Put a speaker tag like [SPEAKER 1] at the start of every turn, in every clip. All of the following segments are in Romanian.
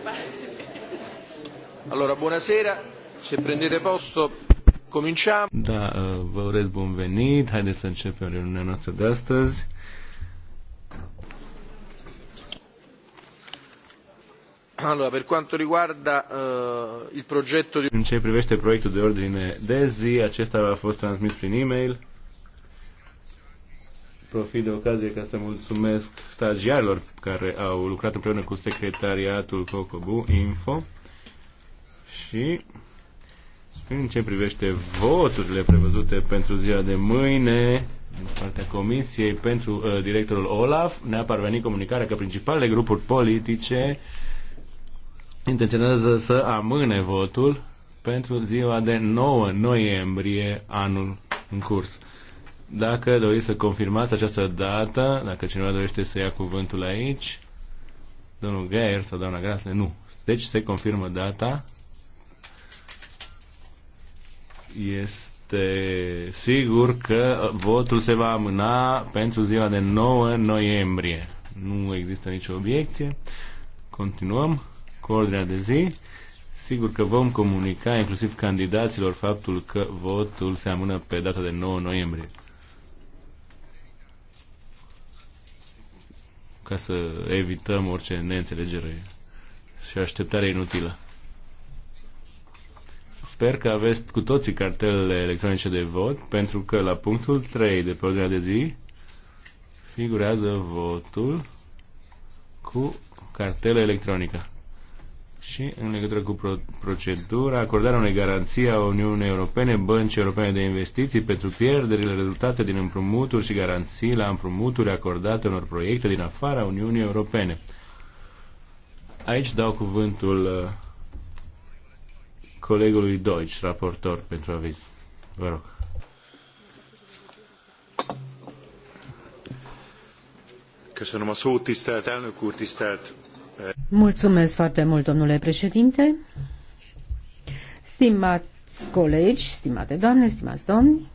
[SPEAKER 1] Allora, buonasera, se prendete posto cominciamo. Da, eh, vă urez bun venit, haideți să începem reuniunea noastră de astăzi.
[SPEAKER 2] Allora, per quanto riguarda uh, il progetto
[SPEAKER 1] di... În ce privește proiectul de ordine de zi, acesta a fost transmis prin e-mail profit de ocazie ca să mulțumesc stagiarilor care au lucrat împreună cu secretariatul Cocobu Info și în ce privește voturile prevăzute pentru ziua de mâine din partea Comisiei pentru uh, directorul Olaf ne-a parvenit comunicarea că principalele grupuri politice intenționează să amâne votul pentru ziua de 9 noiembrie anul în curs. Dacă doriți să confirmați această dată, dacă cineva dorește să ia cuvântul aici, domnul Geier sau doamna Grasle, nu. Deci se confirmă data. Este sigur că votul se va amâna pentru ziua de 9 noiembrie. Nu există nicio obiecție. Continuăm cu ordinea de zi. Sigur că vom comunica inclusiv candidaților faptul că votul se amână pe data de 9 noiembrie. ca să evităm orice neînțelegere și așteptare inutilă. Sper că aveți cu toții cartelele electronice de vot, pentru că la punctul 3 de pe ordinea de zi figurează votul cu cartelă electronică și în legătură cu pro- procedura, acordarea unei garanții a Uniunii Europene, băncii europene de investiții pentru pierderile rezultate din împrumuturi și garanții la împrumuturi acordate unor proiecte din afara Uniunii Europene. Aici dau cuvântul uh, colegului Deutsch, raportor pentru aviz. Vă rog. Köszönöm a szót, tisztelt elnök úr, tisztelt
[SPEAKER 3] Mulțumesc foarte mult, domnule președinte. Stimați colegi, stimate doamne, stimați domni,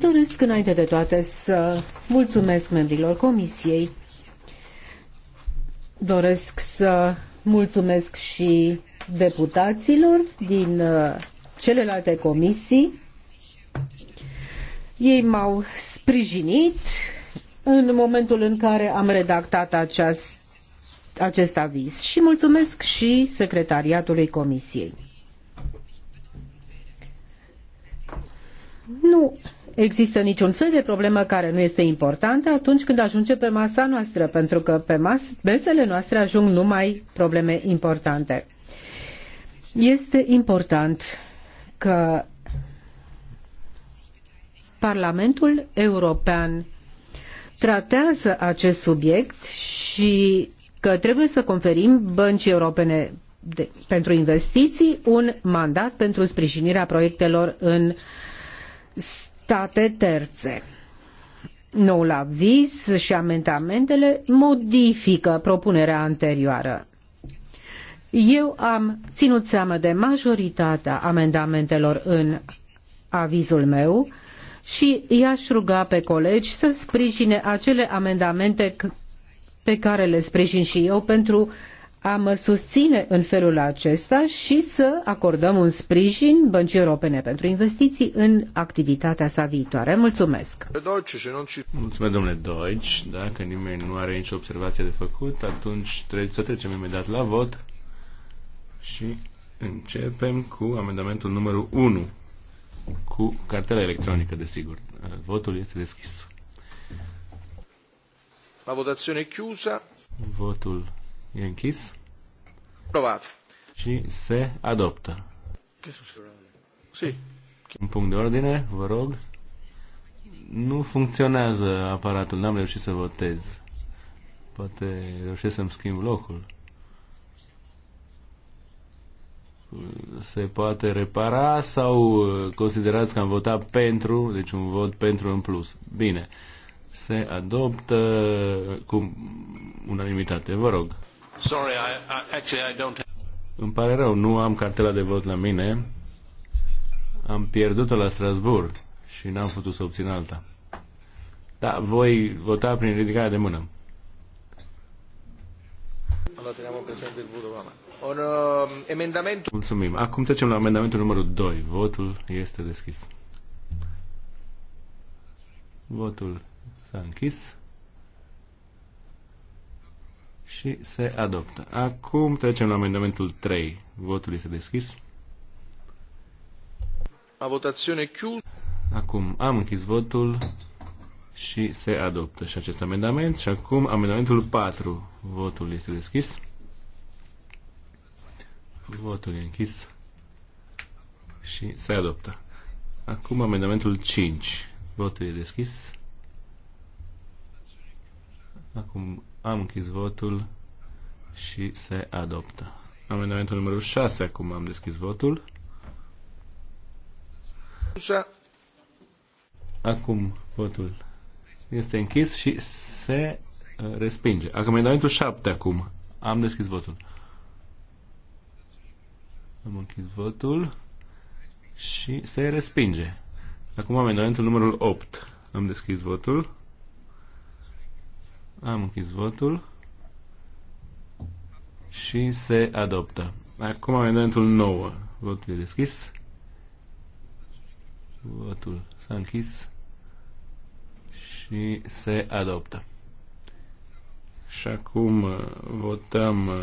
[SPEAKER 3] doresc înainte de toate să mulțumesc membrilor comisiei, doresc să mulțumesc și deputaților din uh, celelalte comisii ei m-au sprijinit în momentul în care am redactat aceast, acest aviz și mulțumesc și secretariatului comisiei. Nu există niciun fel de problemă care nu este importantă atunci când ajunge pe masa noastră, pentru că pe mas- mesele noastre ajung numai probleme importante. Este important că Parlamentul European tratează acest subiect și că trebuie să conferim băncii europene de, pentru investiții un mandat pentru sprijinirea proiectelor în state terțe. Noul aviz și amendamentele modifică propunerea anterioară. Eu am ținut seama de majoritatea amendamentelor în avizul meu, și i-aș ruga pe colegi să sprijine acele amendamente pe care le sprijin și eu pentru a mă susține în felul acesta și să acordăm un sprijin băncii europene pentru investiții în activitatea sa viitoare. Mulțumesc!
[SPEAKER 1] Mulțumesc, domnule Deutsch. Dacă nimeni nu are nicio observație de făcut, atunci trebuie să trecem imediat la vot și începem cu amendamentul numărul 1 cu cartela electronică, desigur. Uh, votul este deschis. La votazione chiusa. Votul e închis. Provat. Și se adoptă. Si. Un punct de ordine, vă rog. Nu funcționează aparatul, n-am reușit să votez. Poate reușesc să-mi schimb locul. se poate repara sau uh, considerați că am votat pentru, deci un vot pentru în plus. Bine, se adoptă cu unanimitate. Vă rog. Sorry, I, I, actually I don't have... Îmi pare rău, nu am cartela de vot la mine. Am pierdut-o la Strasburg și n-am putut să obțin alta. Da, voi vota prin ridicarea de mână. Allora teniamo presente il voto la
[SPEAKER 2] un uh, um, emendament...
[SPEAKER 1] Mulțumim. Acum trecem la amendamentul numărul 2. Votul este deschis. Votul s-a închis și se adoptă. Acum trecem la amendamentul 3. Votul este deschis.
[SPEAKER 3] La votațiune chiusă.
[SPEAKER 1] Acum am închis votul și se adoptă și acest amendament. Și acum amendamentul 4. Votul este deschis. Votul e închis și se adoptă. Acum amendamentul 5. Votul e deschis. Acum am închis votul și se adoptă. Amendamentul numărul 6. Acum am deschis votul. Acum votul este închis și se uh, respinge. Amendamentul 7 acum. Am deschis votul. Am închis votul și se respinge. Acum am amendamentul numărul 8. Am deschis votul. Am închis votul și se adoptă. Acum amendamentul 9. Votul e deschis. Votul s-a închis și se adoptă. Și acum uh, votăm uh,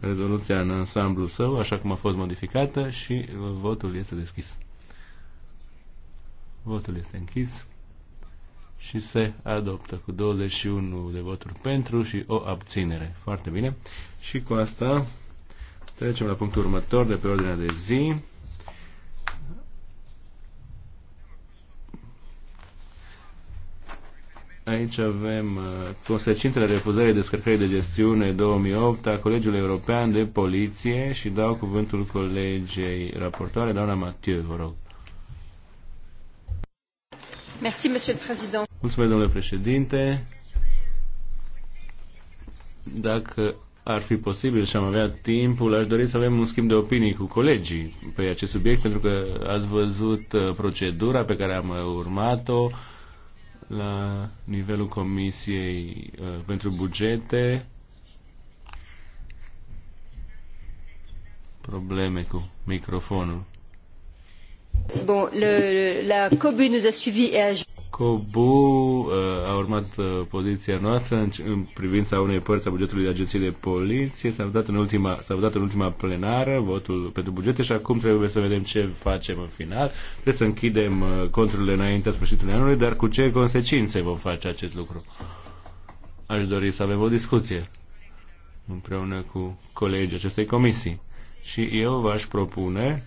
[SPEAKER 1] rezoluția în ansamblu său, așa cum a fost modificată și uh, votul este deschis. Votul este închis și se adoptă cu 21 de voturi pentru și o abținere. Foarte bine. Și cu asta trecem la punctul următor de pe ordinea de zi. Aici avem uh, consecințele refuzării descărcării de gestiune 2008 a Colegiului European de Poliție și dau cuvântul colegei raportoare, doamna Mathieu, vă rog.
[SPEAKER 2] Merci, monsieur le président.
[SPEAKER 1] Mulțumesc, domnule președinte. Dacă ar fi posibil și am avea timpul, aș dori să avem un schimb de opinii cu colegii pe acest subiect, pentru că ați văzut uh, procedura pe care am urmat-o la nivelul Comisiei uh, pentru Bugete probleme cu microfonul.
[SPEAKER 3] Bon, le, la COBU nous a suivi et a
[SPEAKER 1] Cobu uh, a urmat uh, poziția noastră în, privința unei părți a bugetului de agenții de poliție. S-a votat în ultima, s-a votat în ultima plenară votul pentru bugete și acum trebuie să vedem ce facem în final. Trebuie să închidem uh, conturile înaintea sfârșitului anului, dar cu ce consecințe vom face acest lucru? Aș dori să avem o discuție împreună cu colegii acestei comisii. Și eu v-aș propune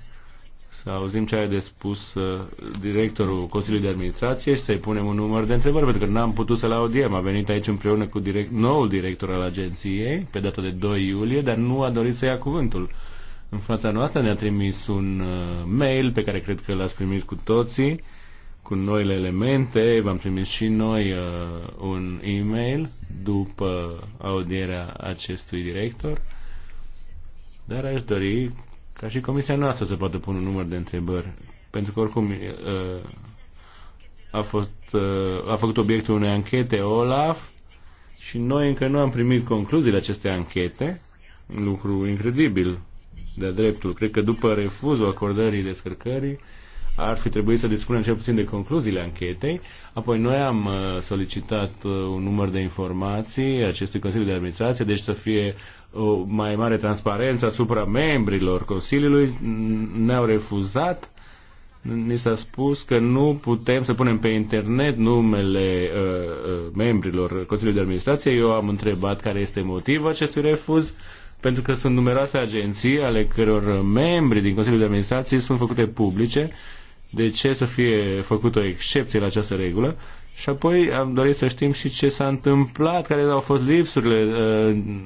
[SPEAKER 1] să auzim ce ai de spus uh, directorul Consiliului de Administrație și să-i punem un număr de întrebări, pentru că n-am putut să-l audiem. A venit aici împreună cu direct, noul director al agenției, pe data de 2 iulie, dar nu a dorit să ia cuvântul. În fața noastră ne-a trimis un uh, mail pe care cred că l-ați primit cu toții, cu noile elemente. V-am trimis și noi uh, un e-mail după audierea acestui director. Dar aș dori ca și comisia noastră să poată pune un număr de întrebări. Pentru că oricum a, fost, a făcut obiectul unei anchete OLAF și noi încă nu am primit concluziile acestei anchete, lucru incredibil de dreptul. Cred că după refuzul acordării descărcării ar fi trebuit să dispunem cel puțin de concluziile anchetei. Apoi noi am solicitat un număr de informații acestui Consiliu de Administrație, deci să fie o mai mare transparență asupra membrilor Consiliului, ne-au refuzat Ni s-a spus că nu putem să punem pe internet numele uh, uh, membrilor Consiliului de Administrație. Eu am întrebat care este motivul acestui refuz, pentru că sunt numeroase agenții ale căror membri din Consiliul de Administrație sunt făcute publice. De ce să fie făcută o excepție la această regulă? Și apoi am dorit să știm și ce s-a întâmplat, care au fost lipsurile,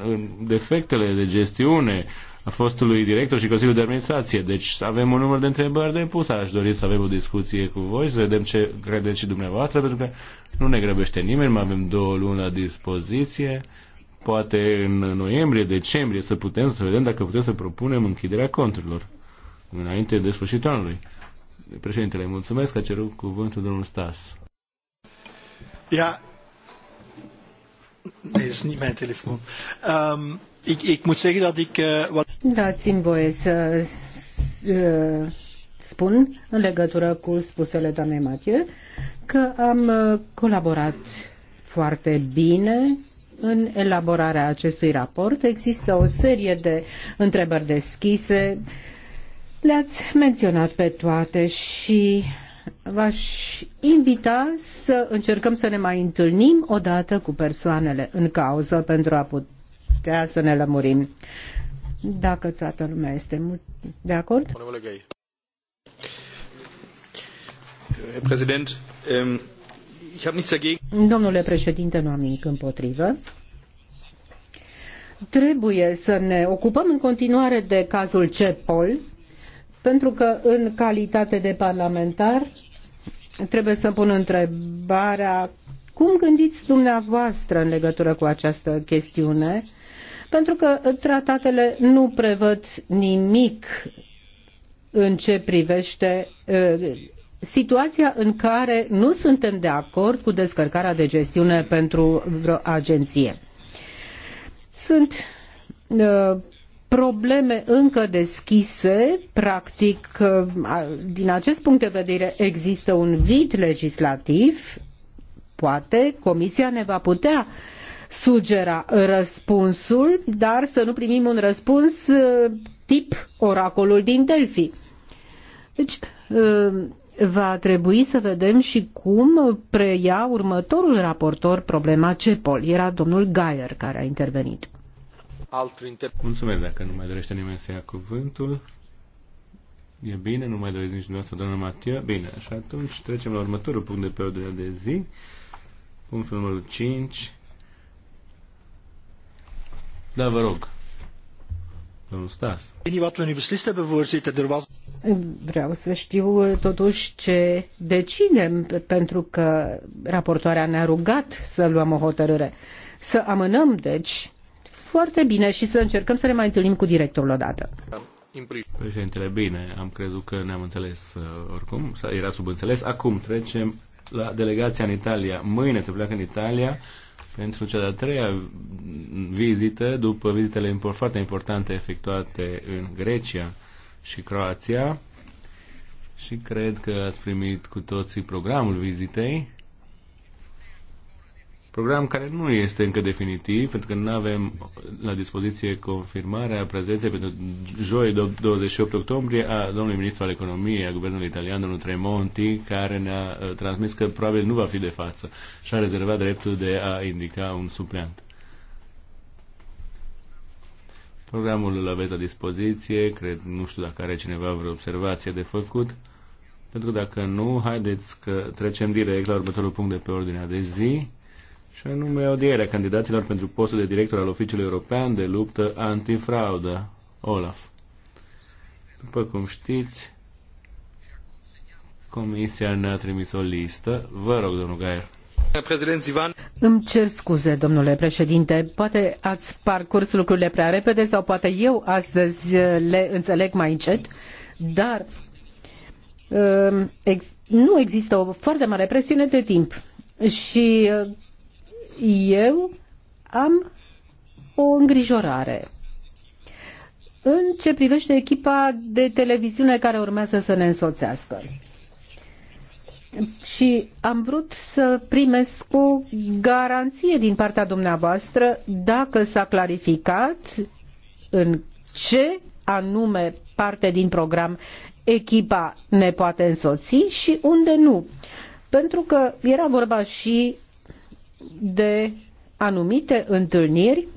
[SPEAKER 1] uh, defectele de gestiune a fostului director și Consiliul de Administrație. Deci avem un număr de întrebări de pus. Aș dori să avem o discuție cu voi, să vedem ce credeți și dumneavoastră, pentru că nu ne grăbește nimeni, mai avem două luni la dispoziție. Poate în noiembrie, decembrie să putem să vedem dacă putem să propunem închiderea conturilor înainte de sfârșitul anului. Președintele, mulțumesc, a cerut cuvântul domnul Stas.
[SPEAKER 3] Ja, nee, dat is niet mijn telefoon. Um, ik, ik moet zeggen dat ik... Uh, wat... Dați-mi voie să uh, spun în legătură cu spusele doamnei Mathieu că am eh, colaborat foarte bine în elaborarea acestui raport. Există o serie de întrebări deschise. Le-ați menționat pe toate și v-aș invita să încercăm să ne mai întâlnim odată cu persoanele în cauză pentru a putea să ne lămurim. Dacă toată lumea este de acord. Ähm, Domnule președinte, nu am nimic împotrivă. Trebuie să ne ocupăm în continuare de cazul CEPOL, pentru că în calitate de parlamentar trebuie să pun întrebarea cum gândiți dumneavoastră în legătură cu această chestiune? Pentru că tratatele nu prevăd nimic în ce privește situația în care nu suntem de acord cu descărcarea de gestiune pentru vreo agenție. Sunt probleme încă deschise, practic, din acest punct de vedere, există un vid legislativ, poate Comisia ne va putea sugera răspunsul, dar să nu primim un răspuns uh, tip oracolul din Delphi. Deci, uh, va trebui să vedem și cum preia următorul raportor problema CEPOL. Era domnul Gaier care a intervenit altri
[SPEAKER 1] inter- Mulțumesc dacă nu mai dorește nimeni să ia cuvântul. E bine, nu mai doriți nici dumneavoastră, doamna Matia. Bine, și atunci trecem la următorul punct de pe ordinea de zi. Punctul numărul 5. Da, vă rog.
[SPEAKER 3] Domnul Stas. Vreau să știu totuși ce decidem pentru că raportoarea ne-a rugat să luăm o hotărâre. Să amânăm, deci, foarte bine și să încercăm să ne mai întâlnim cu directorul odată.
[SPEAKER 1] Președintele, bine, am crezut că ne-am înțeles uh, oricum, era subînțeles. Acum trecem la delegația în Italia. Mâine se pleacă în Italia pentru cea de-a treia vizită, după vizitele foarte importante efectuate în Grecia și Croația. Și cred că ați primit cu toții programul vizitei program care nu este încă definitiv, pentru că nu avem la dispoziție confirmarea prezenței pentru joi 28 octombrie a domnului ministru al economiei a guvernului italian, domnul Tremonti, care ne-a uh, transmis că probabil nu va fi de față și a rezervat dreptul de a indica un supleant. Programul îl aveți la dispoziție, cred, nu știu dacă are cineva vreo observație de făcut, pentru că dacă nu, haideți că trecem direct la următorul punct de pe ordinea de zi și anume audierea candidaților pentru postul de director al Oficiului European de Luptă Antifraudă, OLAF. După cum știți, Comisia ne-a trimis o listă. Vă rog, domnul Gaier.
[SPEAKER 3] Îmi cer scuze, domnule președinte. Poate ați parcurs lucrurile prea repede sau poate eu astăzi uh, le înțeleg mai încet, dar uh, nu există o foarte mare presiune de timp și uh, eu am o îngrijorare. În ce privește echipa de televiziune care urmează să ne însoțească. Și am vrut să primesc o garanție din partea dumneavoastră dacă s-a clarificat în ce anume parte din program echipa ne poate însoți și unde nu. Pentru că era vorba și de anumite întâlniri.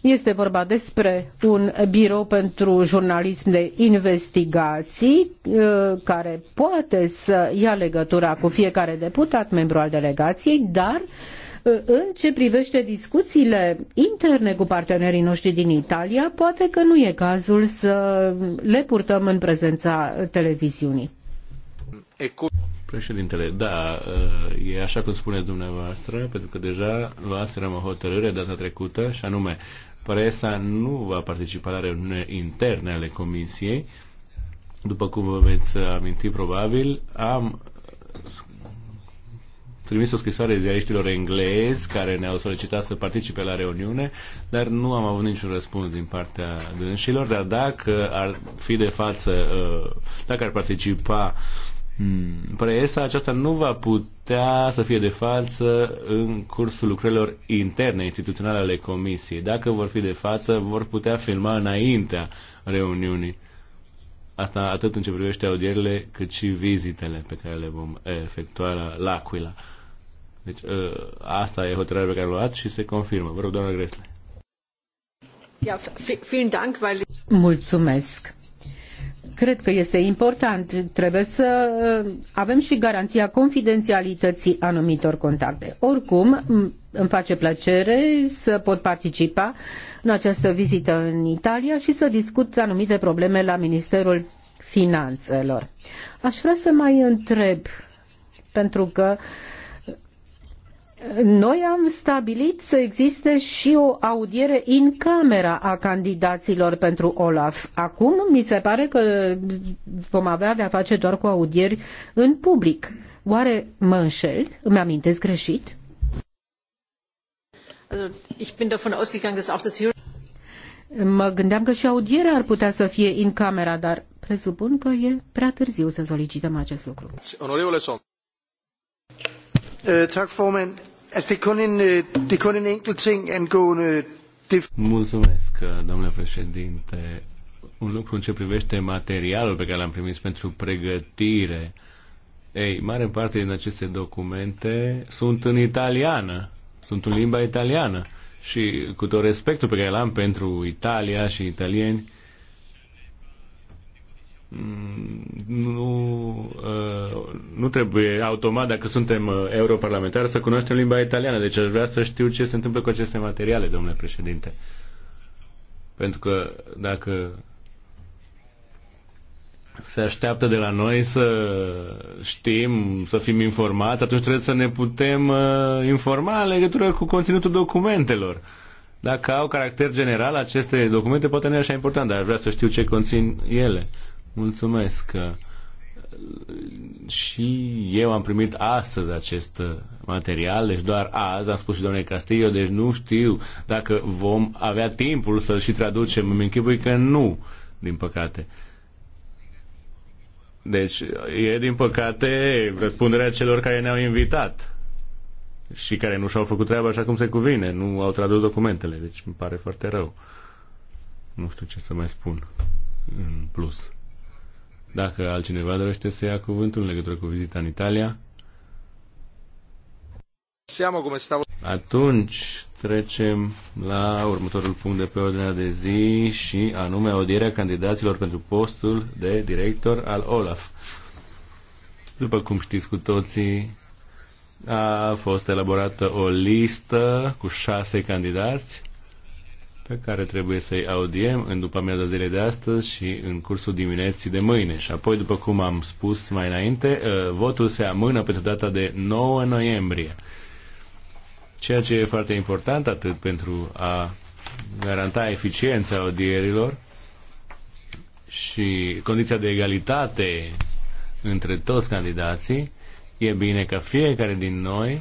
[SPEAKER 3] Este vorba despre un birou pentru jurnalism de investigații uh, care poate să ia legătura cu fiecare deputat membru al delegației, dar uh, în ce privește discuțiile interne cu partenerii noștri din Italia, poate că nu e cazul să le purtăm în prezența televiziunii.
[SPEAKER 1] Președintele, da, uh, e așa cum spuneți dumneavoastră, pentru că deja luaserăm o hotărâre data trecută și anume presa nu va participa la reuniune interne ale comisiei. După cum vă veți aminti probabil, am trimis o scrisoare ziariștilor englezi care ne-au solicitat să participe la reuniune, dar nu am avut niciun răspuns din partea dânșilor, dar dacă ar fi de față, uh, dacă ar participa Hmm. presa păi aceasta nu va putea să fie de față în cursul lucrărilor interne instituționale ale comisiei. Dacă vor fi de față, vor putea filma înaintea reuniunii. Asta atât în ce privește audierile, cât și vizitele pe care le vom efectua la Aquila. Deci ă, asta e hotărârea pe care o luat și se confirmă. Vă rog, doamna Gresle.
[SPEAKER 3] Mulțumesc cred că este important. Trebuie să uh, avem și garanția confidențialității anumitor contacte. Oricum, îmi face plăcere să pot participa în această vizită în Italia și să discut anumite probleme la Ministerul Finanțelor. Aș vrea să mai întreb, pentru că uh, noi am stabilit să existe și o audiere în camera a candidaților pentru OLAF. Acum mi se pare că vom avea de-a face doar cu audieri în public. Oare mă înșel? Îmi amintesc greșit? Mă gândeam că și audierea ar putea să fie în camera, dar presupun că e prea târziu să solicităm acest lucru.
[SPEAKER 2] Eh, tak, formand. Altså, det er kun en, øh, det er kun en enkelt ting angående...
[SPEAKER 3] Det...
[SPEAKER 1] Mulțumesc, uh, domnule președinte. Un lucru în ce privește materialul pe care l-am primit pentru pregătire. Ei, mare parte din aceste documente sunt în italiană, sunt în limba italiană. Și cu tot respectul pe care l-am pentru Italia și italieni, Mm, nu, uh, nu trebuie automat, dacă suntem uh, europarlamentari, să cunoaștem limba italiană. Deci aș vrea să știu ce se întâmplă cu aceste materiale, domnule președinte. Pentru că dacă se așteaptă de la noi să știm, să fim informați, atunci trebuie să ne putem uh, informa în legătură cu conținutul documentelor. Dacă au caracter general, aceste documente poate nu e așa important, dar aș vrea să știu ce conțin ele. Mulțumesc. Și eu am primit astăzi acest material, deci doar azi, am spus și domnule Castillo, deci nu știu dacă vom avea timpul să-l și traducem. Îmi închipui că nu, din păcate. Deci e, din păcate, răspunderea celor care ne-au invitat și care nu și-au făcut treaba așa cum se cuvine, nu au tradus documentele, deci îmi pare foarte rău. Nu știu ce să mai spun în plus. Dacă altcineva dorește să ia cuvântul în legătură cu vizita în Italia, atunci trecem la următorul punct de pe ordinea de zi și anume audierea candidaților pentru postul de director al OLAF. După cum știți cu toții, a fost elaborată o listă cu șase candidați pe care trebuie să-i audiem în după amiaza zilei de astăzi și în cursul dimineții de mâine. Și apoi, după cum am spus mai înainte, uh, votul se amână pentru data de 9 noiembrie. Ceea ce e foarte important atât pentru a garanta eficiența audierilor și condiția de egalitate între toți candidații, e bine ca fiecare din noi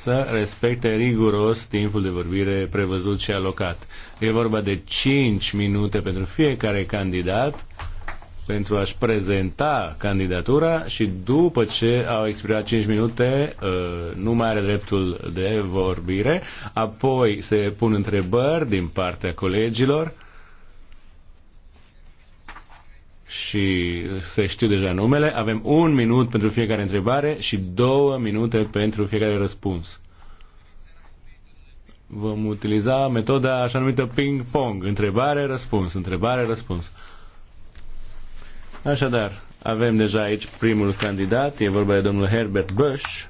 [SPEAKER 1] să respecte riguros timpul de vorbire prevăzut și alocat. E vorba de 5 minute pentru fiecare candidat pentru a-și prezenta candidatura și după ce au expirat 5 minute uh, nu mai are dreptul de vorbire, apoi se pun întrebări din partea colegilor și se știu deja numele. Avem un minut pentru fiecare întrebare și două minute pentru fiecare răspuns. Vom utiliza metoda așa numită ping-pong. Întrebare-răspuns, întrebare-răspuns. Așadar, avem deja aici primul candidat, e vorba de domnul Herbert Bush,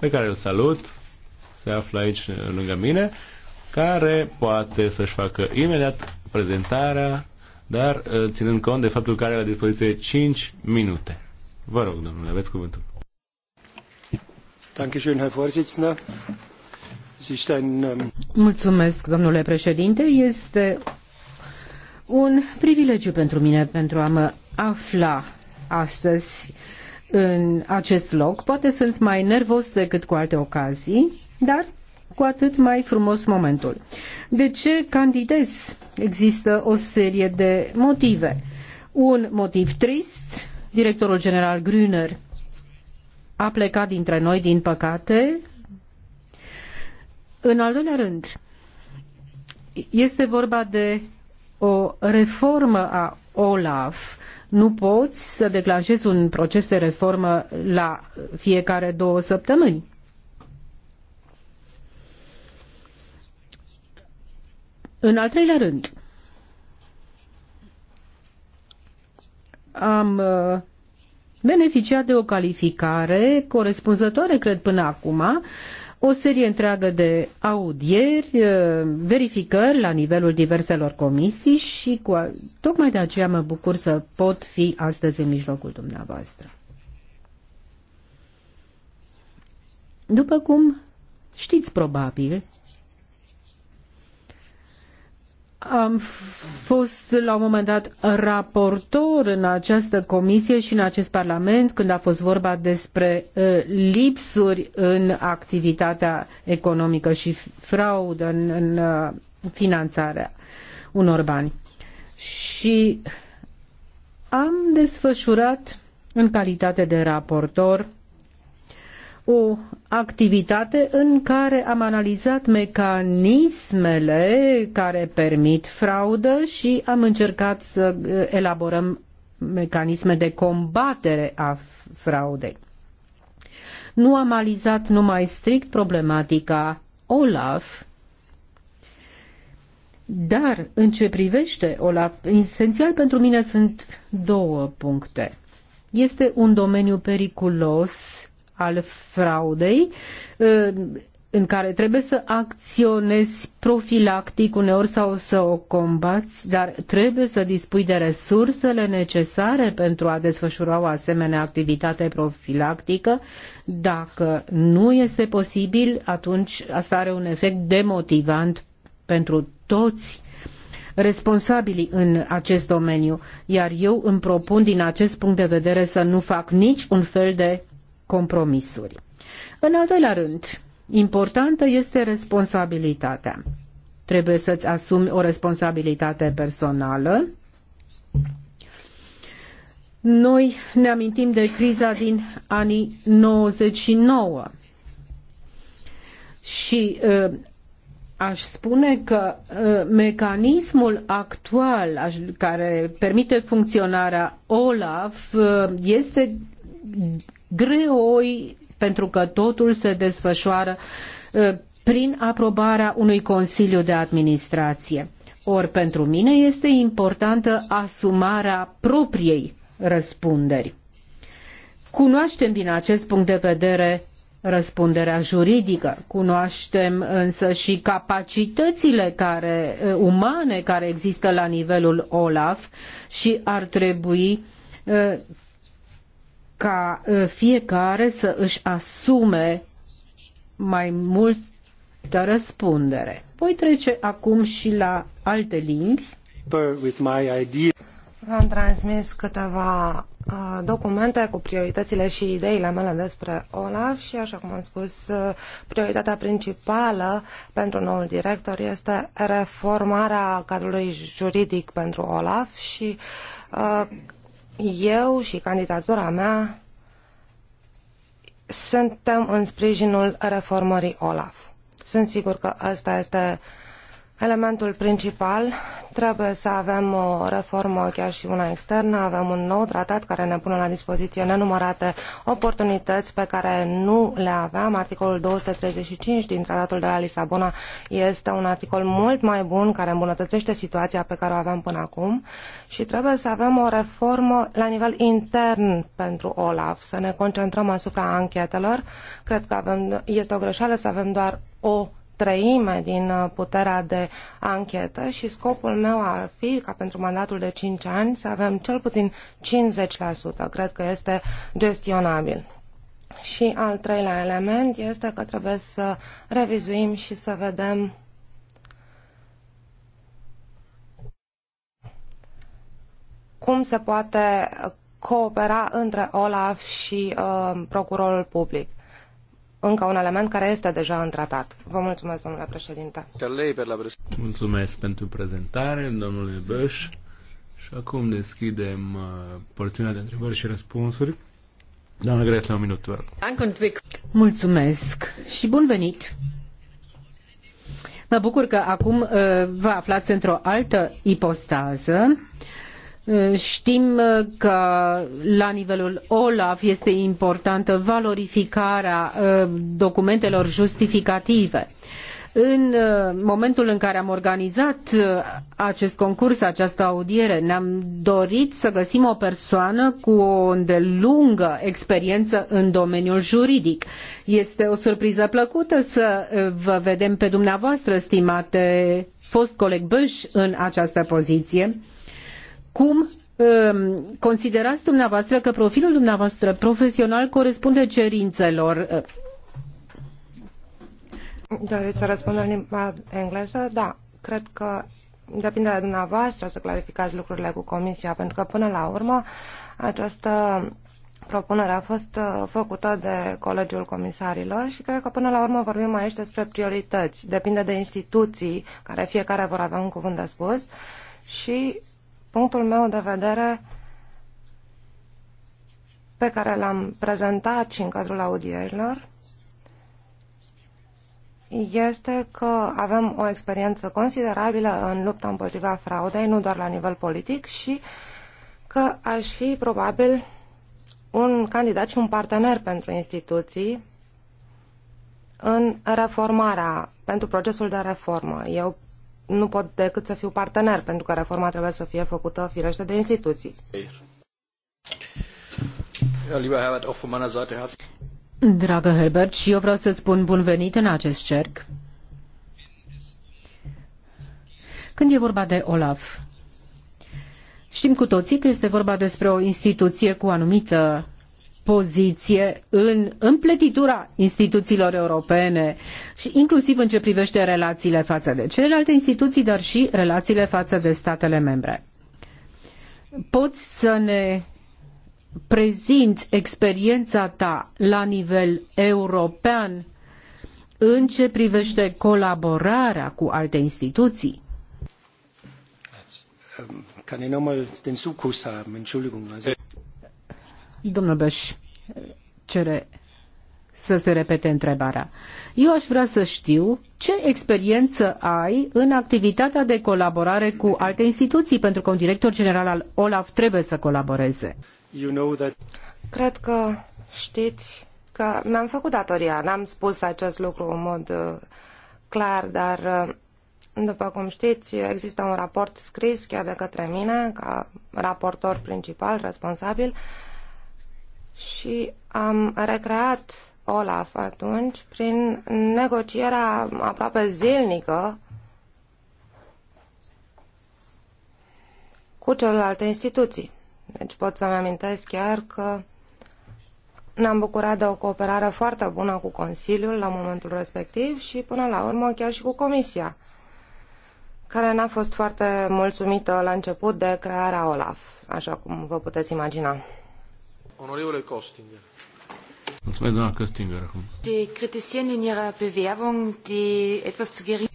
[SPEAKER 1] pe care îl salut, se află aici lângă mine, care poate să-și facă imediat prezentarea dar uh, ținând cont de faptul că are la dispoziție 5 minute. Vă rog, domnule, aveți cuvântul.
[SPEAKER 3] Ähm, Mulțumesc, domnule președinte. Este un privilegiu pentru mine pentru a mă afla astăzi în acest loc. Poate sunt mai nervos decât cu alte ocazii, dar cu atât mai frumos momentul. De ce candidez? Există o serie de motive. Un motiv trist, directorul general Grüner a plecat dintre noi, din păcate. În al doilea rând, este vorba de o reformă a OLAF. Nu poți să declanșezi un proces de reformă la fiecare două săptămâni. În al treilea rând, am uh, beneficiat de o calificare corespunzătoare, cred, până acum, o serie întreagă de audieri, uh, verificări la nivelul diverselor comisii și cu, tocmai de aceea mă bucur să pot fi astăzi în mijlocul dumneavoastră. După cum știți probabil, am fost la un moment dat raportor în această comisie și în acest parlament când a fost vorba despre uh, lipsuri în activitatea economică și fraudă în, în uh, finanțarea unor bani. Și am desfășurat în calitate de raportor o activitate în care am analizat mecanismele care permit fraudă și am încercat să eh, elaborăm mecanisme de combatere a fraudei. Nu am analizat numai strict problematica OLAF, dar în ce privește OLAF, esențial pentru mine sunt două puncte. Este un domeniu periculos al fraudei în care trebuie să acționezi profilactic uneori sau să o combați, dar trebuie să dispui de resursele necesare pentru a desfășura o asemenea activitate profilactică. Dacă nu este posibil, atunci asta are un efect demotivant pentru toți responsabili în acest domeniu, iar eu îmi propun din acest punct de vedere să nu fac nici un fel de compromisuri. În al doilea rând, importantă este responsabilitatea. Trebuie să-ți asumi o responsabilitate personală. Noi ne amintim de criza din anii 99 și ă, aș spune că ă, mecanismul actual care permite funcționarea OLAF ă, este greoi, pentru că totul se desfășoară ă, prin aprobarea unui Consiliu de Administrație. Ori pentru mine este importantă asumarea propriei răspunderi. Cunoaștem din acest punct de vedere răspunderea juridică, cunoaștem însă și capacitățile care, ă, umane care există la nivelul OLAF și ar trebui ă, ca ă, fiecare să își asume mai multă răspundere. Voi trece acum și la alte limbi.
[SPEAKER 2] V-am transmis câteva ă, documente cu prioritățile și ideile mele despre OLAF și, așa cum am spus, ă, prioritatea principală pentru noul director este reformarea cadrului juridic pentru OLAF și eu și candidatura mea suntem în sprijinul reformării OLAF. Sunt sigur că asta este uh, Elementul principal trebuie să avem o reformă chiar și una externă, avem un nou tratat care ne pune la dispoziție nenumărate oportunități pe care nu le aveam. Articolul 235 din tratatul de la Lisabona este un articol mult mai bun care îmbunătățește situația pe care o aveam până acum și trebuie să avem o reformă la nivel intern pentru OLAF, să ne concentrăm asupra anchetelor. Cred că avem, este o greșeală să avem doar o treime din uh, puterea de anchetă și scopul meu ar fi ca pentru mandatul de 5 ani să avem cel puțin 50%. Cred că este gestionabil. Și al treilea element este că trebuie să revizuim și să vedem cum se poate coopera între OLAF și uh, procurorul public încă un element care este deja în tratat. Vă mulțumesc, domnule președinte.
[SPEAKER 1] Mulțumesc pentru prezentare, domnule Băș. Și acum deschidem uh, porțiunea de întrebări și răspunsuri. Doamna la un minut,
[SPEAKER 3] Mulțumesc și bun venit! Mă bucur că acum uh, vă aflați într-o altă ipostază. Mm, știm uh, că la nivelul OLAF este importantă valorificarea uh, documentelor justificative. În uh, momentul în care am organizat acest concurs, această audiere, ne-am dorit să găsim o persoană cu o îndelungă experiență în domeniul juridic. Este o surpriză plăcută să vă vedem pe dumneavoastră, stimate fost coleg Băș, în această poziție cum um, considerați dumneavoastră că profilul dumneavoastră profesional corespunde cerințelor?
[SPEAKER 2] Doriți să răspund în limba engleză? Da, cred că depinde de dumneavoastră să clarificați lucrurile cu Comisia, pentru că până la urmă această propunere a fost uh, făcută de Colegiul Comisarilor și cred că până la urmă vorbim aici despre priorități. Depinde de instituții, care fiecare vor avea un cuvânt de spus și punctul meu de vedere pe care l-am prezentat și în cadrul audierilor este că avem o experiență considerabilă în lupta împotriva fraudei, nu doar la nivel politic, și că aș fi probabil un candidat și un partener pentru instituții în reformarea, pentru procesul de reformă. Eu nu pot decât să fiu partener, pentru că reforma trebuie să fie făcută firește de instituții. Dragă Herbert,
[SPEAKER 3] și eu vreau să spun bun venit în acest cerc. Când e vorba de Olaf, știm cu toții că este vorba despre o instituție cu anumită poziție în împletitura instituțiilor europene și inclusiv în ce privește relațiile față de celelalte instituții, dar și relațiile față de statele membre. Poți să ne prezinți experiența ta la nivel european în ce privește colaborarea cu alte instituții? Kann ich nochmal den Sukus haben? Entschuldigung. Also Domnul Băș cere să se repete întrebarea. Eu aș vrea să știu ce experiență ai în activitatea de colaborare cu alte instituții, pentru că un director general al OLAF trebuie să colaboreze.
[SPEAKER 2] You know that... Cred că știți că mi-am făcut datoria. N-am spus acest lucru în mod uh, clar, dar uh, după cum știți, există un raport scris chiar de către mine, ca raportor principal, responsabil, și am recreat Olaf atunci prin negocierea aproape zilnică cu celelalte instituții. Deci pot să-mi amintesc chiar că ne-am bucurat de o cooperare foarte bună cu Consiliul la momentul respectiv și până la urmă chiar și cu Comisia, care n-a fost foarte mulțumită la început de crearea OLAF, așa cum vă puteți imagina. Onorevole Costinger.
[SPEAKER 1] Mulțumesc, doamna Costinger.
[SPEAKER 2] Bewerbung etwas zu gering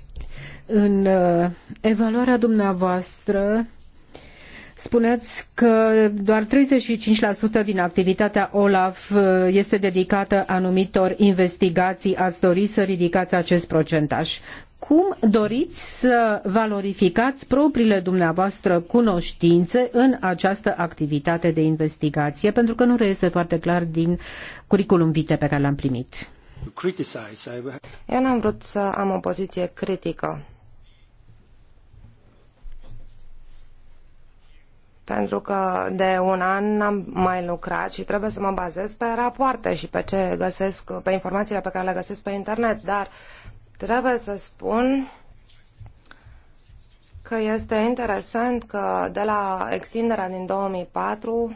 [SPEAKER 2] în uh,
[SPEAKER 3] evaluarea dumneavoastră spuneți că doar 35% din activitatea OLAF uh, este dedicată anumitor investigații. Ați dori să ridicați acest procentaj cum doriți să valorificați propriile dumneavoastră cunoștințe în această activitate de investigație, pentru că nu reiese foarte clar din curriculum vitae pe care l-am primit.
[SPEAKER 2] Eu n-am vrut să am o poziție critică. Pentru că de un an n-am mai lucrat și trebuie să mă bazez pe rapoarte și pe ce găsesc, pe informațiile pe care le găsesc pe internet, dar uh, Trebuie să spun că este interesant că de la extinderea din 2004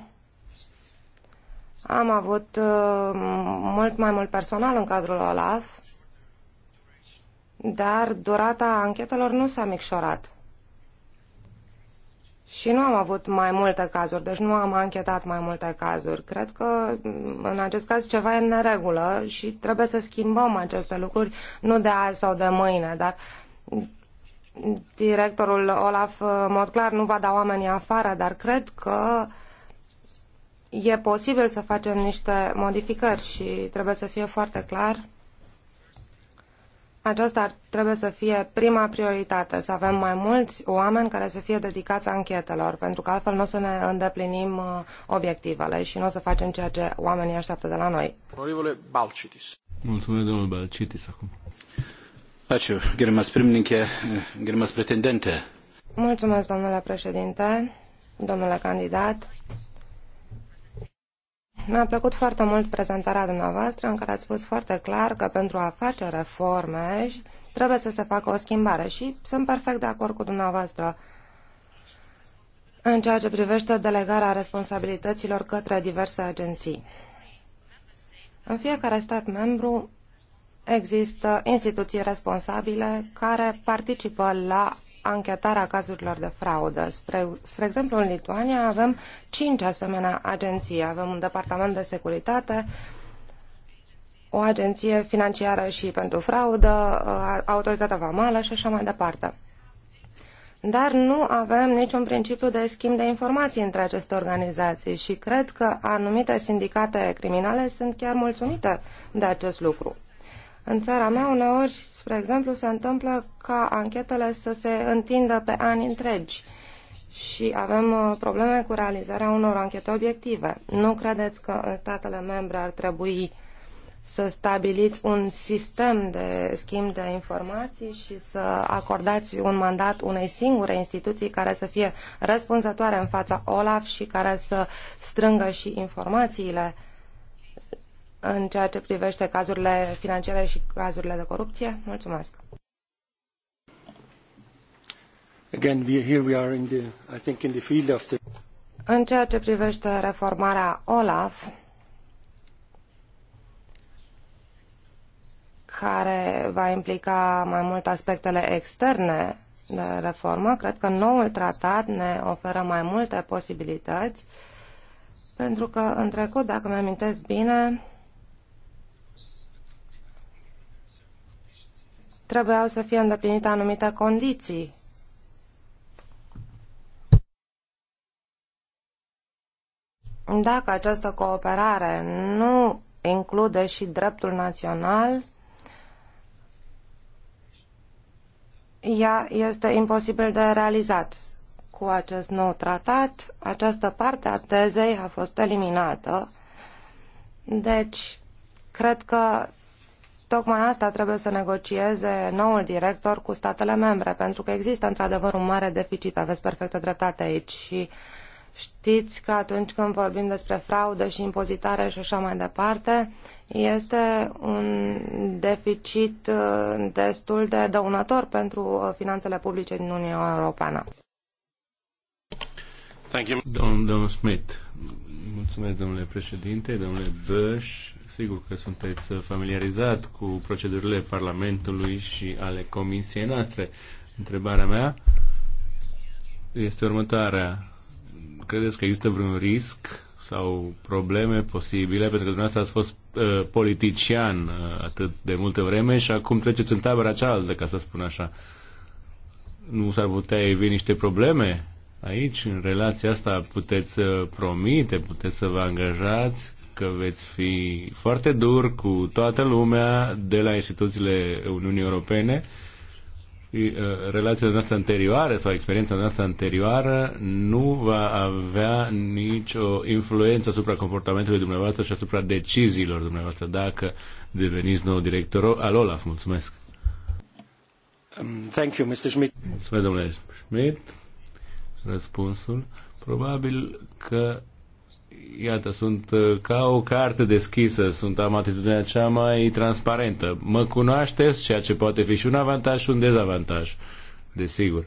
[SPEAKER 2] am avut uh, mult mai mult personal în cadrul OLAF, dar durata anchetelor nu s-a micșorat. Și nu am avut mai multe cazuri, deci nu am anchetat mai multe cazuri. Cred că în acest caz ceva e în neregulă și trebuie să schimbăm aceste lucruri, nu de azi sau de mâine, dar directorul Olaf, în mod clar, nu va da oamenii afară, dar cred că e posibil să facem niște modificări și trebuie să fie foarte clar aceasta ar, trebuie să fie prima prioritate, să avem mai mulți oameni care să fie dedicați anchetelor, pentru că altfel nu o să ne îndeplinim uh, obiectivele și nu o să facem ceea ce oamenii așteaptă de la noi.
[SPEAKER 3] domnule Balcitis. Mulțumesc,
[SPEAKER 1] domnule Balcitis, acum. Ačiū, gerimas pirmininkė, gerimas pretendente.
[SPEAKER 2] Mulțumesc, domnule președinte, domnule candidat. Mi-a plăcut foarte mult prezentarea dumneavoastră în care ați spus foarte clar că pentru a face reforme trebuie să se facă o schimbare și sunt perfect de acord cu dumneavoastră în ceea ce privește delegarea responsabilităților către diverse agenții. În fiecare stat membru există instituții responsabile care participă la anchetarea cazurilor de fraudă. Spre, spre exemplu, în Lituania avem cinci asemenea agenții. Avem un departament de securitate, o agenție financiară și pentru fraudă, uh, autoritatea vamală și așa mai departe. Dar nu avem niciun principiu de schimb de informații între aceste organizații și cred că anumite sindicate criminale sunt chiar mulțumite de acest lucru. În țara mea, uneori, spre exemplu, se întâmplă ca anchetele să se întindă pe ani întregi și avem uh, probleme cu realizarea unor anchete obiective. Nu credeți că în statele membre ar trebui să stabiliți un sistem de schimb de informații și să acordați un mandat unei singure instituții care să fie răspunzătoare în fața OLAF și care să strângă și informațiile în ceea ce privește cazurile financiare și cazurile de corupție? Mulțumesc.
[SPEAKER 3] Again, we, here we are in the, I think, in the field of the...
[SPEAKER 2] În ceea ce privește reformarea OLAF, care va implica mai mult aspectele externe de reformă, cred că noul tratat ne oferă mai multe posibilități, pentru că în trecut, dacă mi-amintesc bine, trebuiau să fie îndeplinite anumite condiții. Dacă această cooperare nu include și dreptul național, ea este imposibil de realizat. Cu acest nou tratat, această parte a tezei a fost eliminată, deci cred că Tocmai asta trebuie să negocieze noul director cu statele membre, pentru că există într-adevăr un mare deficit, aveți perfectă dreptate aici și știți că atunci când vorbim despre fraudă și impozitare și așa mai departe, este un deficit uh, destul de dăunător pentru uh, finanțele publice din Uniunea Europeană.
[SPEAKER 1] Thank you. Domnul Smith, Mulțumesc, domnule președinte, domnule Băș. Sigur că sunteți familiarizat cu procedurile Parlamentului și ale Comisiei noastre. Întrebarea mea este următoarea. Credeți că există vreun risc sau probleme posibile? Pentru că dumneavoastră ați fost uh, politician uh, atât de multă vreme și acum treceți în tabăra cealaltă, ca să spun așa. Nu s-ar putea evi niște probleme Aici, în relația asta, puteți să uh, promite, puteți să vă angajați că veți fi foarte dur cu toată lumea de la instituțiile Uniunii Europene. Uh, relația noastră anterioară sau experiența noastră anterioară nu va avea nicio influență asupra comportamentului dumneavoastră și asupra deciziilor dumneavoastră dacă deveniți nou director al OLAF. Mulțumesc! Um, thank you, Mr. Schmidt. Mulțumesc, domnule Schmidt răspunsul. Probabil că, iată, sunt uh, ca o carte deschisă, sunt am atitudinea cea mai transparentă. Mă cunoașteți, ceea ce poate fi și un avantaj și un dezavantaj, desigur.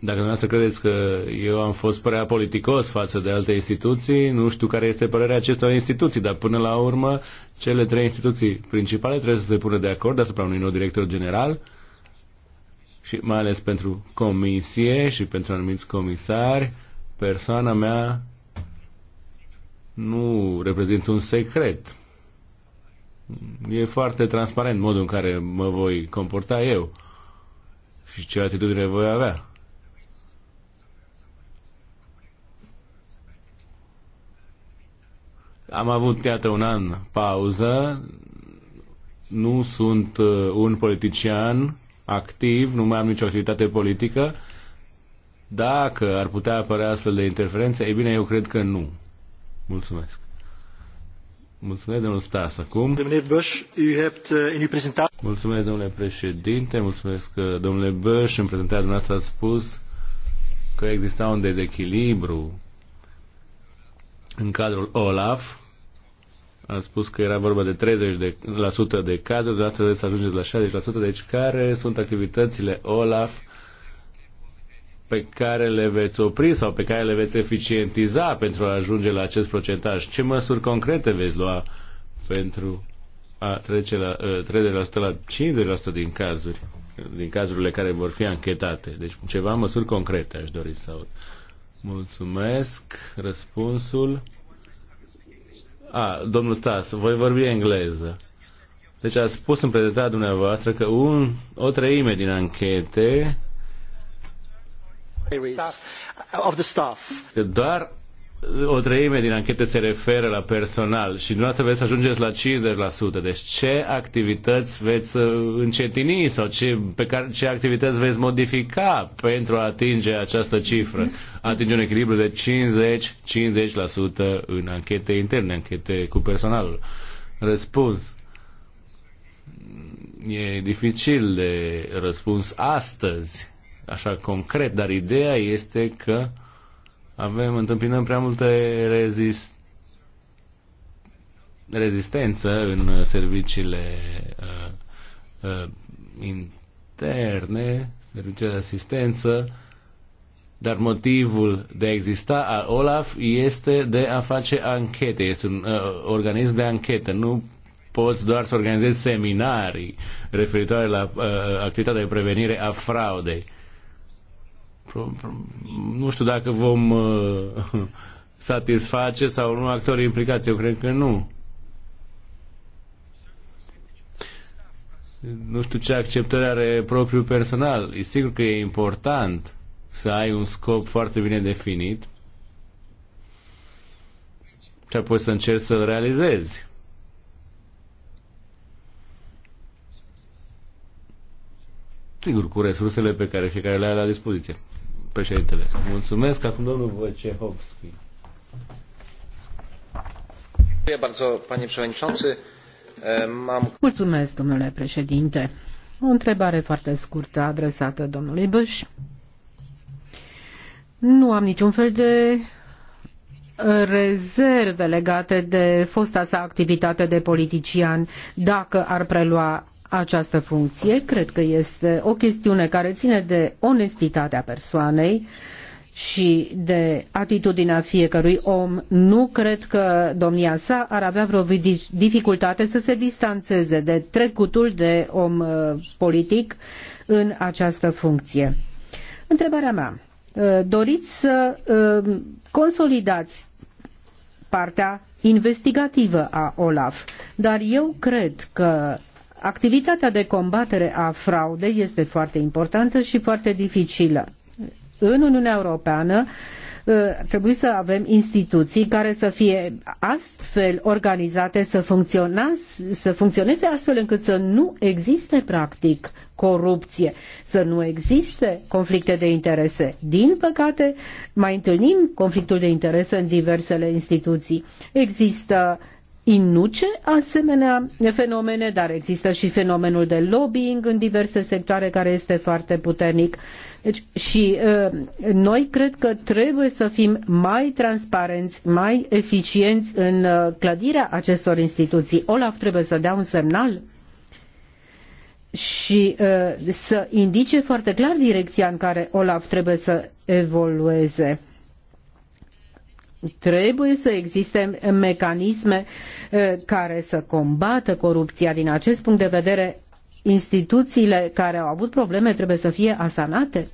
[SPEAKER 1] Dacă dumneavoastră credeți că eu am fost prea politicos față de alte instituții, nu știu care este părerea acestor instituții, dar până la urmă cele trei instituții principale trebuie să se pună de acord asupra unui nou director general și mai ales pentru comisie și pentru anumiți comisari, persoana mea nu reprezintă un secret. E foarte transparent modul în care mă voi comporta eu și ce atitudine voi avea. Am avut, iată, un an pauză. Nu sunt uh, un politician activ, nu mai am nicio activitate politică. Dacă ar putea apărea astfel de interferențe, e bine, eu cred că nu. Mulțumesc. Mulțumesc, domnul Stas, acum. Domnule Bush, Mulțumesc, domnule președinte, mulțumesc, uh, domnule Bush, în prezentarea dumneavoastră ați spus că exista un dezechilibru în cadrul OLAF. A spus că era vorba de 30% de, la sută de cazuri, dar trebuie să ajungeți la 60%. Deci care sunt activitățile OLAF pe care le veți opri sau pe care le veți eficientiza pentru a ajunge la acest procentaj? Ce măsuri concrete veți lua pentru a trece la uh, 30% la 50% din cazuri, din cazurile care vor fi anchetate. Deci ceva măsuri concrete aș dori să aud. Mulțumesc. Răspunsul. A, domnul Stas, voi vorbi engleză. Deci a spus în prezentarea dumneavoastră că un, o treime din anchete Că doar o treime din anchete se referă la personal și dumneavoastră veți să ajungeți la 50%. Deci ce activități veți uh, încetini sau ce, pe care, ce activități veți modifica pentru a atinge această cifră? Atinge un echilibru de 50-50% în anchete interne, anchete cu personalul. Răspuns. E dificil de răspuns astăzi, așa concret, dar ideea este că avem, întâmpinăm prea multă rezist, rezistență în serviciile uh, uh, interne, serviciile de asistență, dar motivul de a exista a OLAF este de a face anchete, este un uh, organism de anchetă, nu poți doar să organizezi seminarii referitoare la uh, activitatea de prevenire a fraudei nu știu dacă vom uh, satisface sau nu actorii implicați. Eu cred că nu. Nu știu ce acceptări are propriul personal. E sigur că e important să ai un scop foarte bine definit și apoi să încerci să-l realizezi. Sigur, cu resursele pe care fiecare le are la dispoziție președintele. Mulțumesc. Acum domnul Wojciechowski.
[SPEAKER 3] Mulțumesc, domnule președinte. O întrebare foarte scurtă adresată domnului Băș. Nu am niciun fel de rezerve legate de fosta sa activitate de politician dacă ar prelua această funcție. Cred că este o chestiune care ține de onestitatea persoanei și de atitudinea fiecărui om. Nu cred că domnia sa ar avea vreo dificultate să se distanțeze de trecutul de om uh, politic în această funcție. Întrebarea mea. Uh, doriți să uh, consolidați partea investigativă a OLAF, dar eu cred că Activitatea de combatere a fraudei este foarte importantă și foarte dificilă. În Uniunea Europeană ă, trebuie să avem instituții care să fie astfel organizate, să, să funcționeze astfel încât să nu existe practic corupție, să nu existe conflicte de interese. Din păcate, mai întâlnim conflictul de interese în diversele instituții. Există induce asemenea fenomene, dar există și fenomenul de lobbying în diverse sectoare care este foarte puternic. Deci și uh, noi cred că trebuie să fim mai transparenți, mai eficienți în uh, clădirea acestor instituții. Olaf trebuie să dea un semnal și uh, să indice foarte clar direcția în care Olaf trebuie să evolueze Trebuie să existe mecanisme eh, care să combată corupția. Din acest punct de vedere, instituțiile care au avut probleme trebuie să fie asanate.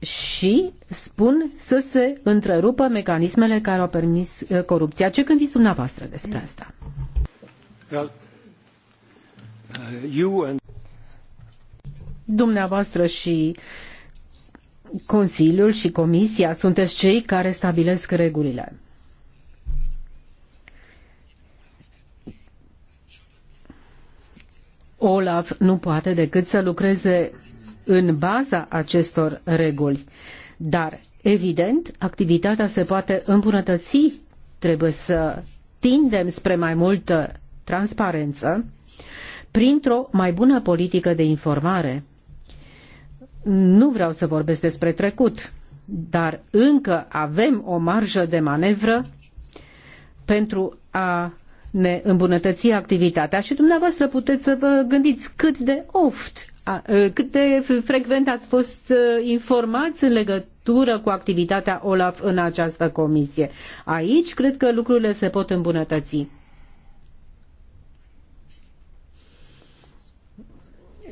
[SPEAKER 3] și spun să se întrerupă mecanismele care au permis eh, corupția. Ce gândiți dumneavoastră despre asta? Well, uh, you and... Dumneavoastră și Consiliul și Comisia sunteți cei care stabilesc regulile. Olaf nu poate decât să lucreze în baza acestor reguli. Dar, evident, activitatea se poate îmbunătăți. Trebuie să tindem spre mai multă transparență printr-o mai bună politică de informare nu vreau să vorbesc despre trecut, dar încă avem o marjă de manevră pentru a ne îmbunătăți activitatea și dumneavoastră puteți să vă gândiți cât de oft, cât de frecvent ați fost informați în legătură cu activitatea OLAF în această comisie. Aici cred că lucrurile se pot îmbunătăți.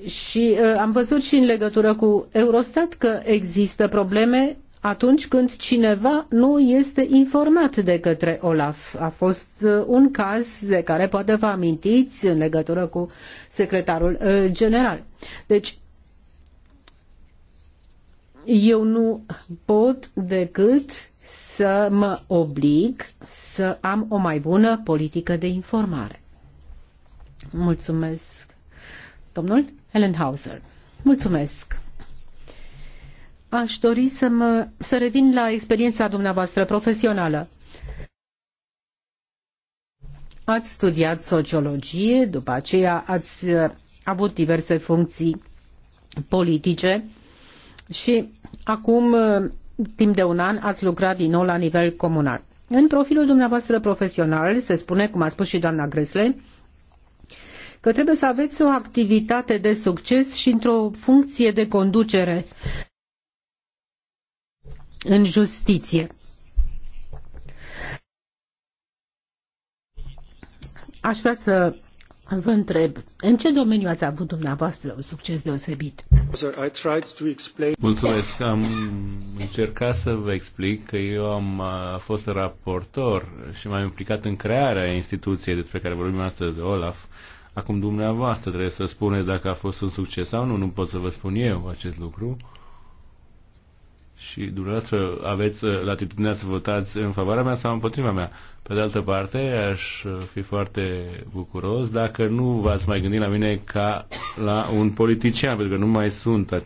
[SPEAKER 3] și uh, am văzut și în legătură cu Eurostat că există probleme atunci când cineva nu este informat de către Olaf. A fost uh, un caz de care poate vă amintiți în legătură cu secretarul uh, general. Deci, eu nu pot decât să mă oblig să am o mai bună politică de informare. Mulțumesc. Domnul? Helen Hauser. Mulțumesc! Aș dori să, mă, să revin la experiența dumneavoastră profesională. Ați studiat sociologie, după aceea ați uh, avut diverse funcții politice și acum, uh, timp de un an, ați lucrat din nou la nivel comunal. În profilul dumneavoastră profesional se spune, cum a spus și doamna Gresle, că trebuie să aveți o activitate de succes și într-o funcție de conducere în justiție. Aș vrea să Vă întreb, în ce domeniu ați avut dumneavoastră un succes deosebit? Mulțumesc,
[SPEAKER 1] am încercat să vă explic că eu am fost raportor și m-am implicat în crearea instituției despre care vorbim astăzi, OLAF, Acum dumneavoastră trebuie să spuneți dacă a fost un succes sau nu, nu pot să vă spun eu acest lucru. Și dumneavoastră aveți uh, latitudinea să votați în favoarea mea sau împotriva mea. Pe de altă parte, aș uh, fi foarte bucuros dacă nu v-ați mai gândit la mine ca la un politician, pentru că nu mai sunt uh,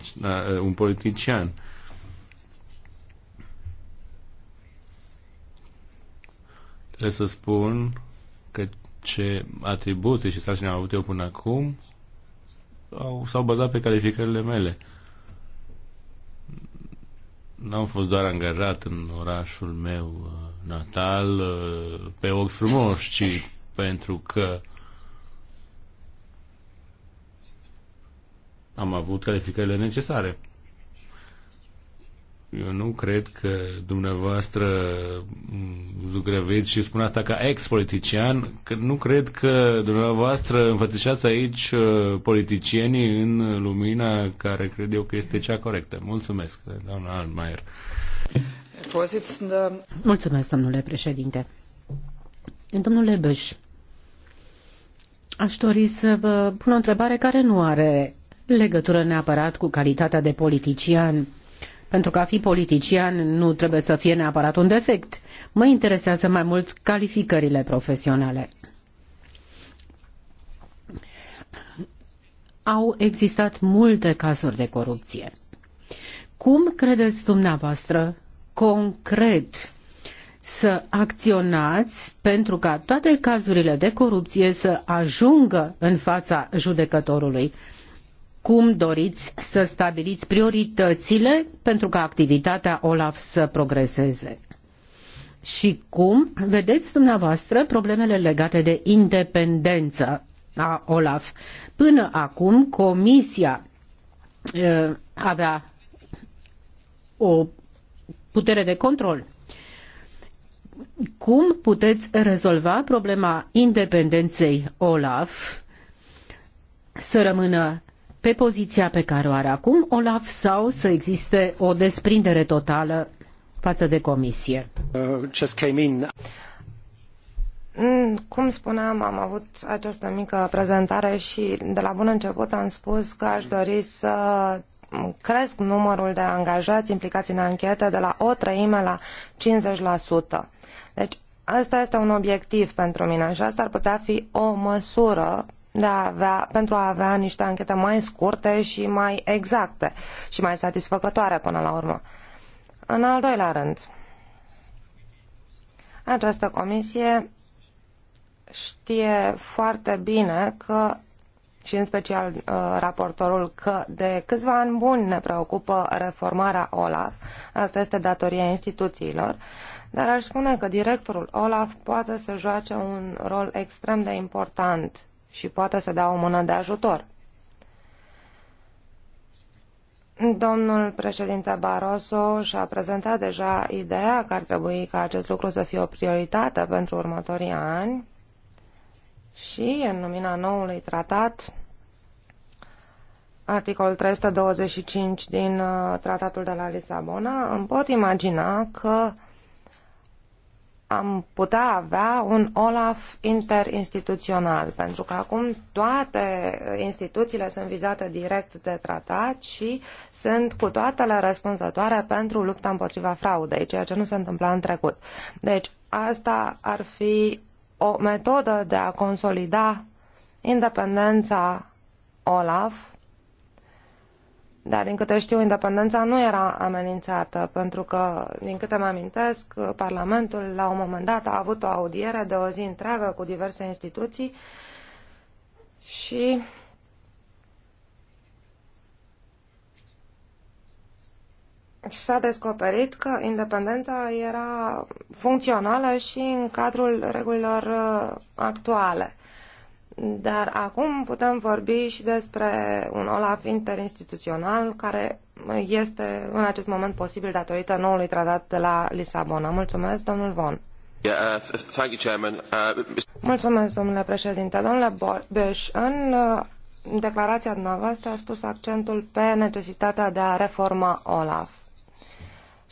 [SPEAKER 1] un politician. Trebuie să spun ce atribute și sarcini am avut eu până acum au, s-au bazat pe calificările mele. N-am fost doar angajat în orașul meu uh, natal uh, pe ochi frumoși, ci pentru că am avut calificările necesare eu nu cred că dumneavoastră zugrăveți și spun asta ca ex-politician, că nu cred că dumneavoastră înfățișați aici uh, politicienii în lumina care cred eu că este cea corectă. Mulțumesc, doamna Almaier.
[SPEAKER 3] Mulțumesc, domnule președinte. Domnule Băș, aș dori să vă pun o întrebare care nu are legătură neapărat cu calitatea de politician pentru că a fi politician nu trebuie să fie neapărat un defect. Mă interesează mai mult calificările profesionale. Au existat multe cazuri de corupție. Cum credeți dumneavoastră concret să acționați pentru ca toate cazurile de corupție să ajungă în fața judecătorului? cum doriți să stabiliți prioritățile pentru ca activitatea OLAF să progreseze. Și cum vedeți dumneavoastră problemele legate de independență a OLAF. Până acum, Comisia uh, avea o putere de control. Cum puteți rezolva problema independenței OLAF să rămână pe poziția pe care o are acum Olaf sau să existe o desprindere totală față de
[SPEAKER 2] comisie? Uh, mm, cum spuneam, am avut această mică prezentare și de la bun început am spus că aș dori să cresc numărul de angajați implicați în anchete de la o treime la 50%. Deci asta este un obiectiv pentru mine și asta ar putea fi o măsură de a avea, pentru a avea niște anchete mai scurte și mai exacte și mai satisfăcătoare până la urmă. În al doilea rând, această comisie știe foarte bine că și în special uh, raportorul că de câțiva ani buni ne preocupă reformarea OLAF, asta este datoria instituțiilor, dar aș spune că directorul OLAF poate să joace un rol extrem de important și poate să dea o mână de ajutor. Domnul președinte Barroso și-a prezentat deja ideea că ar trebui ca acest lucru să fie o prioritate pentru următorii ani și în lumina noului tratat, articolul 325 din uh, tratatul de la Lisabona, îmi pot imagina că uh, am putea avea un OLAF interinstituțional, pentru că acum toate instituțiile sunt vizate direct de tratat și sunt cu toatele răspunzătoare pentru lupta împotriva fraudei, ceea ce nu se întâmpla în trecut. Deci asta ar fi o metodă de a consolida independența OLAF dar, din câte știu, independența nu era amenințată, pentru că, din câte mă amintesc, Parlamentul, la un moment dat, a avut o audiere de o zi întreagă cu diverse instituții și s-a descoperit că independența era funcțională și în cadrul regulilor uh, actuale. Dar acum putem vorbi și despre un OLAF interinstituțional care este în acest moment posibil datorită noului tratat de la Lisabona. Mulțumesc, domnul Von. Uh, uh, Mulțumesc, domnule președinte. Domnule Beș, în uh, declarația dumneavoastră a spus accentul pe necesitatea de a reforma OLAF.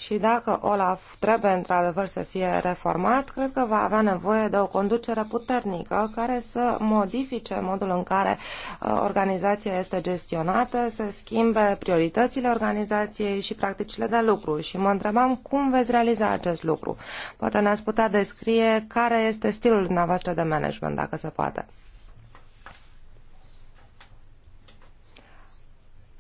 [SPEAKER 2] Și dacă Olaf trebuie într-adevăr să fie reformat, cred că va avea nevoie de o conducere puternică care să modifice modul în care uh, organizația este gestionată, să schimbe prioritățile organizației și practicile de lucru. Și mă întrebam cum veți realiza acest lucru. Poate ne-ați putea descrie care este stilul dumneavoastră de management, dacă se poate.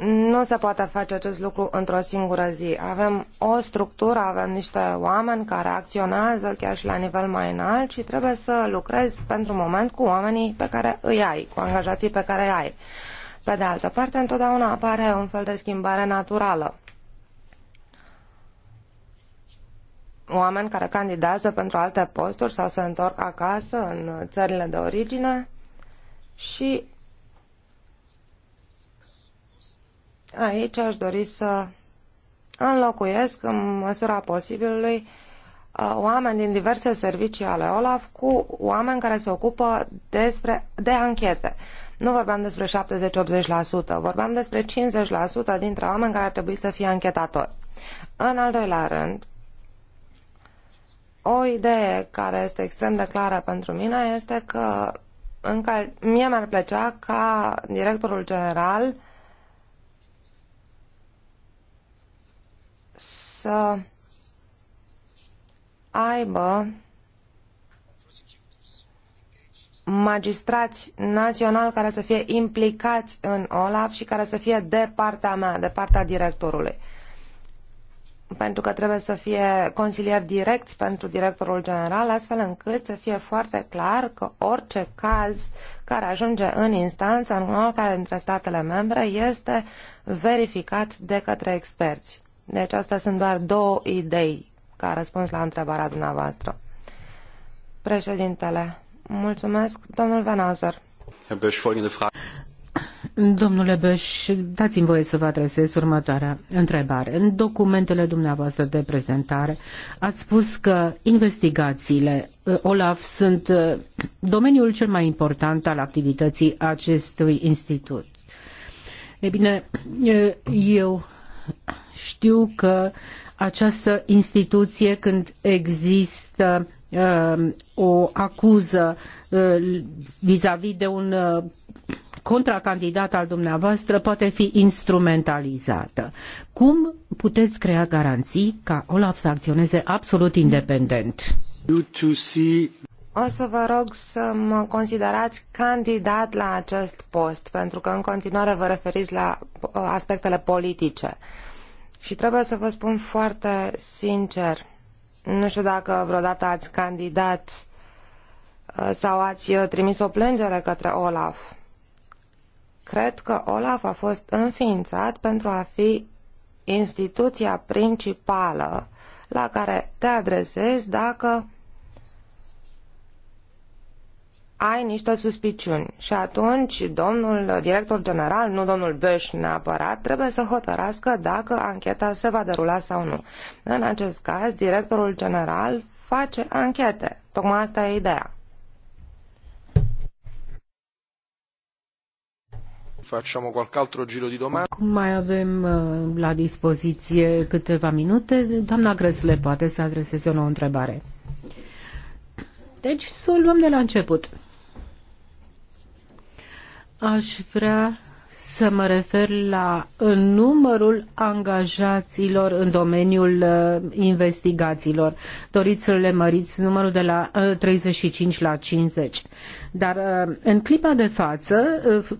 [SPEAKER 2] nu se poate face acest lucru într-o singură zi. Avem o structură, avem niște oameni care acționează chiar și la nivel mai înalt și trebuie să lucrezi pentru moment cu oamenii pe care îi ai, cu angajații pe care îi ai. Pe de altă parte, întotdeauna apare un fel de schimbare naturală. Oameni care candidează pentru alte posturi sau se întorc acasă în țările de origine și Aici aș dori să înlocuiesc în măsura posibilului uh, oameni din diverse servicii ale OLAF cu oameni care se ocupă despre, de anchete. Nu vorbeam despre 70-80%, vorbeam despre 50% dintre oameni care ar trebui să fie anchetatori. În al doilea rând, o idee care este extrem de clară pentru mine este că în cal- mie mi-ar plăcea ca directorul general să aibă magistrați naționali care să fie implicați în OLAF și care să fie de partea mea, de partea directorului. Pentru că trebuie să fie consilier direct pentru directorul general, astfel încât să fie foarte clar că orice caz care ajunge în instanță, în oricare dintre statele membre, este verificat de către experți. Deci astea sunt doar două idei ca răspuns la întrebarea dumneavoastră. Președintele, mulțumesc. Domnul Van Auser. Domnule Beș, dați-mi voie să vă
[SPEAKER 3] adresez următoarea întrebare. În documentele dumneavoastră de prezentare ați spus că investigațiile uh, OLAF sunt uh, domeniul cel mai important al activității acestui institut. E bine, uh, eu știu că această instituție, când există um, o acuză uh, vis-a-vis -vis de un uh, contracandidat al dumneavoastră poate fi instrumentalizată. Cum puteți crea garanții ca Olaf să acționeze absolut independent?
[SPEAKER 2] o să vă rog să mă considerați candidat la acest post, pentru că în continuare vă referiți la uh, aspectele politice. Și trebuie să vă spun foarte sincer, nu știu dacă vreodată ați candidat uh, sau ați uh, trimis o plângere către Olaf. Cred că Olaf a fost înființat pentru a fi instituția principală la care te adresezi dacă ai niște suspiciuni și atunci domnul director general, nu domnul Băș neapărat, trebuie să hotărască dacă ancheta se va derula sau nu. În acest caz, directorul general face anchete. Tocmai asta e ideea. Facciamo qualche altro giro di domande. Cum mai
[SPEAKER 3] avem uh, la dispoziție câteva minute, doamna Gresle poate să adreseze o nouă întrebare. Deci să o luăm de la început. Aș vrea să mă refer la numărul angajaților în domeniul uh, investigațiilor. Doriți să le măriți numărul de la 35 uh, la 50. Dar uh, în clipa de față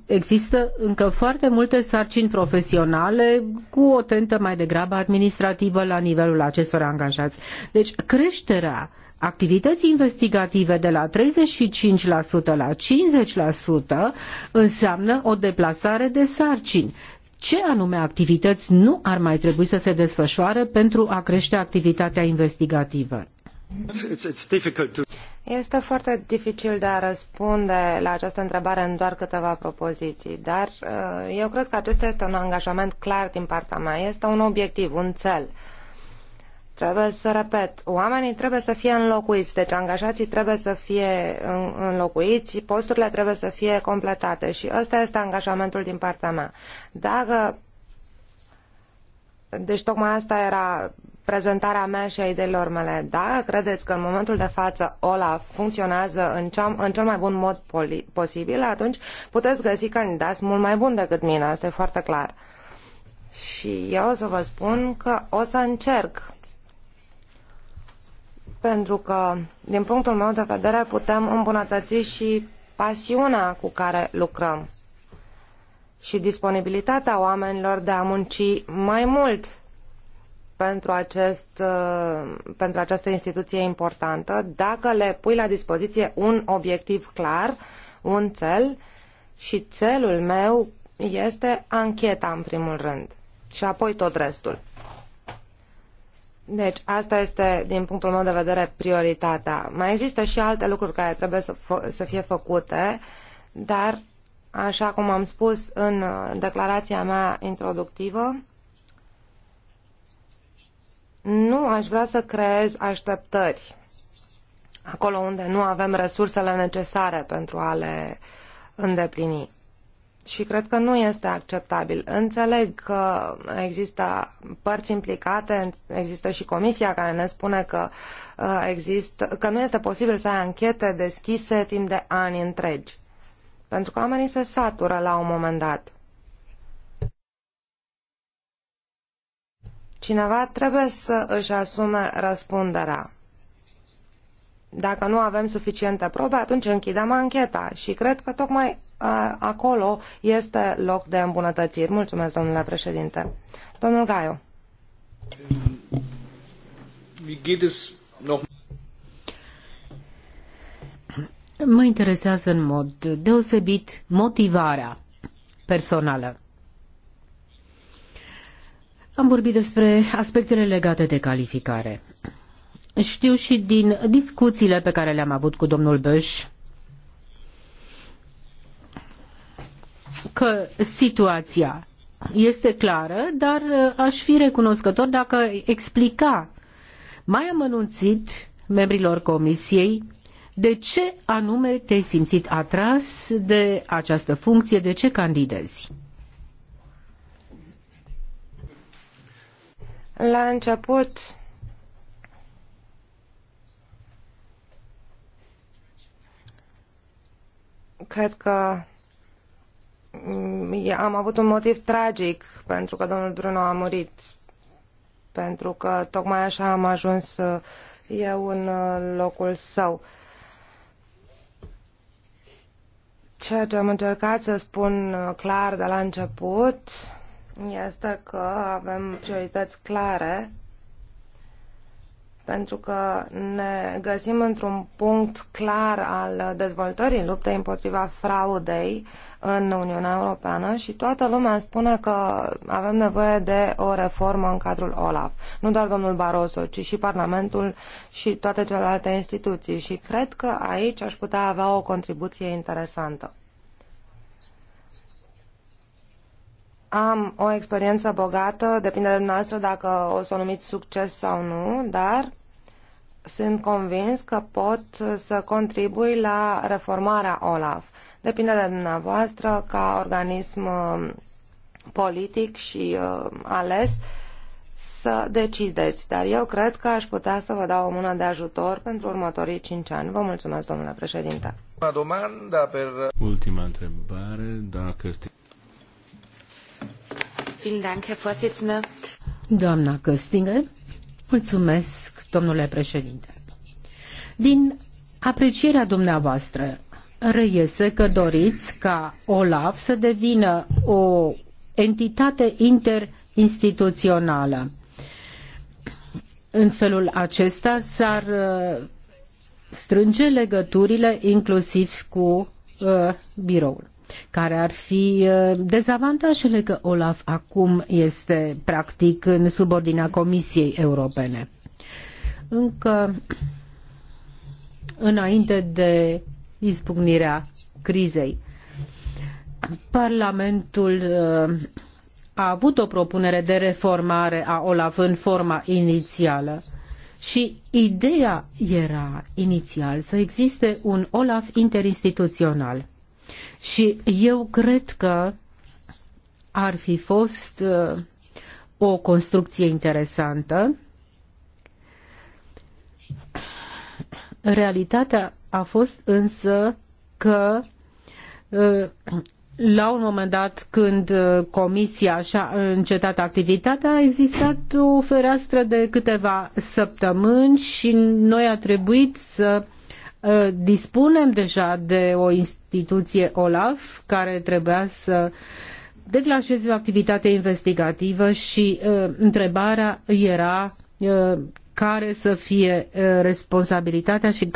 [SPEAKER 3] există încă foarte multe sarcini profesionale cu o tentă mai degrabă administrativă la nivelul acestor angajați. Deci creșterea activități investigative de la 35% la 50% înseamnă o deplasare de sarcini. Ce anume activități nu ar mai trebui să se desfășoare pentru a crește activitatea investigativă?
[SPEAKER 2] Este foarte dificil de a răspunde la această întrebare în doar câteva propoziții, dar uh, eu cred că acesta este un angajament clar din partea mea, este un obiectiv, un cel. Trebuie să repet, oamenii trebuie să fie înlocuiți, deci angajații trebuie să fie înlocuiți, posturile trebuie să fie completate și ăsta este angajamentul din partea mea. Dacă, deci tocmai asta era prezentarea mea și a ideilor mele. Dacă credeți că în momentul de față OLAF funcționează în, cea, în cel mai bun mod posibil, atunci puteți găsi candidați mult mai buni decât mine, asta e foarte clar. Și eu o să vă spun că o să încerc pentru că, din punctul meu de vedere, putem îmbunătăți și pasiunea cu care lucrăm și disponibilitatea oamenilor de a munci mai mult pentru, acest, uh, pentru această instituție importantă, dacă le pui la dispoziție un obiectiv clar, un cel, și celul meu este ancheta în primul rând și apoi tot restul. Deci, asta este, din punctul meu de vedere, prioritatea. Mai există și alte lucruri care trebuie să, să fie făcute, dar, așa cum am spus în uh, declarația mea introductivă, nu aș vrea să creez așteptări acolo unde nu avem resursele necesare pentru a le îndeplini și cred că nu este acceptabil. Înțeleg că există părți implicate, există și comisia care ne spune că, uh, există, că nu este posibil să ai anchete deschise timp de ani întregi. Pentru că oamenii se satură la un moment dat. Cineva trebuie să își asume răspunderea dacă nu avem suficiente probe, atunci închidem ancheta și cred că tocmai uh, acolo este loc de îmbunătățiri. Mulțumesc, domnule președinte. Domnul Gaio.
[SPEAKER 3] Mă interesează în mod deosebit motivarea personală. Am vorbit despre aspectele legate de calificare știu și din discuțiile pe care le-am avut cu domnul Băș că situația este clară, dar uh, aș fi recunoscător dacă explica mai amănunțit membrilor comisiei de ce anume te-ai simțit atras de această funcție, de ce candidezi?
[SPEAKER 2] La început Cred că mm, am avut un motiv tragic pentru că domnul Bruno a murit. Pentru că tocmai așa am ajuns uh, eu în uh, locul său. Ceea ce am încercat să spun uh, clar de la început este că avem priorități clare pentru că ne găsim într-un punct clar al dezvoltării luptei împotriva fraudei în Uniunea Europeană și toată lumea spune că avem nevoie de o reformă în cadrul OLAF. Nu doar domnul Barroso, ci și Parlamentul și toate celelalte instituții și cred că aici aș putea avea o contribuție interesantă. Am o experiență bogată, depinde de dumneavoastră dacă o să o numiți succes sau nu, dar sunt convins că pot să contribui la reformarea OLAF. Depinde de dumneavoastră ca organism uh, politic și uh, ales să decideți, dar eu cred că aș putea să vă dau o mână de ajutor pentru următorii 5 ani. Vă mulțumesc, domnule președinte.
[SPEAKER 1] Da, Ultima întrebare, doamna Căstin.
[SPEAKER 2] Vielen Dank, Herr Vorsitzender.
[SPEAKER 3] Doamna Căstingă, Mulțumesc, domnule președinte. Din aprecierea dumneavoastră reiese că doriți ca OLAF să devină o entitate interinstituțională. În felul acesta s-ar uh, strânge legăturile inclusiv cu uh, biroul care ar fi uh, dezavantajele că Olaf acum este practic în subordinea Comisiei Europene. Încă înainte de izbucnirea crizei, Parlamentul uh, a avut o propunere de reformare a Olaf în forma inițială. Și ideea era inițial să existe un OLAF interinstituțional. Și eu cred că ar fi fost uh, o construcție interesantă. Realitatea a fost însă că uh, la un moment dat când uh, comisia și-a încetat activitatea, a existat o fereastră de câteva săptămâni și noi a trebuit să Uh, dispunem deja de o instituție OLAF care trebuia să declanșeze o activitate investigativă și uh, întrebarea era uh, care să fie responsabilitatea și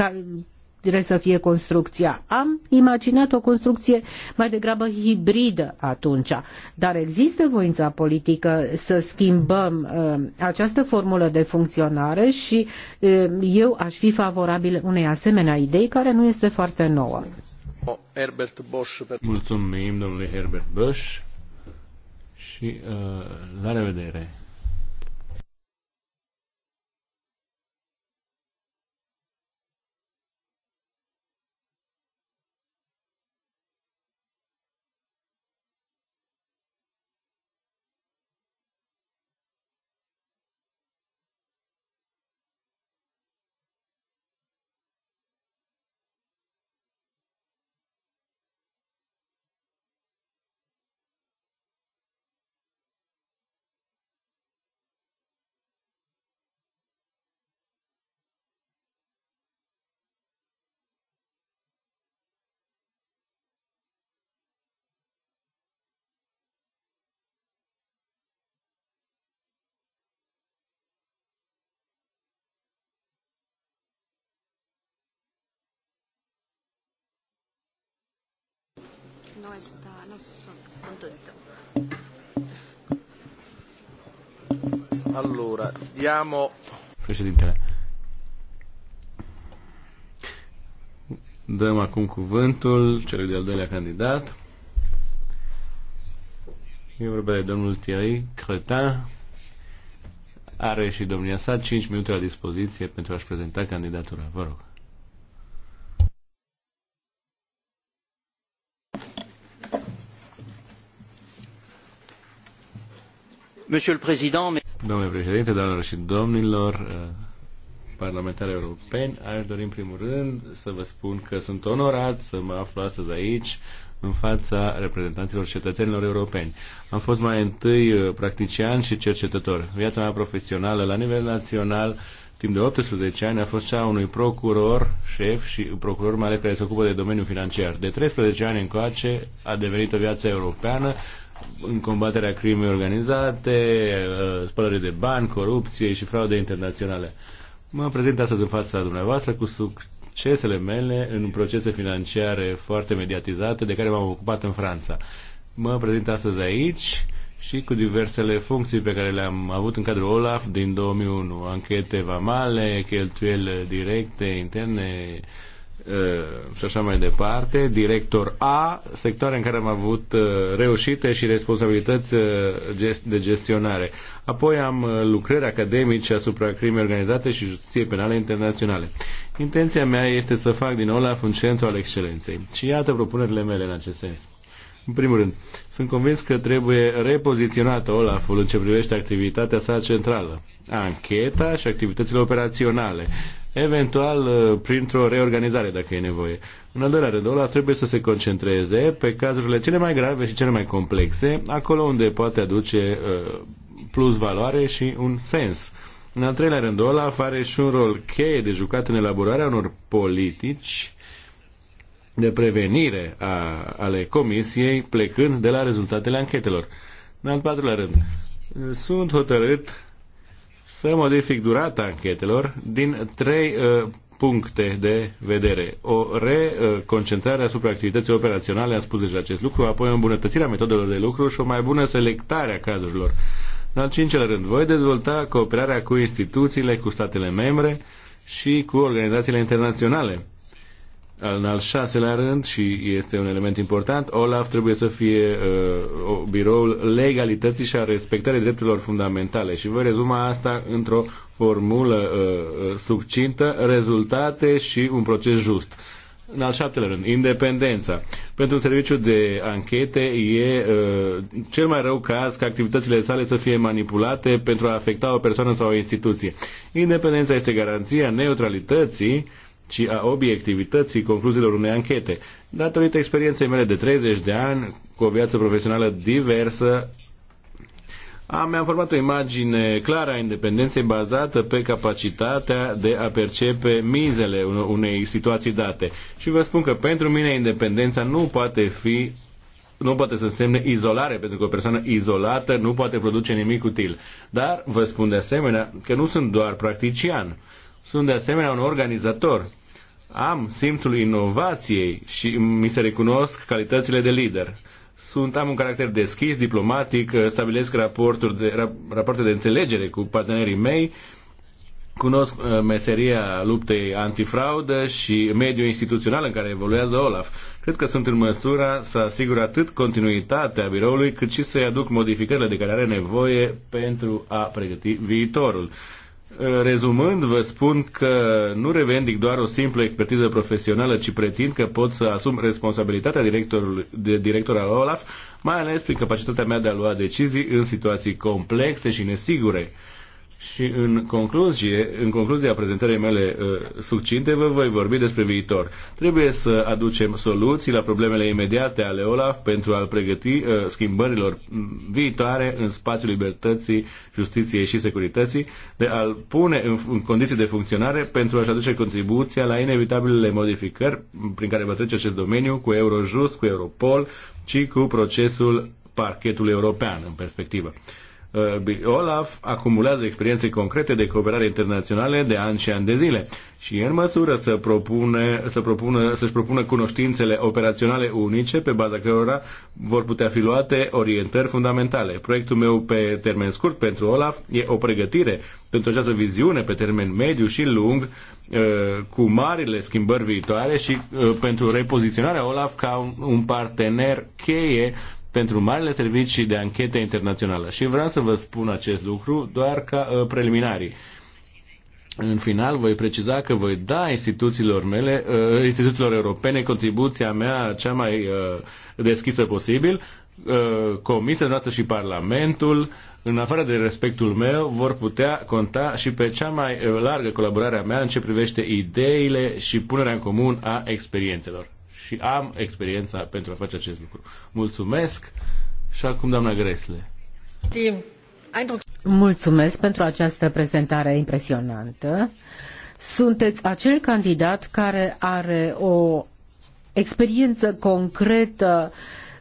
[SPEAKER 3] trebuie să fie construcția. Am imaginat o construcție mai degrabă hibridă atunci, dar există voința politică să schimbăm uh, această formulă de funcționare și uh, eu aș fi favorabil unei asemenea idei care nu este foarte nouă.
[SPEAKER 1] Herbert Bosch. Mulțumim, domnule Herbert Bosch, și uh, la revedere!
[SPEAKER 3] no está, no sono contento.
[SPEAKER 1] Allora, diamo... Președintele. Dăm acum cuvântul celui de-al doilea candidat. E vorba de domnul Thierry Cretin. Are și domnia sa 5 minute la dispoziție pentru a-și prezenta candidatura. Vă rog. Domnule președinte, doamnelor și domnilor eh, parlamentari europeni, aș dori în primul rând să vă spun că sunt onorat să mă aflu astăzi aici în fața reprezentanților cetățenilor europeni. Am fost mai întâi eh, practician și cercetător. Viața mea profesională la nivel național timp de 18 ani a fost cea unui procuror șef și procuror mai ales care se ocupă de domeniul financiar. De 13 ani încoace a devenit o viață europeană în combaterea crimei organizate, uh, spălării de bani, corupție și fraude internaționale. Mă prezint astăzi în fața dumneavoastră cu succesele mele în procese financiare foarte mediatizate de care m-am ocupat în Franța. Mă prezint astăzi aici și cu diversele funcții pe care le-am avut în cadrul OLAF din 2001. Anchete vamale, cheltuieli directe, interne, și așa mai departe, director A, sectoare în care am avut reușite și responsabilități de gestionare. Apoi am lucrări academice asupra crimei organizate și justiție penale internaționale. Intenția mea este să fac din OLAF un centru al excelenței. Și iată propunerile mele în acest sens. În primul rând, sunt convins că trebuie repoziționată Olaful în ce privește activitatea sa centrală, ancheta și activitățile operaționale, eventual uh, printr-o reorganizare dacă e nevoie. În al doilea rând, Olaf trebuie să se concentreze pe cazurile cele mai grave și cele mai complexe, acolo unde poate aduce uh, plus valoare și un sens. În al treilea rând, Olaf are și un rol cheie de jucat în elaborarea unor politici uh, de prevenire a, ale comisiei plecând de la rezultatele anchetelor. În al patrulea rând, sunt hotărât să modific durata anchetelor din trei uh, puncte de vedere. O reconcentrare asupra activității operaționale, am spus deja acest lucru, apoi o îmbunătățire a metodelor de lucru și o mai bună selectare a cazurilor. În al cincilea rând, voi dezvolta cooperarea cu instituțiile, cu statele membre și cu organizațiile internaționale în al șaselea rând, și este un element important, Olaf trebuie să fie uh, biroul legalității și a respectării drepturilor fundamentale. Și voi rezuma asta într-o formulă uh, uh, succintă, rezultate și un proces just. În al șaptelea rând, independența. Pentru un serviciu de anchete e uh, cel mai rău caz ca activitățile sale să fie manipulate pentru a afecta o persoană sau o instituție. Independența este garanția neutralității ci a obiectivității concluziilor unei anchete. Datorită experienței mele de 30 de ani, cu o viață profesională diversă, am, mi-am format o imagine clară a independenței bazată pe capacitatea de a percepe mizele unei situații date. Și vă spun că pentru mine independența nu poate fi nu poate să însemne izolare, pentru că o persoană izolată nu poate produce nimic util. Dar vă spun de asemenea că nu sunt doar practician, sunt de asemenea un organizator am simțul inovației și mi se recunosc calitățile de lider. Sunt, am un caracter deschis, diplomatic, stabilesc raporturi de, rapoarte de înțelegere cu partenerii mei, cunosc uh, meseria luptei antifraudă și mediul instituțional în care evoluează OLAF. Cred că sunt în măsura să asigur atât continuitatea biroului, cât și să-i aduc modificările de care are nevoie pentru a pregăti viitorul. Rezumând, vă spun că nu revendic doar o simplă expertiză profesională, ci pretind că pot să asum responsabilitatea directorului, de director al OLAF, mai ales prin capacitatea mea de a lua decizii în situații complexe și nesigure. Și în concluzie, în concluzia prezentării mele uh, succinte, vă voi vorbi despre viitor. Trebuie să aducem soluții la problemele imediate ale OLAF pentru a-l pregăti uh, schimbărilor mm, viitoare în spațiul libertății, justiției și securității, de a-l pune în, în condiții de funcționare pentru a-și aduce contribuția la inevitabilele modificări prin care va trece acest domeniu cu Eurojust, cu Europol, ci cu procesul parchetului european în perspectivă. Uh, Olaf acumulează experiențe concrete de cooperare internaționale de ani și ani de zile și e în măsură să propune, să propună, să-și propună cunoștințele operaționale unice pe baza cărora vor putea fi luate orientări fundamentale. Proiectul meu pe termen scurt pentru Olaf e o pregătire pentru această viziune pe termen mediu și lung uh, cu marile schimbări viitoare și uh, pentru repoziționarea Olaf ca un partener cheie pentru marile servicii de anchetă internațională. Și vreau să vă spun acest lucru doar ca uh, preliminarii. În final, voi preciza că voi da instituțiilor mele, uh, instituțiilor europene, contribuția mea cea mai uh, deschisă posibil. Uh, comisia noastră și Parlamentul, în afară de respectul meu, vor putea conta și pe cea mai uh, largă colaborare a mea în ce privește ideile și punerea în comun a experiențelor și am experiența pentru a face acest lucru. Mulțumesc și acum doamna Gresle.
[SPEAKER 3] Mulțumesc pentru această prezentare impresionantă. Sunteți acel candidat care are o experiență concretă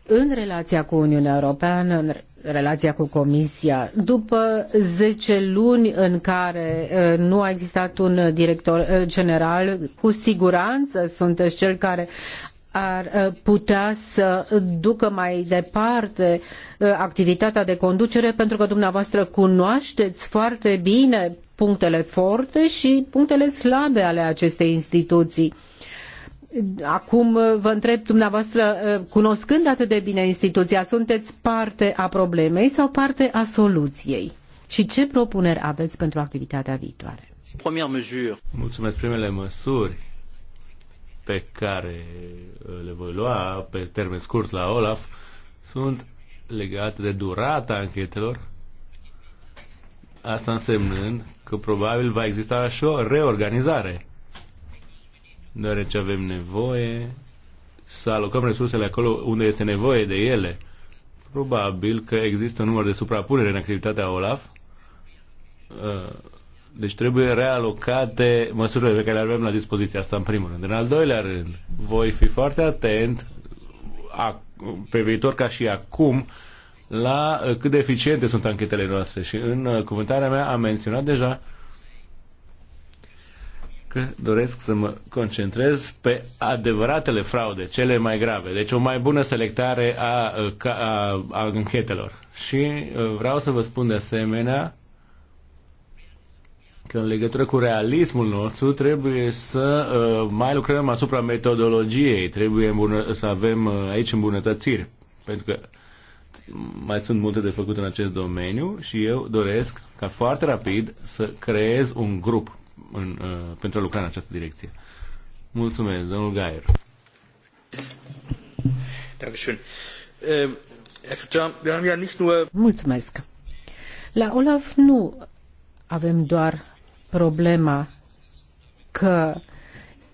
[SPEAKER 3] în relația cu Uniunea Europeană, în relația cu Comisia. După zece luni în care uh, nu a existat un director uh, general, cu siguranță sunteți cel care ar uh, putea să ducă mai departe uh, activitatea de conducere, pentru că dumneavoastră cunoașteți foarte bine punctele forte și punctele slabe ale acestei instituții. Acum uh, vă întreb dumneavoastră, cunoscând atât de bine instituția, sunteți parte a problemei sau parte a soluției? Și ce propuneri aveți pentru activitatea viitoare?
[SPEAKER 1] Mulțumesc primele măsuri pe care uh, le voi lua pe termen scurt la Olaf sunt legate de durata anchetelor, asta însemnând că probabil va exista și o reorganizare, deoarece avem nevoie să alocăm resursele acolo unde este nevoie de ele. Probabil că există un număr de suprapunere în activitatea OLAF, uh, deci trebuie realocate măsurile pe care le avem la dispoziție. Asta în primul rând. În al doilea rând, voi fi foarte atent a, pe viitor ca și acum la uh, cât de eficiente sunt anchetele noastre. Și în uh, cuvântarea mea am menționat deja că doresc să mă concentrez pe adevăratele fraude, cele mai grave. Deci o mai bună selectare a, uh, a, a anchetelor. Și vreau să vă spun de asemenea că în legătură cu realismul nostru trebuie să uh, mai lucrăm asupra metodologiei, trebuie să avem uh, aici îmbunătățiri, pentru că mai sunt multe de făcut în acest domeniu și eu doresc ca foarte rapid să creez un grup în, uh, pentru a lucra în această direcție. Mulțumesc, domnul Gaier.
[SPEAKER 2] Äh,
[SPEAKER 3] Mulțumesc. La Olaf nu avem doar problema că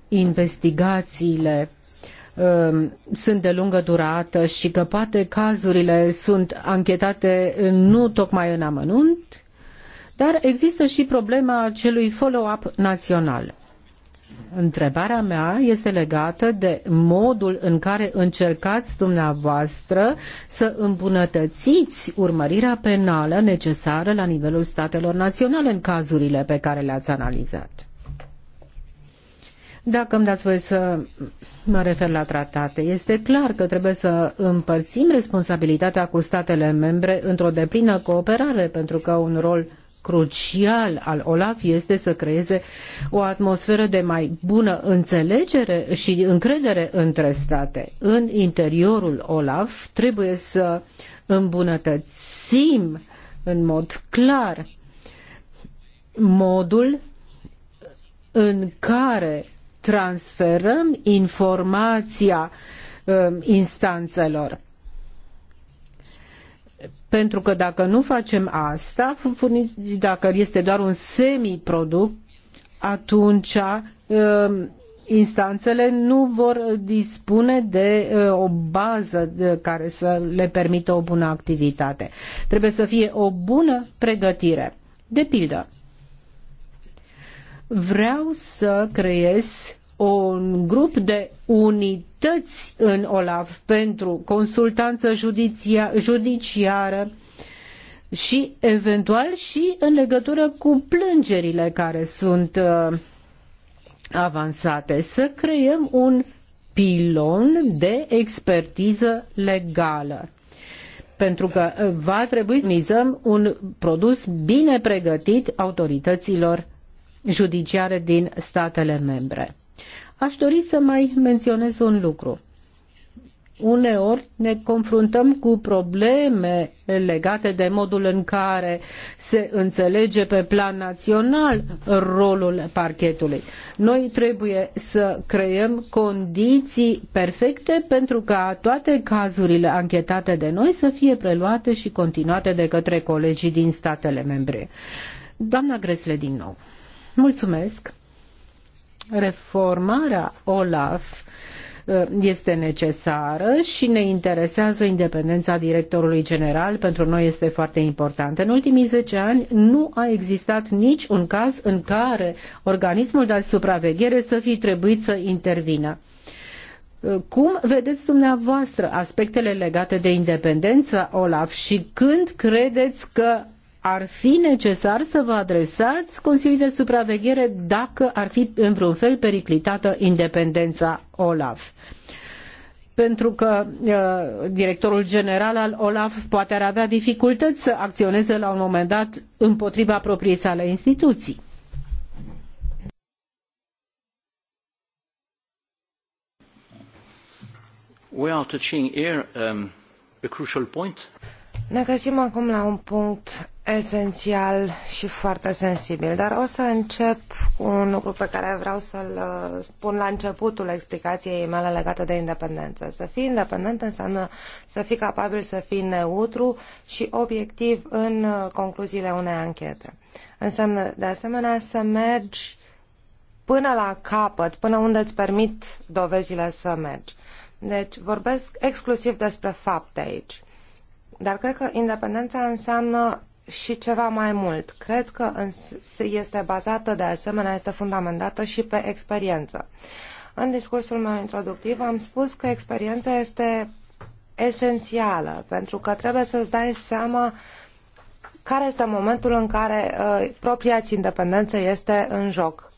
[SPEAKER 3] investigațiile um, sunt de lungă durată și că poate cazurile sunt anchetate nu tocmai în amănunt, dar există și problema acelui follow-up național. Întrebarea mea este legată de modul în care încercați dumneavoastră să îmbunătățiți urmărirea penală necesară la nivelul statelor naționale în cazurile pe care le-ați analizat. Dacă îmi dați voie să mă refer la tratate, este clar că trebuie să împărțim responsabilitatea cu statele membre într-o deplină cooperare, pentru că un rol crucial al OLAF este să creeze o atmosferă de mai bună înțelegere și încredere între state. În interiorul OLAF trebuie să îmbunătățim în mod clar modul în care transferăm informația um, instanțelor pentru că dacă nu facem asta, dacă este doar un semiproduct, atunci um, instanțele nu vor dispune de uh, o bază de uh, care să le permită o bună activitate. Trebuie să fie o bună pregătire. De pildă, vreau să creez un grup de unități în OLAF pentru consultanță judiciară și eventual și în legătură cu plângerile care sunt uh, avansate, să creăm un pilon de expertiză legală pentru că uh, va trebui să mizăm un produs bine pregătit autorităților judiciare din statele membre. Aș dori să mai menționez un lucru. Uneori ne confruntăm cu probleme legate de modul în care se înțelege pe plan național rolul parchetului. Noi trebuie să creăm condiții perfecte pentru ca toate cazurile anchetate de noi să fie preluate și continuate de către colegii din statele membre. Doamna Gresle din nou. Mulțumesc reformarea OLAF uh, este necesară și ne interesează independența directorului general. Pentru noi este foarte important. În ultimii zece ani nu a existat nici un caz în care organismul de supraveghere să fi trebuit să intervină. Uh, cum vedeți dumneavoastră aspectele legate de independența OLAF și când credeți că ar fi necesar să vă adresați Consiliului de Supraveghere dacă ar fi în vreun fel periclitată independența OLAF pentru că uh, directorul general al OLAF poate ar avea dificultăți să acționeze la un moment dat împotriva propriei sale instituții. We are touching here um, a crucial point.
[SPEAKER 2] Ne găsim acum la un punct esențial și foarte sensibil, dar o să încep cu un lucru pe care vreau să-l uh, spun la începutul explicației mele legate de independență. Să fii independent înseamnă să fii capabil să fii neutru și obiectiv în uh, concluziile unei anchete. Înseamnă, de asemenea, să mergi până la capăt, până unde îți permit dovezile să mergi. Deci vorbesc exclusiv despre fapte aici. Dar cred că independența înseamnă și ceva mai mult. Cred că este bazată, de asemenea, este fundamentată și pe experiență. În discursul meu introductiv am spus că experiența este esențială, pentru că trebuie să-ți dai seama care este momentul în care uh, propria ți independență este în joc.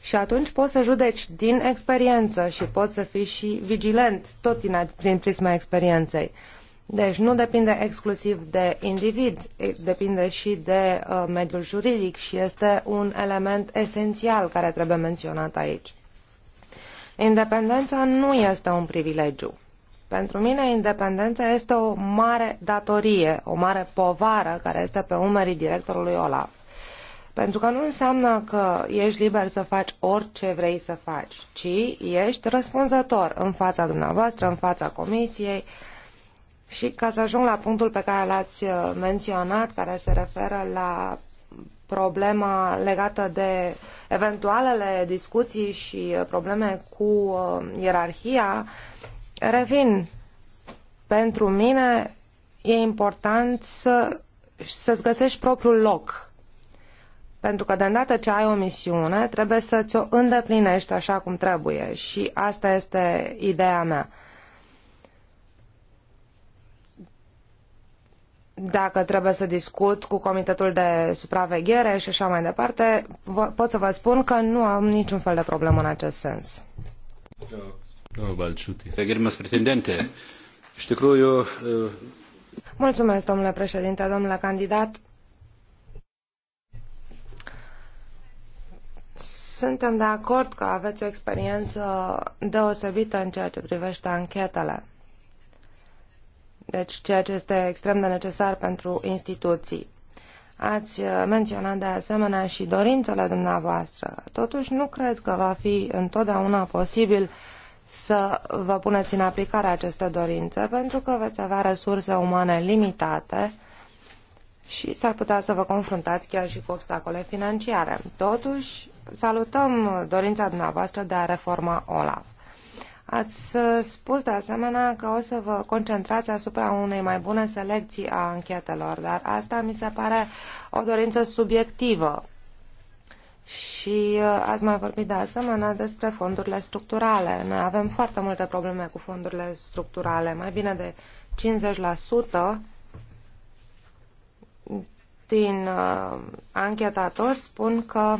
[SPEAKER 2] Și atunci poți să judeci din experiență și poți să fii și vigilent tot din, prin prisma experienței. Uh, deci nu depinde exclusiv de individ, depinde și de uh, mediul juridic și este un element esențial care trebuie menționat aici. Independența nu este un privilegiu. Pentru mine, independența este o mare datorie, o mare povară care este pe umerii directorului OLAF. Pentru că nu înseamnă că ești liber să faci orice vrei să faci, ci ești răspunzător în fața dumneavoastră, în fața comisiei, uh, și ca să ajung la punctul pe care l-ați uh, menționat, care se referă la problema legată de eventualele discuții și uh, probleme cu uh, ierarhia, revin. Pentru mine e important să, să-ți găsești propriul loc. Pentru că de îndată ce ai o misiune, trebuie să ți-o îndeplinești așa cum trebuie și asta este ideea mea. dacă trebuie să discut cu comitetul de supraveghere și așa mai departe, pot să vă spun că nu am niciun fel de problemă în acest sens. Uh, Mulțumesc, domnule președinte, domnule candidat. Suntem de acord că aveți o experiență deosebită în ceea ce privește anchetele deci ceea ce este extrem de necesar pentru instituții. Ați uh, menționat de asemenea și dorințele dumneavoastră. Totuși, nu cred că va fi întotdeauna posibil să vă puneți în aplicare aceste dorințe, pentru că veți avea resurse umane limitate și s-ar putea să vă confruntați chiar și cu obstacole financiare. Totuși, salutăm dorința dumneavoastră de a reforma OLAF. Ați uh, spus de asemenea că o să vă concentrați asupra unei mai bune selecții a anchetelor, dar asta mi se pare o dorință subiectivă. Și uh, ați mai vorbit de asemenea despre fondurile structurale. Noi avem foarte multe probleme cu fondurile structurale, mai bine de 50% din uh, anchetatori spun că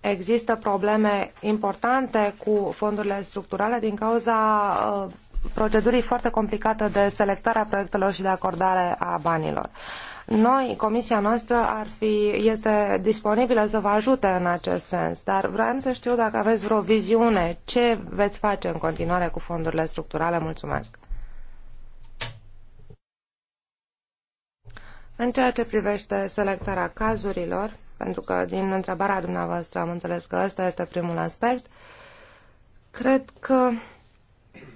[SPEAKER 2] există probleme importante cu fondurile structurale din cauza uh, procedurii foarte complicate de selectare a proiectelor și de acordare a banilor. Noi, comisia noastră ar fi, este disponibilă să vă ajute în acest sens, dar vreau să știu dacă aveți vreo viziune, ce veți face în continuare cu fondurile structurale. Mulțumesc! În ceea ce privește selectarea cazurilor, pentru că din întrebarea dumneavoastră am înțeles că ăsta este primul aspect, cred că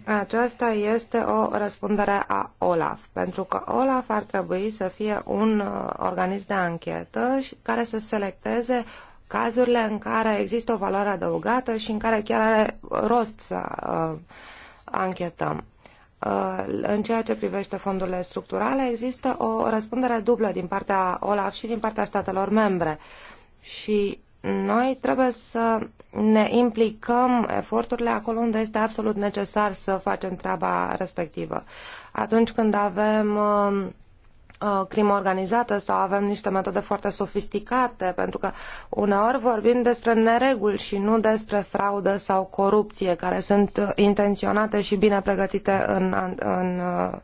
[SPEAKER 2] aceasta este o răspundere a OLAF, pentru că OLAF ar trebui să fie un uh, organism de anchetă și care să selecteze cazurile în care există o valoare adăugată și în care chiar are rost să uh, anchetăm. Uh, în ceea ce privește fondurile structurale, există o răspundere dublă din partea OLAF și din partea statelor membre. Și noi trebuie să ne implicăm eforturile acolo unde este absolut necesar să facem treaba respectivă. Atunci când avem uh, Uh, crimă organizată sau avem niște metode foarte sofisticate, pentru că uneori vorbim despre nereguli și nu despre fraudă sau corupție, care sunt uh, intenționate și bine pregătite în, în, uh,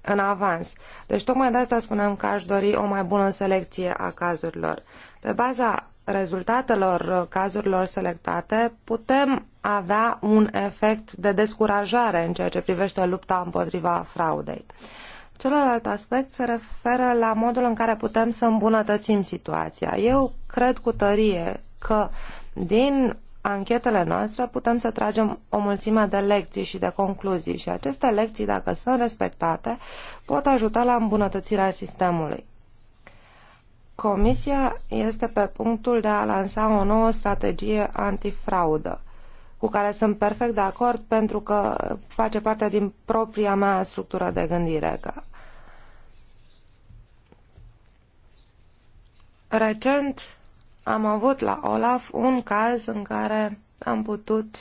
[SPEAKER 2] în avans. Deci tocmai de asta spunem că aș dori o mai bună selecție a cazurilor. Pe baza rezultatelor cazurilor selectate, putem avea un efect de descurajare în ceea ce privește lupta împotriva fraudei. Uh, Celălalt aspect se referă la modul în care putem să îmbunătățim situația. Eu cred cu tărie că din anchetele noastre putem să tragem o mulțime de lecții și de concluzii și aceste lecții, dacă sunt respectate, pot ajuta la îmbunătățirea sistemului. Comisia este pe punctul de a lansa o nouă strategie antifraudă cu care sunt perfect de acord pentru că face parte din propria mea structură de gândire. Că Recent am avut la Olaf un caz în care am putut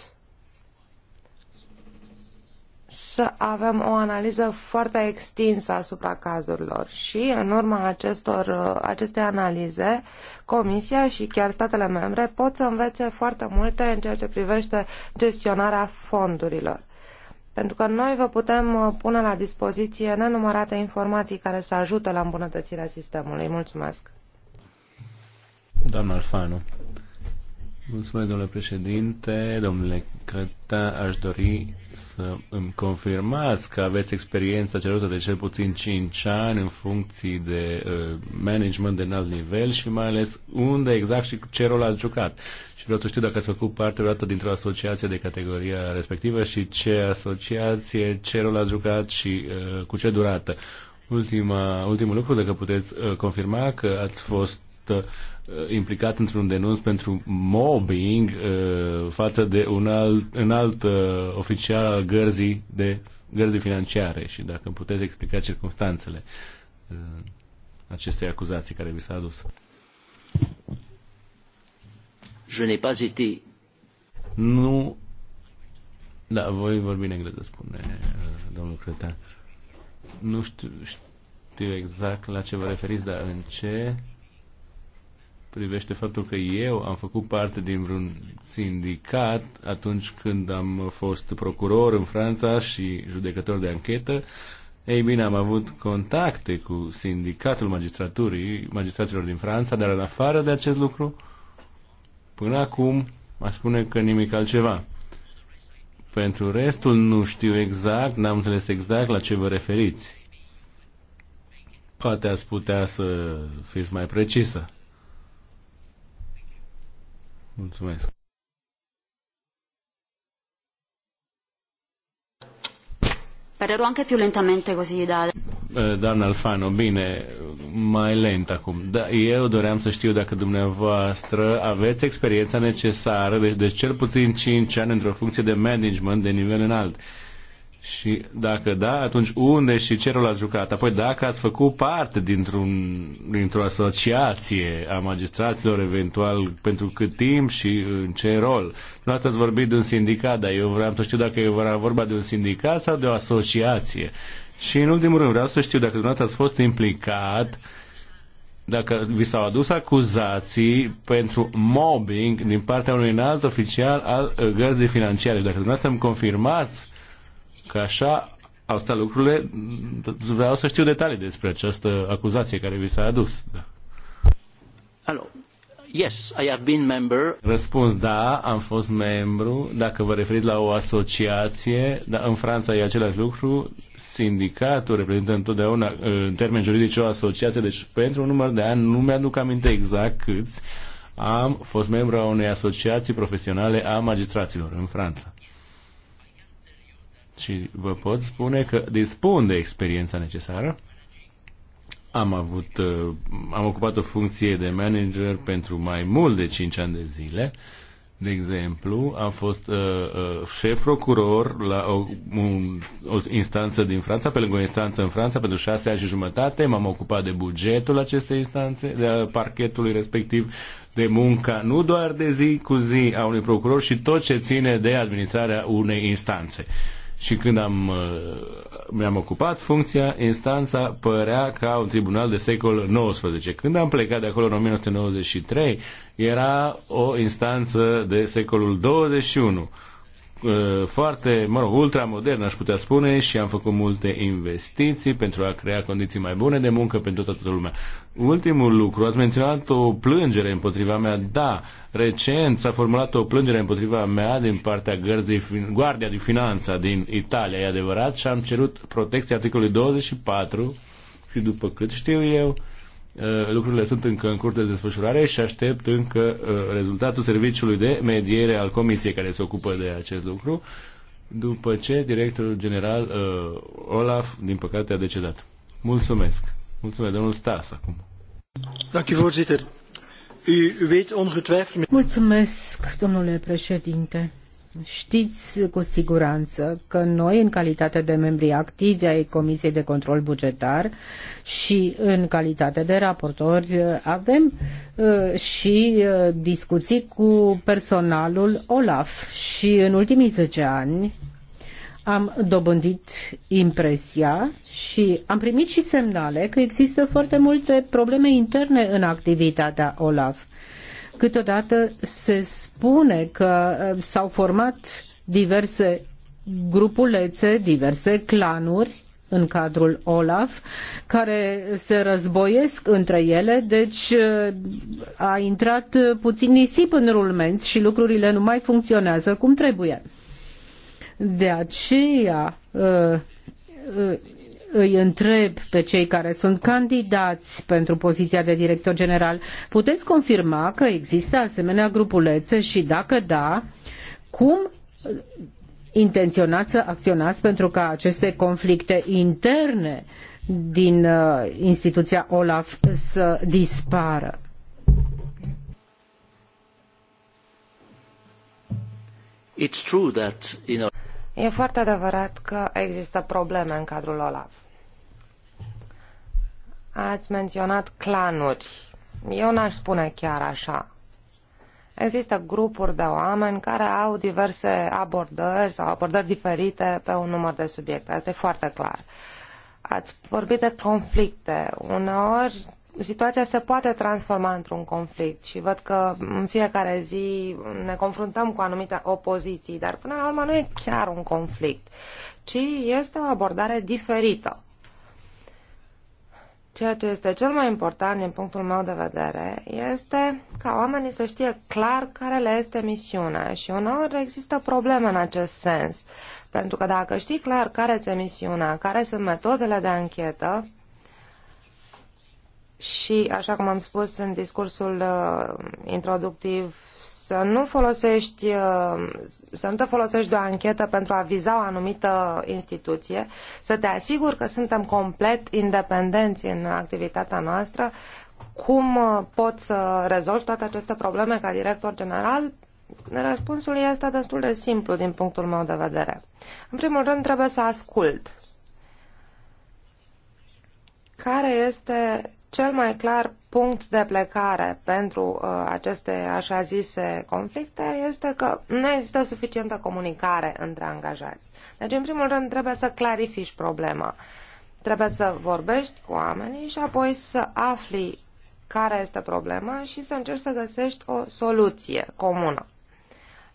[SPEAKER 2] să avem o analiză foarte extinsă asupra cazurilor și în urma acestor, uh, aceste analize, Comisia și chiar statele membre pot să învețe foarte multe în ceea ce privește gestionarea fondurilor. Pentru că noi vă putem uh, pune la dispoziție nenumărate informații care să ajute la îmbunătățirea sistemului. Mulțumesc!
[SPEAKER 1] Doamna Alfano. Mulțumesc, domnule președinte, domnule Creta, aș dori să îmi confirmați că aveți experiența cerută de cel puțin 5 ani în funcții de uh, management de înalt nivel și mai ales unde exact și ce rol ați jucat. Și vreau să știu dacă ați făcut parte vreodată dintr-o asociație de categoria respectivă și ce asociație, ce rol ați jucat și uh, cu ce durată. Ultima, ultimul lucru, dacă puteți uh, confirma că ați fost Uh, implicat într-un denunț pentru mobbing uh, față de un alt, un alt uh, oficial al gărzii, de, gărzii financiare și dacă îmi puteți explica circunstanțele acestei acuzații care vi s-a adus.
[SPEAKER 3] Je n'ai pas été...
[SPEAKER 1] Nu... Da, voi vorbi în engleză, spune domnul Cretan. Nu știu, știu exact la ce vă referiți, dar în ce privește faptul că eu am făcut parte din vreun sindicat atunci când am fost procuror în Franța și judecător de anchetă. Ei bine, am avut contacte cu sindicatul magistraturii, magistraților din Franța, dar în afară de acest lucru, până acum, mă spune că nimic altceva. Pentru restul nu știu exact, n-am înțeles exact la ce vă referiți. Poate ați putea să fiți mai precisă. Mulțumesc.
[SPEAKER 2] Parlerò anche più lentamente così da...
[SPEAKER 1] Eh, doamna Alfano, bine, mai lent acum. Da, eu doream să știu dacă dumneavoastră aveți experiența necesară, deci de cel puțin 5 ani într-o funcție de management de nivel înalt. Uh, și dacă da, atunci unde și ce rol ați jucat? Apoi dacă ați făcut parte dintr-un, dintr-o asociație a magistraților, eventual pentru cât timp și în ce rol? Nu ați vorbit de un sindicat, dar eu vreau să știu dacă e vorba de un sindicat sau de o asociație. Și în ultimul rând vreau să știu dacă dumneavoastră ați fost implicat dacă vi s-au adus acuzații pentru mobbing din partea unui înalt oficial al uh, gărzii financiare. Și dacă dumneavoastră îmi confirmați că așa au stat lucrurile. Vreau să știu detalii despre această acuzație care vi s-a adus. Da.
[SPEAKER 3] Alo. Yes, I have been member.
[SPEAKER 1] Răspuns, da, am fost membru. Dacă vă referiți la o asociație, dar în Franța e același lucru, sindicatul reprezintă întotdeauna, în termen juridic, o asociație, deci pentru un număr de ani, nu mi-aduc aminte exact câți, am fost membru a unei asociații profesionale a magistraților în Franța și vă pot spune că dispun de experiența necesară. Am avut, uh, am ocupat o funcție de manager pentru mai mult de 5 ani de zile. De exemplu, am fost uh, uh, șef procuror la o, un, o instanță din Franța, pe lângă o instanță în Franța, pentru șase ani și jumătate. M-am ocupat de bugetul acestei instanțe, de parchetului respectiv, de munca nu doar de zi cu zi a unui procuror și tot ce ține de administrarea unei instanțe. Uh, și când am, uh, mi-am ocupat funcția, instanța părea ca un tribunal de secol XIX. Când am plecat de acolo în 1993, era o instanță de secolul 21 Uh, foarte, mă rog, ultramodern, aș putea spune, și am făcut multe investiții pentru a crea condiții mai bune de muncă pentru toată lumea. Ultimul lucru, ați menționat o plângere împotriva mea. Da, recent s-a formulat o plângere împotriva mea din partea gărzii, Guardia de Finanța din Italia, e adevărat, și am cerut protecția articolului 24 și după cât știu eu, Eh, lucrurile sunt încă în curte de desfășurare și aștept încă eh, rezultatul serviciului de mediere al comisiei care se ocupă de acest lucru, după ce directorul general eh, Olaf, din păcate, a decedat. Mulțumesc. Mulțumesc, domnul Stas, acum.
[SPEAKER 2] U
[SPEAKER 3] Mulțumesc, domnule președinte. Știți cu siguranță că noi, în calitate de membri activi ai Comisiei de Control Bugetar și în calitate de raportori, avem uh, și uh, discuții cu personalul OLAF și în ultimii 10 ani am dobândit impresia și am primit și semnale că există foarte multe probleme interne în activitatea OLAF. Câteodată se spune că uh, s-au format diverse grupulețe, diverse clanuri în cadrul OLAF, care se războiesc între ele, deci uh, a intrat puțin nisip în rulmenți și lucrurile nu mai funcționează cum trebuie. De aceea uh, îi întreb pe cei care sunt candidați pentru poziția de director general, puteți confirma că există asemenea grupulețe și dacă da, cum intenționați să acționați pentru ca aceste conflicte interne din uh, instituția OLAF să
[SPEAKER 2] dispară?
[SPEAKER 1] It's true that, you know...
[SPEAKER 2] E foarte adevărat că există probleme în cadrul OLAF. Ați menționat clanuri. Eu n-aș spune chiar așa. Există grupuri de oameni care au diverse abordări sau abordări diferite pe un număr de subiecte. Asta e foarte clar. Ați vorbit de conflicte. Uneori situația se poate transforma într-un conflict și văd că în fiecare zi ne confruntăm cu anumite opoziții, dar până la urmă nu e chiar un conflict, ci este o abordare diferită. Ceea ce este cel mai important din punctul meu de vedere este ca oamenii să știe clar care le este misiunea și uneori există probleme în acest sens. Pentru că dacă știi clar care ți-e misiunea, care sunt metodele de anchetă și, așa cum am spus în discursul uh, introductiv să nu folosești, uh, să nu te folosești de o anchetă pentru a viza o anumită instituție, să te asiguri că suntem complet independenți în activitatea noastră, cum uh, pot să rezolvi toate aceste probleme ca director general? Răspunsul este destul de simplu din punctul meu de vedere. În primul rând trebuie să ascult care este cel mai clar punct de plecare pentru uh, aceste așa zise conflicte este că nu există suficientă comunicare între angajați. Deci, în primul rând, trebuie să clarifici problema. Trebuie să vorbești cu oamenii și apoi să afli care este problema și să încerci să găsești o soluție comună.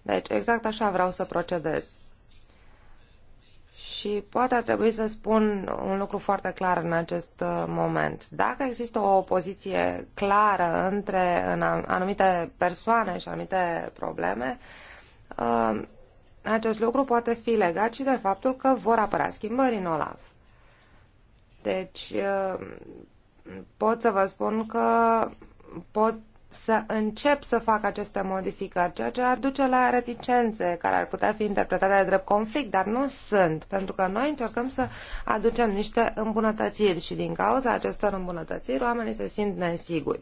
[SPEAKER 2] Deci, exact așa vreau să procedez. Și poate ar trebui să spun un lucru foarte clar în acest uh, moment. Dacă există o opoziție clară între anumite persoane și anumite probleme, uh, acest lucru poate fi legat și de faptul că vor apărea schimbări în OLAF. Deci uh, pot să vă spun că pot să încep să facă aceste modificări, ceea ce ar duce la reticențe care ar putea fi interpretate de drept conflict, dar nu sunt, pentru că noi încercăm să aducem niște îmbunătățiri și din cauza acestor îmbunătățiri oamenii se simt nesiguri.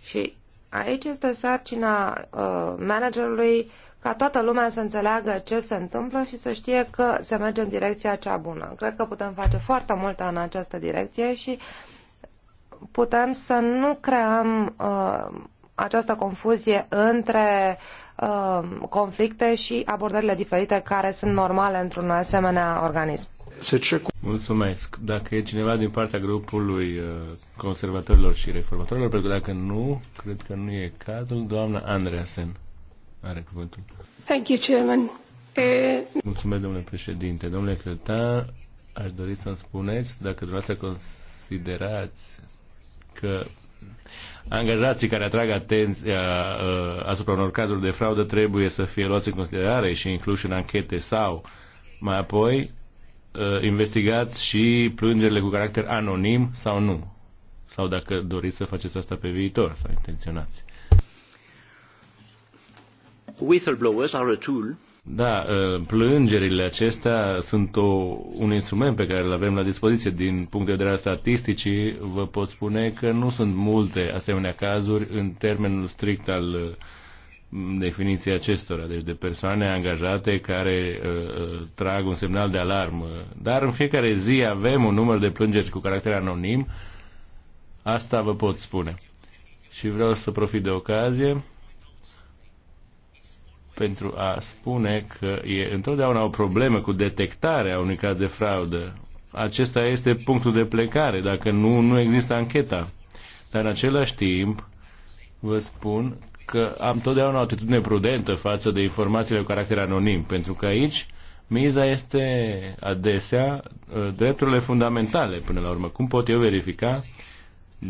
[SPEAKER 2] Și aici este sarcina uh, managerului ca toată lumea să înțeleagă ce se întâmplă și să știe că se merge în direcția cea bună. Cred că putem face foarte multe în această direcție și uh, putem să nu creăm uh, această confuzie între uh, conflicte și abordările diferite care sunt normale într-un asemenea organism.
[SPEAKER 1] Mulțumesc. Dacă e cineva din partea grupului uh, conservatorilor și reformatorilor, pentru că dacă nu, cred că nu e cazul, doamna Andreasen are cuvântul.
[SPEAKER 3] Thank you, Chairman. Eh,
[SPEAKER 1] Mulțumesc, domnule președinte. Domnule Cretan, aș dori să-mi spuneți dacă dumneavoastră considerați că angajații care atrag atenția uh, asupra unor cazuri de fraudă trebuie să fie luați în considerare și incluși în anchete sau mai apoi uh, investigați și plângerile cu caracter anonim sau nu. Sau dacă doriți să faceți asta pe viitor sau intenționați. Whistleblowers are a tool da, ă, plângerile acestea sunt o, un instrument pe care îl avem la dispoziție. Din punct de vedere al statisticii, vă pot spune că nu sunt multe asemenea cazuri în termenul strict al ă, definiției acestora, deci de persoane angajate care uh, trag un semnal de alarmă. Dar în fiecare zi avem un număr de plângeri cu caracter anonim, asta vă pot spune. Și vreau să profit de ocazie pentru a spune că e întotdeauna o problemă cu detectarea unui caz de fraudă. Acesta este punctul de plecare, dacă nu, nu există ancheta. Dar în același timp, vă spun că am totdeauna o atitudine prudentă față de informațiile cu caracter anonim, pentru că aici miza este adesea uh, drepturile fundamentale, până la urmă. Cum pot eu verifica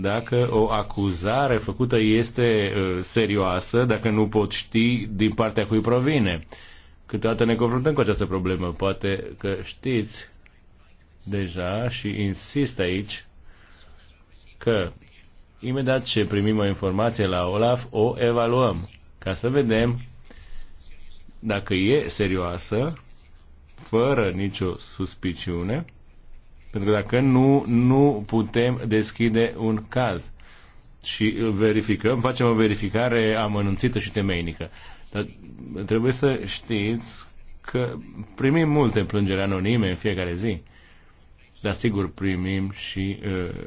[SPEAKER 1] dacă o acuzare făcută este uh, serioasă, dacă nu pot ști din partea cui provine. Câteodată ne confruntăm cu această problemă. Poate că știți deja și insist aici că imediat ce primim o informație la Olaf, o evaluăm ca să vedem dacă e serioasă, fără nicio suspiciune pentru că dacă nu, nu putem deschide un caz și îl verificăm, facem o verificare amănunțită și temeinică. Dar trebuie să știți că primim multe plângeri anonime în fiecare zi. Dar sigur primim și uh,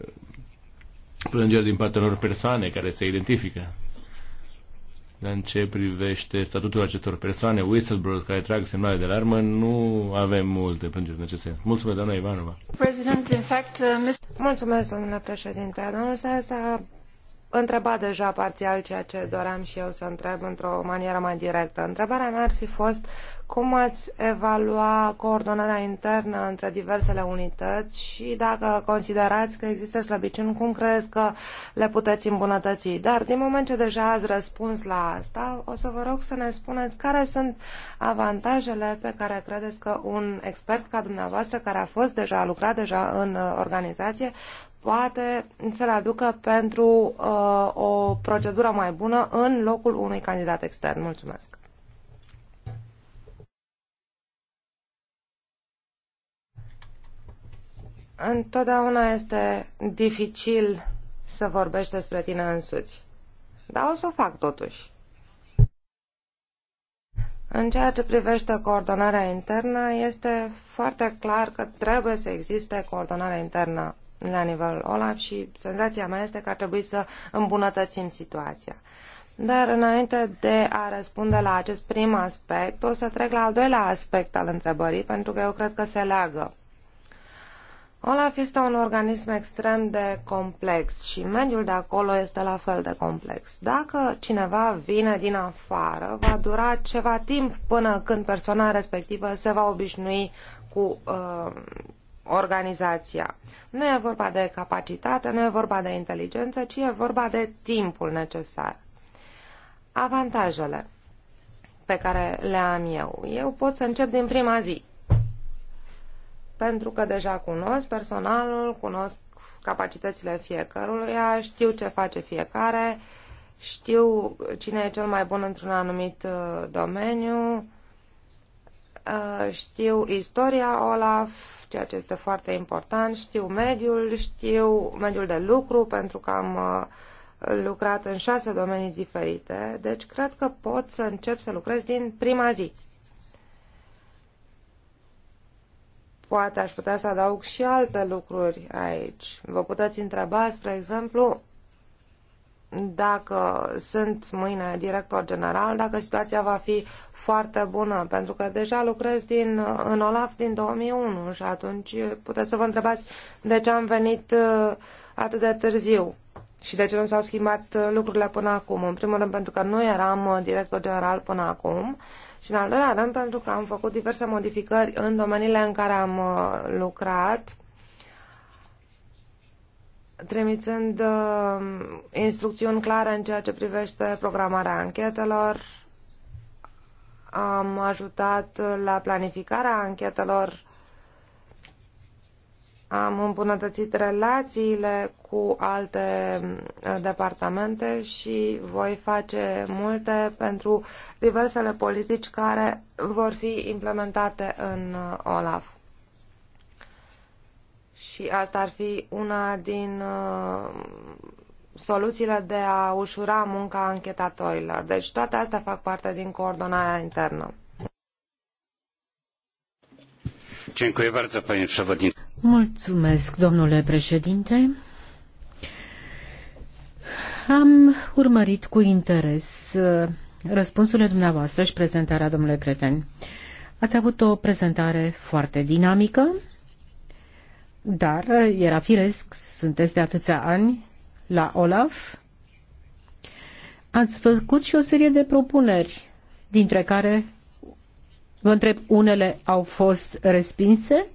[SPEAKER 1] plângeri din partea unor persoane care se identifică în ce privește statutul acestor persoane, whistleblowers care trag semnale de alarmă, nu avem multe plângeri în acest sens. Mulțumesc, doamna
[SPEAKER 2] Ivanova. President, in fact, uh, Mulțumesc, domnule președinte. Domnul Saez a întrebat deja parțial ceea ce doream și eu să întreb într-o manieră mai directă. Întrebarea mea ar fi fost cum ați evalua coordonarea internă între diversele unități și dacă considerați că există slăbiciuni, cum credeți că le puteți îmbunătăți? Dar din moment ce deja ați răspuns la asta, o să vă rog să ne spuneți care sunt avantajele pe care credeți că un expert ca dumneavoastră, care a fost deja, a lucrat deja în uh, organizație, poate să le aducă pentru uh, o procedură mai bună în locul unui candidat extern. Mulțumesc! Întotdeauna este dificil să vorbești despre tine însuți. Dar o să o fac totuși. În ceea ce privește coordonarea internă, este foarte clar că trebuie să existe coordonarea internă la nivel OLAF și senzația mea este că ar trebui să îmbunătățim situația. Dar înainte de a răspunde la acest prim aspect, o să trec la al doilea aspect al întrebării, pentru că eu cred că se leagă. Olaf este un organism extrem de complex și mediul de acolo este la fel de complex. Dacă cineva vine din afară, va dura ceva timp până când persoana respectivă se va obișnui cu uh, organizația. Nu e vorba de capacitate, nu e vorba de inteligență, ci e vorba de timpul necesar. Avantajele pe care le am eu. Eu pot să încep din prima zi pentru că deja cunosc personalul, cunosc capacitățile fiecăruia, știu ce face fiecare, știu cine e cel mai bun într-un anumit uh, domeniu, uh, știu istoria OLAF, ceea ce este foarte important, știu mediul, știu mediul de lucru, pentru că am uh, lucrat în șase domenii diferite, deci cred că pot să încep să lucrez din prima zi. Poate aș putea să adaug și alte lucruri aici. Vă puteți întreba, spre exemplu, dacă sunt mâine director general, dacă situația va fi foarte bună, pentru că deja lucrez din, în OLAF din 2001 și atunci puteți să vă întrebați de ce am venit uh, atât de târziu și de ce nu s-au schimbat uh, lucrurile până acum. În primul rând pentru că nu eram uh, director general până acum și în al doilea rând, pentru că am făcut diverse modificări în domeniile în care am uh, lucrat, trimițând uh, instrucțiuni clare în ceea ce privește programarea anchetelor, am ajutat la planificarea anchetelor am îmbunătățit relațiile cu alte eh, departamente și voi face multe pentru diversele politici care vor fi implementate în eh, OLAF. Și asta ar fi una din eh, soluțiile de a ușura munca anchetatorilor. Deci toate astea fac parte din coordonarea internă.
[SPEAKER 1] Dziękuję bardzo, panie przewodniczący.
[SPEAKER 3] Mulțumesc, domnule președinte. Am urmărit cu interes uh, răspunsurile dumneavoastră și prezentarea domnului Creten. Ați avut o prezentare foarte dinamică, dar era firesc, sunteți de atâția ani la OLAF. Ați făcut și o serie de propuneri, dintre care vă întreb, unele au fost respinse?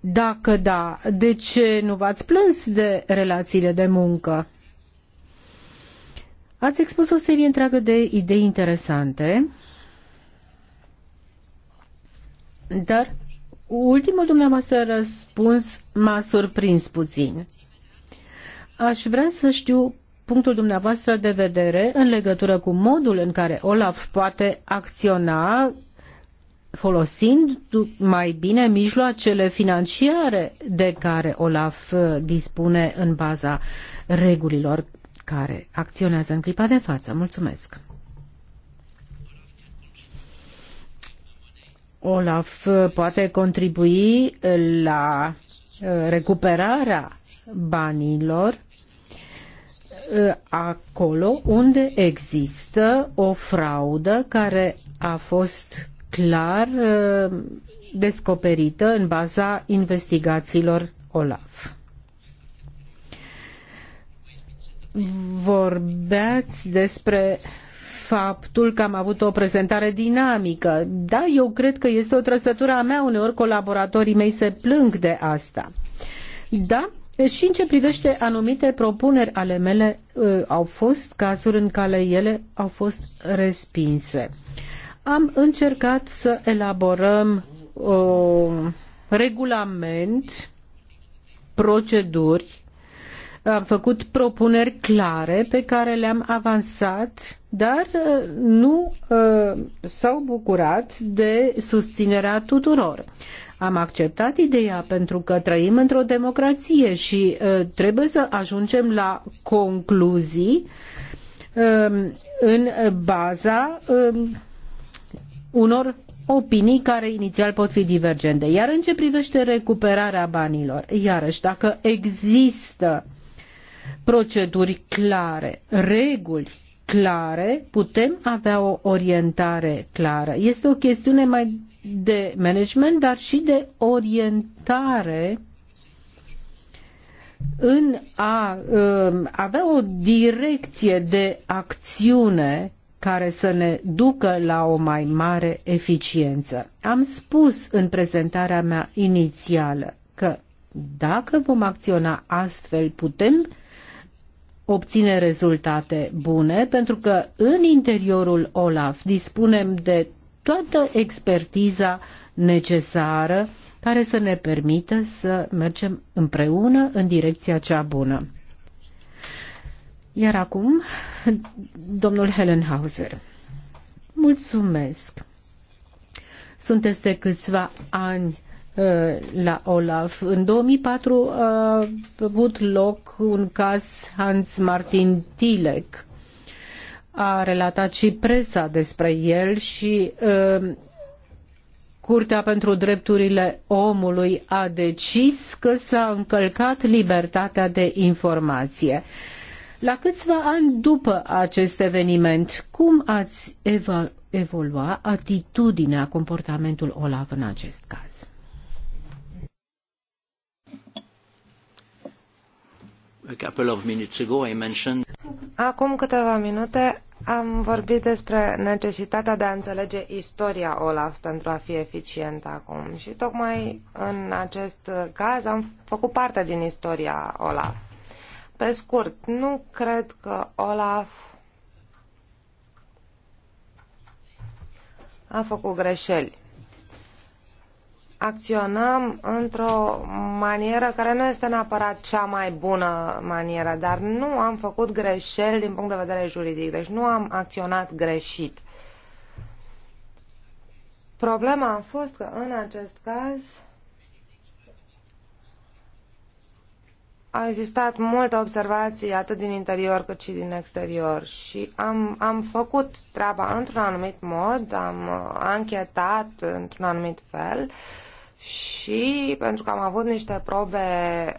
[SPEAKER 3] Dacă da, de ce nu v-ați plâns de relațiile de muncă? Ați expus o serie întreagă de idei interesante, dar ultimul dumneavoastră răspuns m-a surprins puțin. Aș vrea să știu punctul dumneavoastră de vedere în legătură cu modul în care Olaf poate acționa folosind mai bine mijloacele financiare de care Olaf uh, dispune în baza regulilor care acționează în clipa de față. Mulțumesc! Olaf uh, poate contribui uh, la recuperarea banilor acolo unde există o fraudă care a fost clar uh, descoperită în baza investigațiilor OLAF. Vorbeați despre faptul că am avut o prezentare dinamică. Da, eu cred că este o trăsătură a mea, uneori colaboratorii mei se plâng de asta. Da, și în ce privește anumite propuneri ale mele, uh, au fost cazuri în care ele au fost respinse. Uh, am încercat să elaborăm un regulament, proceduri, am făcut propuneri clare pe care le-am avansat, dar uh, nu uh, s-au bucurat de susținerea tuturor. Am acceptat ideea pentru că trăim într-o democrație și uh, trebuie să ajungem la concluzii uh, în baza um, unor opinii care inițial pot fi divergente. Iar în ce privește recuperarea banilor, iarăși, dacă există proceduri clare, reguli clare, putem avea o orientare clară. Este o chestiune mai de management, dar și de orientare în a uh, avea o direcție de acțiune care să ne ducă la o mai mare eficiență. Am spus în prezentarea mea inițială că dacă vom acționa astfel, putem obține rezultate bune, pentru că în interiorul OLAF dispunem de toată expertiza necesară care să ne permită să mergem împreună în direcția cea bună. Iar acum, domnul Hellenhauser. Mulțumesc. Sunteți de câțiva ani uh, la Olaf. În 2004 uh, a avut loc un caz Hans Martin Tilek. A relatat și presa despre el și uh, Curtea pentru Drepturile Omului a decis că s-a încălcat libertatea de informație. Uh, la câțiva ani după acest eveniment, cum ați evolua atitudinea, comportamentul Olaf în acest caz?
[SPEAKER 2] Acum câteva minute am vorbit despre necesitatea de a înțelege istoria OLAF pentru a fi eficient acum și tocmai în acest caz am făcut parte din istoria OLAF. Pe scurt, nu cred că Olaf a făcut greșeli. Acționăm într-o manieră care nu este neapărat cea mai bună manieră, dar nu am făcut greșeli din punct de vedere juridic, deci nu am acționat greșit. Problema a fost că în acest caz Au existat multe observații atât din interior cât și din exterior și am, am făcut treaba într-un anumit mod, am uh, anchetat într-un anumit fel și pentru că am avut niște probe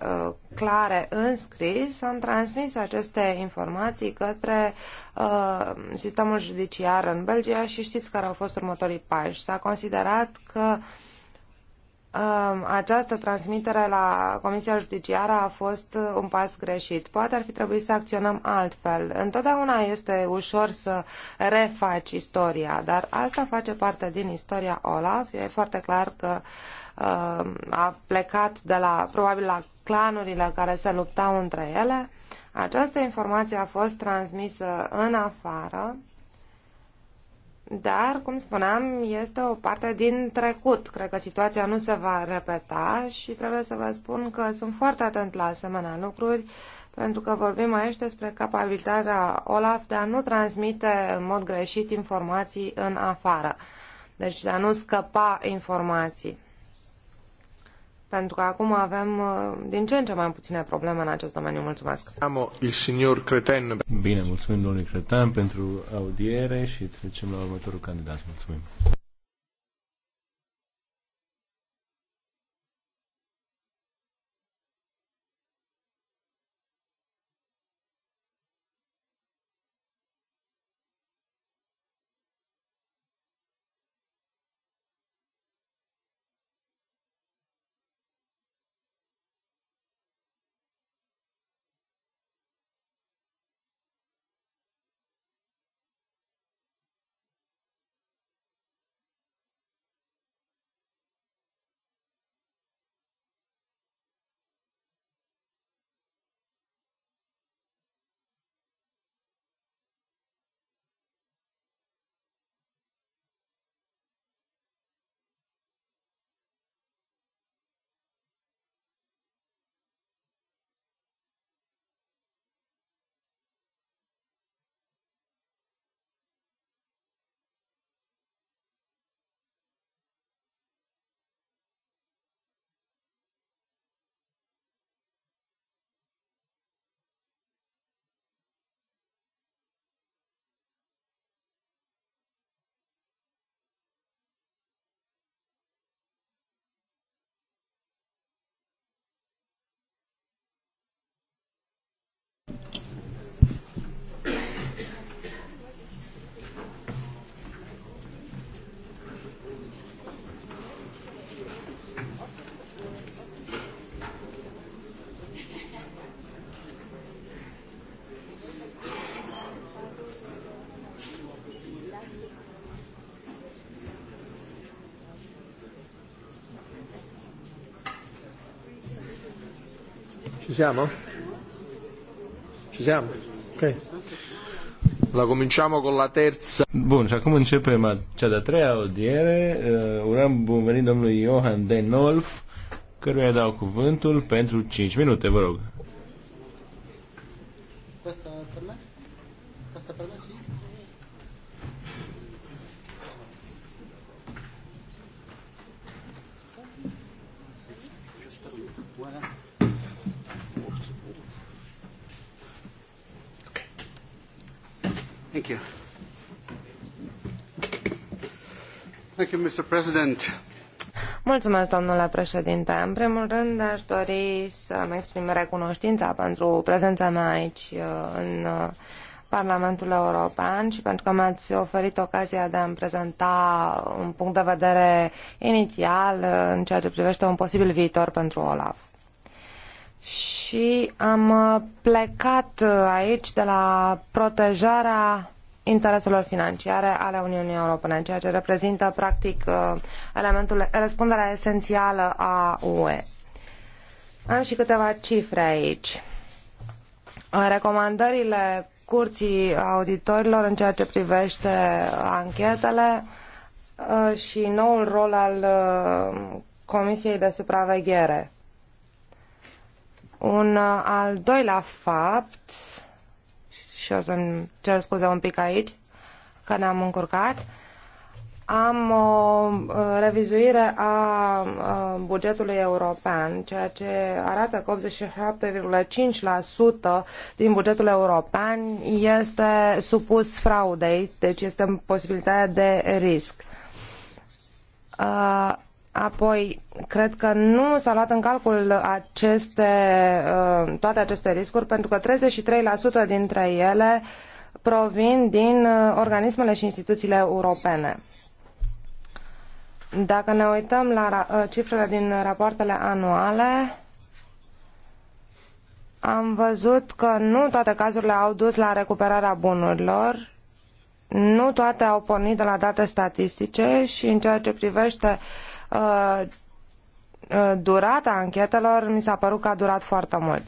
[SPEAKER 2] uh, clare în scris, am transmis aceste informații către uh, sistemul judiciar în Belgia și știți care au fost următorii pași. S-a considerat că uh, această transmitere la Comisia Judiciară a fost uh, un pas greșit. Poate ar fi trebuit să acționăm altfel. Întotdeauna este ușor să refaci istoria, dar asta face parte din istoria Olaf. E foarte clar că uh, a plecat de la, probabil, la clanurile care se luptau între ele. Această informație a fost transmisă în afară dar, cum spuneam, este o parte din trecut. Cred că situația nu se va repeta și trebuie să vă spun că sunt foarte atent la asemenea lucruri, pentru că vorbim aici despre capabilitatea OLAF de a nu transmite în mod greșit informații în afară. Deci de a nu scăpa informații. Pentru că acum avem uh, din ce în ce mai puține probleme în acest domeniu. Mulțumesc. Am
[SPEAKER 1] il signor Creten. Bine, mulțumim domnului Cretan pentru audiere și trecem la următorul candidat. Mulțumim.
[SPEAKER 3] Ci siamo? Ci siamo? Ok.
[SPEAKER 1] La cominciamo con la terza. Bun, și acum începem cea de-a treia audiere. Uh, urăm bun venit domnului Johan Denolf, căruia dau cuvântul pentru 5 minute, vă rog.
[SPEAKER 2] Thank you. Thank you, Mr. President. Mulțumesc, domnule președinte. În primul rând, aș dori să-mi exprim recunoștința pentru prezența mea aici uh, în uh, Parlamentul European și pentru că mi-ați oferit ocazia de a-mi prezenta un punct de vedere inițial uh, în ceea ce privește un posibil viitor pentru OLAF și am uh, plecat uh, aici de la protejarea intereselor financiare ale Uniunii Europene, ceea ce reprezintă practic uh, elementul, răspunderea esențială a UE. Am și câteva cifre aici. Recomandările curții auditorilor în ceea ce privește anchetele și noul rol al Comisiei de Supraveghere un uh, al doilea fapt, și o să-mi cer scuze un pic aici, că ne-am încurcat, am o uh, revizuire a uh, bugetului european, ceea ce arată că 87,5% din bugetul european este supus fraudei, deci este în posibilitate de risc. Apoi, cred că nu s-a luat în calcul aceste, uh, toate aceste riscuri, pentru că 33% dintre ele provin din uh, organismele și instituțiile europene. Dacă ne uităm la uh, cifrele din rapoartele anuale, am văzut că nu toate cazurile au dus la recuperarea bunurilor, nu toate au pornit de la date statistice și în ceea ce privește uh, Uh, uh, durata anchetelor mi s-a părut că a durat foarte mult.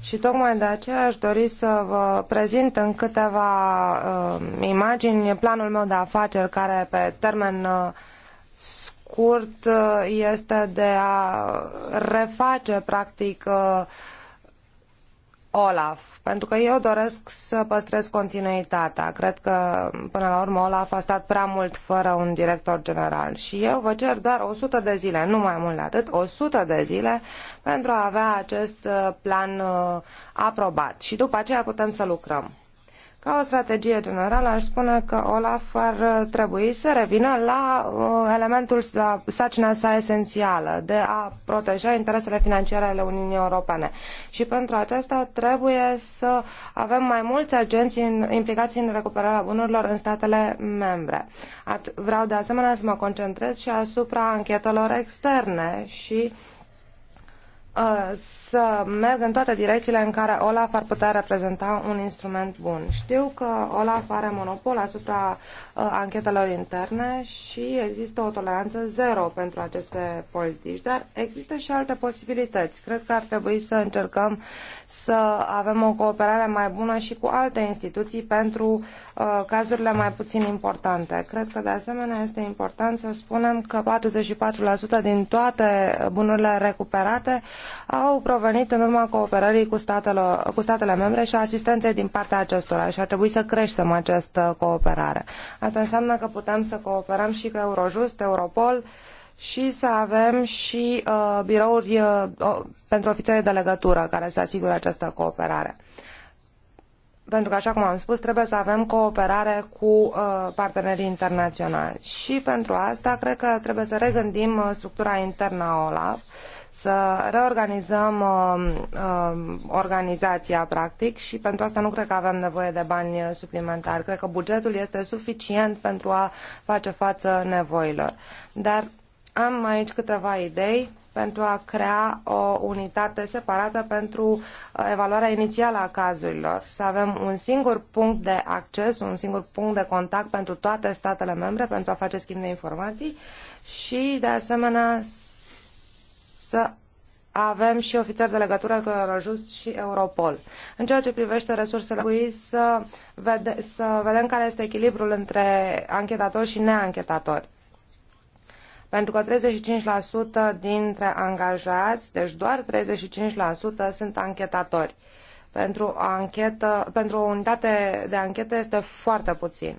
[SPEAKER 2] Și tocmai de aceea aș dori să vă prezint în câteva uh, imagini planul meu de afaceri care pe termen uh, scurt uh, este de a reface practic uh, Olaf, pentru că eu doresc să păstrez continuitatea. Cred că, până la urmă, Olaf a stat prea mult fără un director general și eu vă cer doar 100 de zile, nu mai mult de atât, 100 de zile pentru a avea acest uh, plan uh, aprobat și după aceea putem să lucrăm. Ca o strategie generală, aș spune că Olaf ar trebui să revină la uh, elementul, la sacina sa esențială de a proteja interesele financiare ale Uniunii Europene. Și pentru aceasta trebuie să avem mai mulți agenți în, implicați în recuperarea bunurilor în statele membre. Ar, vreau de asemenea să mă concentrez și asupra anchetelor externe și uh, să merg în toate direcțiile în care Olaf ar putea reprezenta un instrument bun. Știu că Olaf are monopol asupra uh, anchetelor interne și există o toleranță zero pentru aceste politici, dar există și alte posibilități. Cred că ar trebui să încercăm să avem o cooperare mai bună și cu alte instituții pentru uh, cazurile mai puțin importante. Cred că de asemenea este important să spunem că 44% din toate bunurile recuperate au provenit în urma cooperării cu, statele, cu statele membre și a asistenței din partea acestora și ar trebui să creștem această cooperare. Asta înseamnă că putem să cooperăm și cu Eurojust, Europol și să avem și uh, birouri uh, pentru ofițerii de legătură care să asigure această cooperare pentru că, așa cum am spus, trebuie să avem cooperare cu uh, partenerii internaționali. Și pentru asta, cred că trebuie să regândim uh, structura internă a OLAF, să reorganizăm um, um, organizația, practic, și pentru asta nu cred că avem nevoie de bani suplimentari. Cred că bugetul este suficient pentru a face față nevoilor. Dar am aici câteva idei pentru a crea o unitate separată pentru uh, evaluarea inițială a cazurilor. Să avem un singur punct de acces, un singur punct de contact pentru toate statele membre pentru a face schimb de informații și, de asemenea, să avem și ofițeri de legătură cu Eurojust și Europol. În ceea ce privește resursele, trebuie să, vede, să vedem care este echilibrul între anchetatori și neanchetatori. Pentru că 35% dintre angajați, deci doar 35% sunt anchetatori. Pentru o, anchetă, pentru o unitate de anchetă este foarte puțin.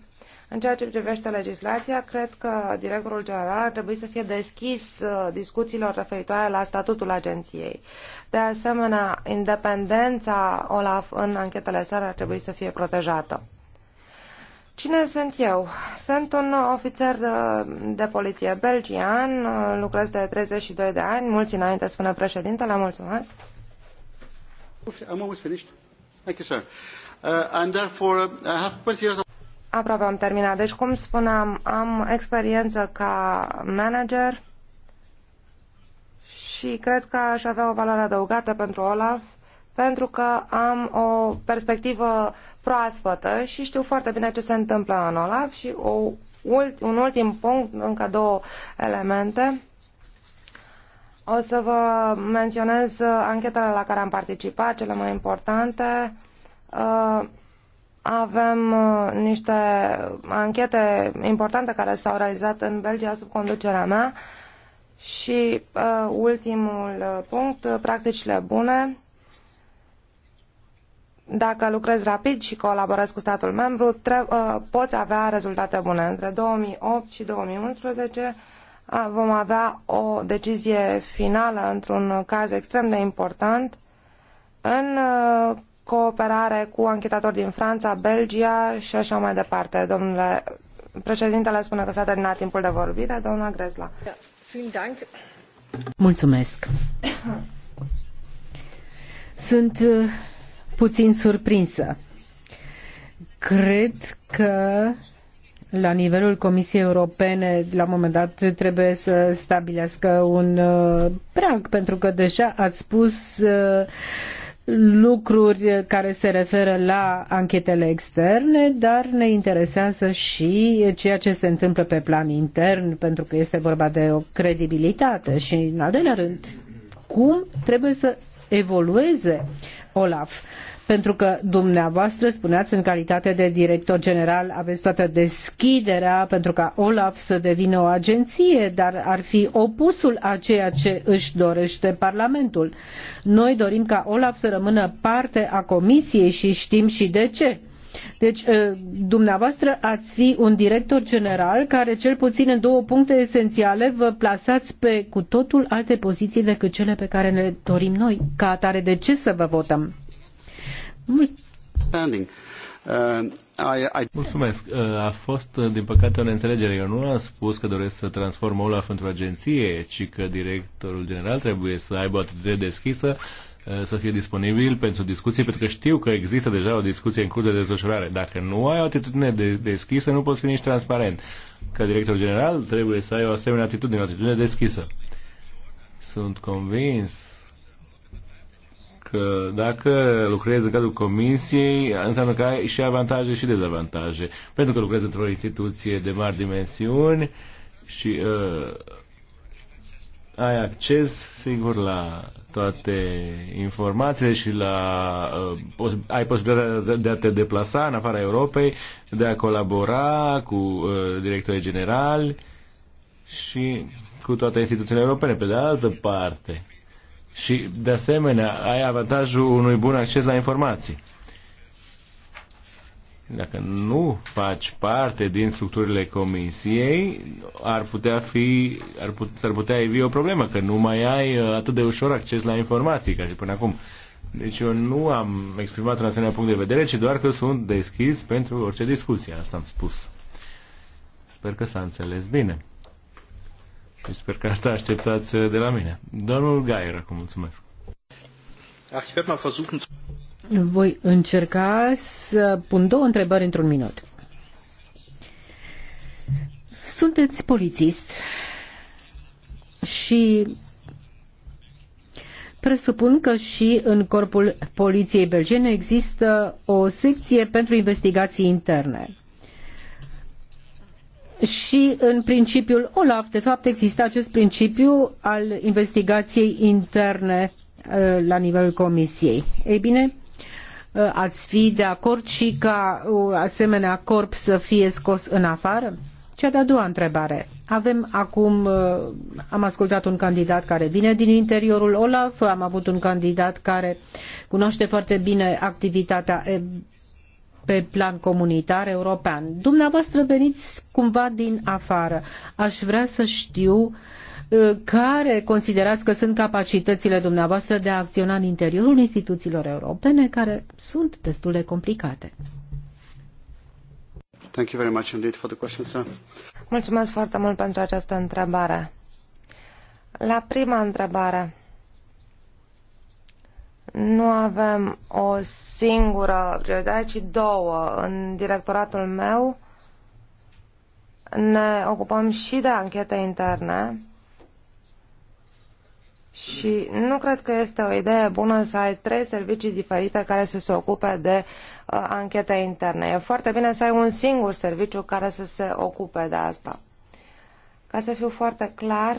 [SPEAKER 2] În ceea ce privește legislația, cred că directorul general ar trebui să fie deschis uh, discuțiilor referitoare la statutul agenției. De asemenea, independența OLAF în anchetele sale ar trebui să fie protejată. Cine sunt eu? Sunt un ofițer de, uh, de poliție belgian, uh, lucrez de 32 de ani, mulți înainte, spune președintele, mulțumesc. Am almost finished. Thank you, sir. Uh, and therefore, I have 20 years of Aproape am terminat. Deci, cum spuneam, am experiență ca manager și cred că aș avea o valoare adăugată pentru Olaf pentru că am o perspectivă proaspătă și știu foarte bine ce se întâmplă în OLAF și o, un ultim punct, încă două elemente. O să vă menționez uh, anchetele la care am participat, cele mai importante. Uh, avem uh, niște anchete importante care s-au realizat în Belgia sub conducerea mea și uh, ultimul uh, punct, uh, practicile bune. Dacă lucrezi rapid și colaborezi cu statul membru, tre- uh, poți avea rezultate bune. Între 2008 și 2011 uh, vom avea o decizie finală într-un caz extrem de important în uh, cooperare cu anchetatori din Franța, Belgia și așa mai departe. Domnule președintele spune că s-a terminat timpul de vorbire. Doamna Grezla. Da,
[SPEAKER 3] Mulțumesc. Sunt uh, puțin surprinsă. Cred că la nivelul Comisiei Europene, la un moment dat, trebuie să stabilească un uh, prag, pentru că deja ați spus uh, lucruri care se referă la anchetele externe, dar ne interesează și ceea ce se întâmplă pe plan intern, pentru că este vorba de o credibilitate și, în al doilea rând, cum trebuie să evolueze Olaf pentru că dumneavoastră spuneați în calitate de director general aveți toată deschiderea pentru ca Olaf să devină o agenție, dar ar fi opusul a ceea ce își dorește Parlamentul. Noi dorim ca Olaf să rămână parte a Comisiei și știm și de ce. Deci, ă, dumneavoastră ați fi un director general care, cel puțin în două puncte esențiale, vă plasați pe cu totul alte poziții decât cele pe care ne dorim noi. Ca atare, de ce să vă votăm?
[SPEAKER 2] Standing.
[SPEAKER 1] Uh, Mulțumesc. Uh, a fost, uh, din păcate, o neînțelegere. Eu nu am spus că doresc să transform OLAF într-o agenție, ci că directorul general trebuie să aibă o atitudine deschisă să fie disponibil pentru discuții, pentru că știu că există deja o discuție în curs de desfășurare. Dacă nu ai o atitudine de, deschisă, nu poți fi nici transparent. Ca director general trebuie să ai o asemenea atitudine, o atitudine deschisă. Sunt convins că dacă lucrezi în cadrul comisiei, înseamnă că ai și avantaje și dezavantaje. Pentru că lucrezi într-o instituție de mari dimensiuni și uh, ai acces, sigur, la toate informațiile și la, uh, pos- ai posibilitatea de a te deplasa în afara Europei, de a colabora cu uh, directorii generali și cu toate instituțiile europene. Pe de altă parte, și, de asemenea, ai avantajul unui bun acces la informații. Dacă nu faci parte din structurile comisiei, ar putea fi, ar put, ar putea evi o problemă, că nu mai ai uh, atât de ușor acces la informații ca și până acum. Deci eu nu am exprimat în asemenea punct de vedere, ci doar că sunt deschis pentru orice discuție. Asta am spus. Sper că s-a înțeles bine. Și sper că asta așteptați uh, de la mine. Domnul Gaier, acum mulțumesc.
[SPEAKER 2] Ah,
[SPEAKER 3] Voi încerca să pun două întrebări într-un minut. Sunteți polițist și presupun că și în corpul poliției belgene există o secție pentru investigații interne și în principiul OLAF, de fapt, există acest principiu al investigației interne uh, la nivelul Comisiei. Ei bine, uh, ați fi de acord și ca o uh, asemenea corp să fie scos în afară? Cea de-a doua întrebare. Avem acum, am ascultat un candidat care vine din interiorul OLAF, am avut un candidat care cunoaște foarte bine activitatea pe plan comunitar european. Dumneavoastră veniți cumva din afară. Aș vrea să știu uh, care considerați că sunt capacitățile dumneavoastră de a acționa în interiorul instituțiilor europene, care sunt destul de complicate.
[SPEAKER 2] Thank you very much indeed for the question, sir. Mulțumesc foarte mult pentru această întrebare. La prima întrebare, nu avem o singură prioritate, ci două. În directoratul meu ne ocupăm și de anchete interne și nu cred că este o idee bună să ai trei servicii diferite care să se ocupe de uh, anchete interne. E foarte bine să ai un singur serviciu care să se ocupe de asta. Ca să fiu foarte clar,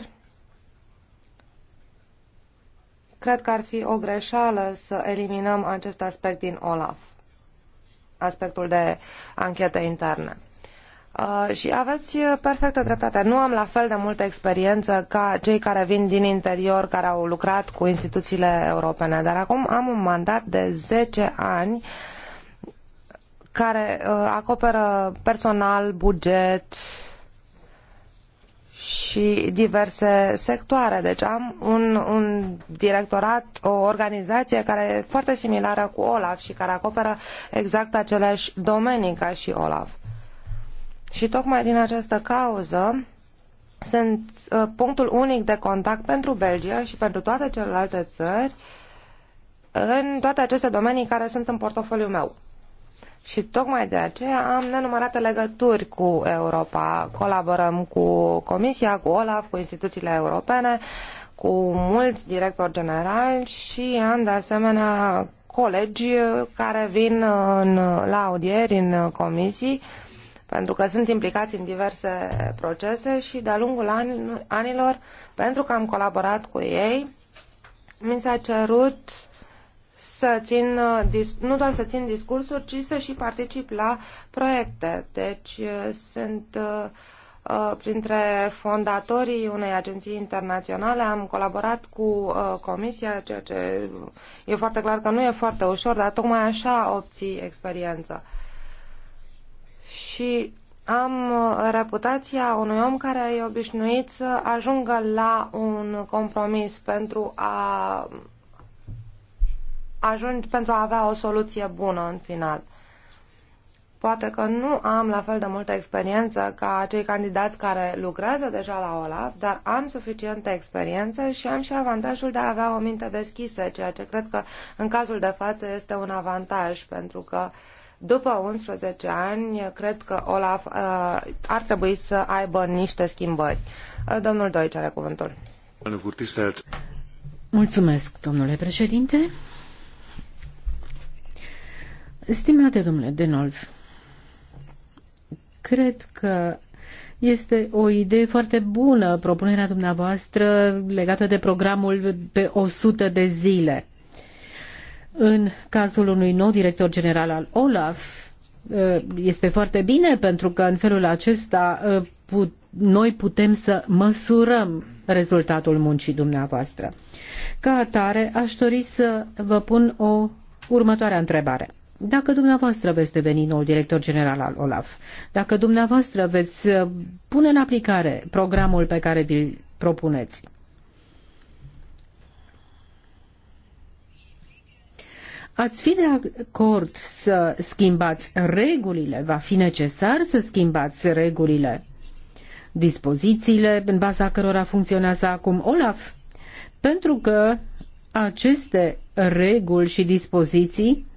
[SPEAKER 2] Cred că ar fi o greșeală să eliminăm acest aspect din OLAF, aspectul de anchete interne. Uh, și aveți perfectă dreptate. Nu am la fel de multă experiență ca cei care vin din interior, care au lucrat cu instituțiile europene, dar acum am un mandat de zece ani care uh, acoperă personal, buget, uh, și diverse sectoare. Deci am un, un directorat, o organizație care e foarte similară cu OLAF și care acoperă exact aceleași domenii ca și OLAF. Și tocmai din această cauză sunt uh, punctul unic de contact pentru Belgia și pentru toate celelalte țări în toate aceste domenii care sunt în portofoliul meu. Și tocmai de aceea am nenumărate legături cu Europa. Colaborăm cu Comisia, cu OLAF, cu instituțiile europene, cu mulți directori generali și am de asemenea colegi care vin în, la audieri în comisii pentru că sunt implicați în diverse procese și de-a lungul anilor, pentru că am colaborat cu ei, mi s-a cerut să țin, uh, nu doar să țin discursuri, ci să și particip la proiecte. Deci uh, sunt uh, printre fondatorii unei agenții internaționale. Am colaborat cu comisia, ceea ce e foarte clar că nu e foarte ușor, dar tocmai așa obții experiență. Și am reputația unui om care e obișnuit să ajungă la un compromis pentru a ajungi pentru a avea o soluție bună în final. Poate că nu am la fel de multă experiență ca cei candidați care lucrează deja la OLAF, dar am suficientă experiență și am și avantajul de a avea o minte deschisă, ceea ce cred că în cazul de față este un avantaj, pentru că după 11 ani, cred că OLAF uh, ar trebui să aibă niște schimbări. Uh, domnul Doi are cuvântul.
[SPEAKER 3] Mulțumesc, domnule președinte. Stimate domnule Denolf, cred că este o idee foarte bună propunerea dumneavoastră legată de programul pe 100 de zile. În cazul unui nou director general al OLAF, eh, este foarte bine pentru că în felul acesta eh, put, noi putem să măsurăm rezultatul muncii dumneavoastră. Ca atare, aș dori să vă pun o următoare întrebare. Dacă dumneavoastră veți deveni noul director general al OLAF, dacă dumneavoastră veți uh, pune în aplicare programul pe care vi-l propuneți, ați fi de acord să schimbați regulile? Va fi necesar să schimbați regulile? Dispozițiile în baza cărora funcționează acum OLAF? Pentru că aceste reguli și dispoziții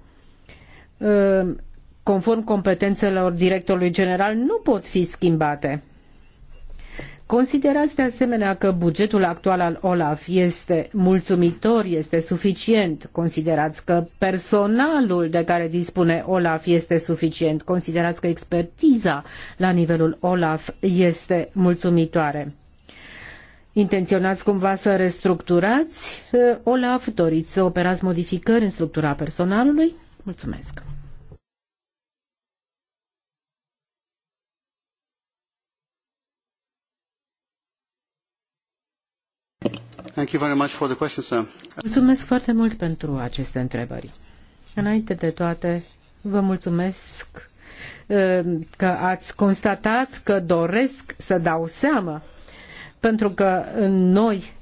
[SPEAKER 3] Uh, conform competențelor directorului general, nu pot fi schimbate. Considerați de asemenea că bugetul actual al OLAF este mulțumitor, este suficient? Considerați că personalul de care dispune OLAF este suficient? Considerați că expertiza la nivelul OLAF este mulțumitoare? Intenționați cumva să restructurați uh, OLAF? Doriți să operați modificări în structura personalului? Mulțumesc!
[SPEAKER 1] Thank you very much for the question, sir.
[SPEAKER 3] Mulțumesc foarte mult pentru aceste întrebări. Înainte de toate, vă mulțumesc ă, că ați constatat că doresc să dau seama, pentru că noi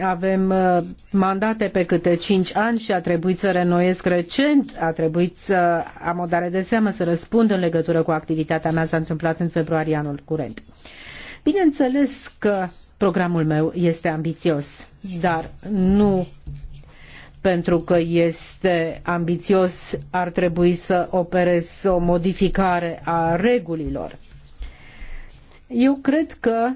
[SPEAKER 3] avem uh, mandate pe câte cinci ani și a trebuit să renoiesc recent, a trebuit să am o dare de seamă să răspund în legătură cu activitatea mea, s-a întâmplat în februarie anul curent. Bineînțeles că programul meu este ambițios, dar nu pentru că este ambițios ar trebui să operez o modificare a regulilor. Eu cred că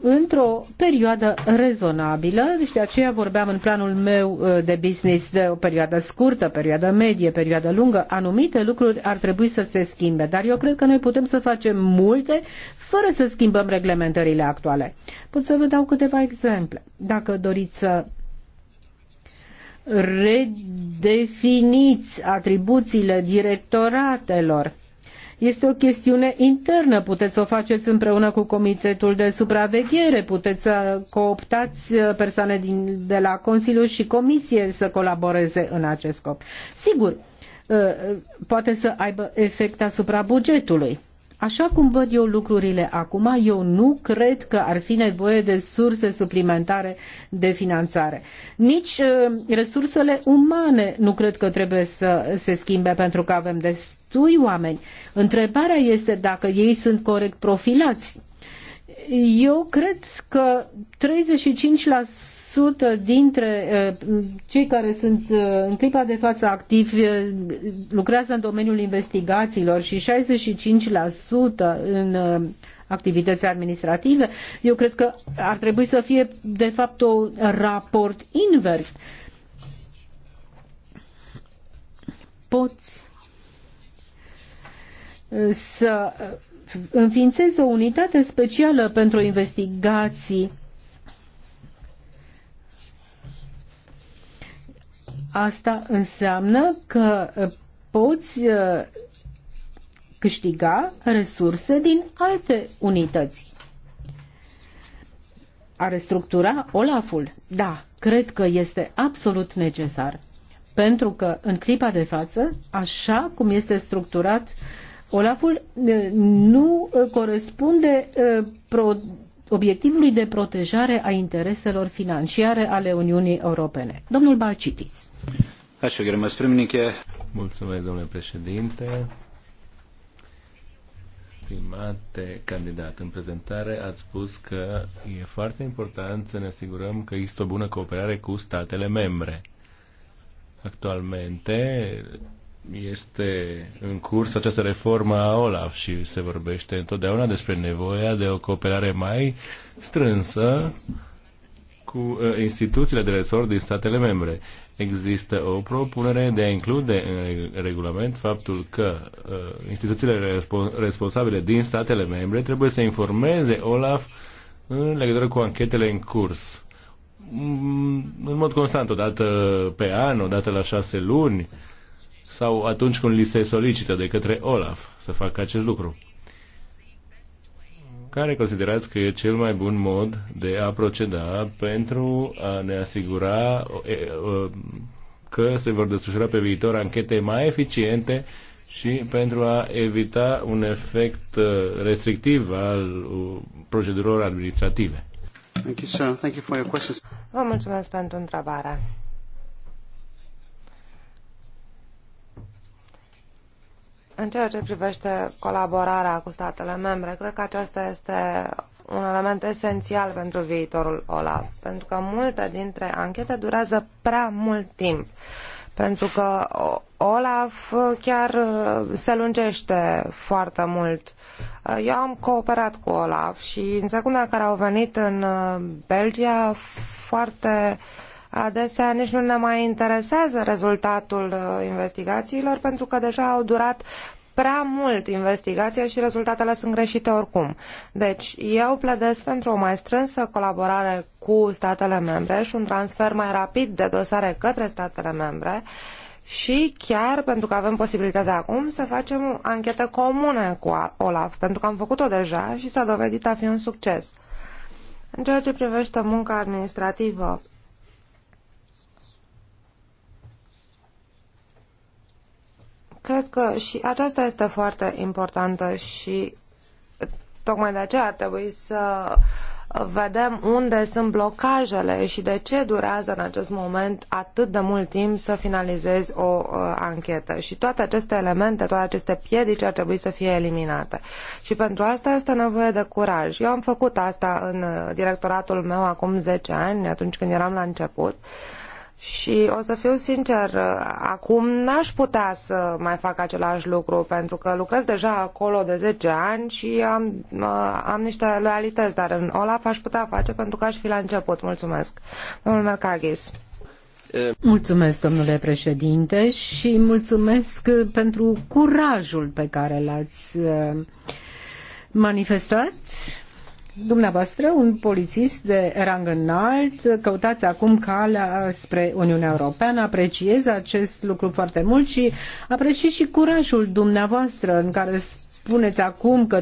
[SPEAKER 3] într-o perioadă rezonabilă, deci de aceea vorbeam în planul meu uh, de business de o perioadă scurtă, perioadă medie, perioadă lungă, anumite lucruri ar trebui să se schimbe, dar eu cred că noi putem să facem multe fără să schimbăm reglementările actuale. Pot să vă dau câteva exemple. Dacă doriți să redefiniți atribuțiile directoratelor, este o chestiune internă, puteți să o faceți împreună cu Comitetul de Supraveghere, puteți să cooptați uh, persoane din, de la Consiliu și Comisie să colaboreze în acest scop. Sigur, uh, poate să aibă efect asupra bugetului. Așa cum văd eu lucrurile acum, eu nu cred că ar fi nevoie de surse suplimentare de finanțare. Nici uh, resursele umane nu cred că trebuie să se schimbe pentru că avem des destui oameni. Întrebarea este dacă ei sunt corect profilați. Eu cred că 35% dintre eh, cei care sunt eh, în clipa de față activi eh, lucrează în domeniul investigațiilor și 65% în activități administrative. Eu cred că ar trebui să fie, de fapt, un raport invers. Poți să înființeze o unitate specială pentru investigații Asta înseamnă că poți uh, câștiga resurse din alte unități. A restructura Olaful? Da, cred că este absolut necesar. Pentru că, în clipa de față, așa cum este structurat uh, Olaful nu corespunde obiectivului de protejare a intereselor financiare ale Uniunii Europene. Domnul Balcitis.
[SPEAKER 1] Așa, Mulțumesc, domnule președinte. Stimate candidat, în prezentare ați spus că e foarte important să ne asigurăm că există o bună cooperare cu statele membre. Actualmente, este în curs această reformă a OLAF și se vorbește întotdeauna despre nevoia de o cooperare mai strânsă cu uh, instituțiile de resort din statele membre. Există o propunere de a include în regulament faptul că uh, instituțiile responsabile din statele membre trebuie să informeze OLAF în legătură cu anchetele în curs. Mm, în mod constant, o dată pe an, o dată la șase luni, sau atunci când li se solicită de către Olaf să facă acest lucru. Care considerați că e cel mai bun mod de a proceda pentru a ne asigura că se vor desfășura pe viitor anchete mai eficiente și pentru a evita un efect restrictiv al procedurilor administrative?
[SPEAKER 2] Vă mulțumesc pentru întrebare. În ceea ce privește colaborarea cu statele membre, cred că aceasta este un element esențial pentru viitorul OLAF, pentru că multe dintre anchete durează prea mult timp, pentru că OLAF chiar uh, se lungește foarte mult. Uh, eu am cooperat cu OLAF și în secunda care au venit în uh, Belgia, foarte uh, Adesea nici nu ne mai interesează rezultatul uh, investigațiilor pentru că deja au durat prea mult investigația și rezultatele sunt greșite oricum. Deci, eu pledez pentru o mai strânsă colaborare cu statele membre și un transfer mai rapid de dosare către statele membre și chiar pentru că avem posibilitatea acum să facem o anchetă comună cu OLAF, pentru că am făcut-o deja și s-a dovedit a fi un succes. În ceea ce privește munca administrativă, Cred că și aceasta este foarte importantă și tocmai de aceea ar trebui să vedem unde sunt blocajele și de ce durează în acest moment atât de mult timp să finalizezi o uh, anchetă. Și toate aceste elemente, toate aceste piedici ar trebui să fie eliminate. Și pentru asta este nevoie de curaj. Eu am făcut asta în uh, directoratul meu acum zece ani, atunci când eram la început. Uh, și o să fiu sincer, acum n-aș putea să mai fac același lucru, pentru că lucrez deja acolo de 10 ani și am, am niște loialități, dar în Olaf aș putea face pentru că aș fi la început. Mulțumesc. Domnul Mercaghis.
[SPEAKER 3] Mulțumesc, domnule președinte, și mulțumesc pentru curajul pe care l-ați uh, manifestat dumneavoastră, un polițist de rang înalt, căutați acum calea spre Uniunea Europeană, apreciez acest lucru foarte mult și apreciez și curajul dumneavoastră în care spuneți acum că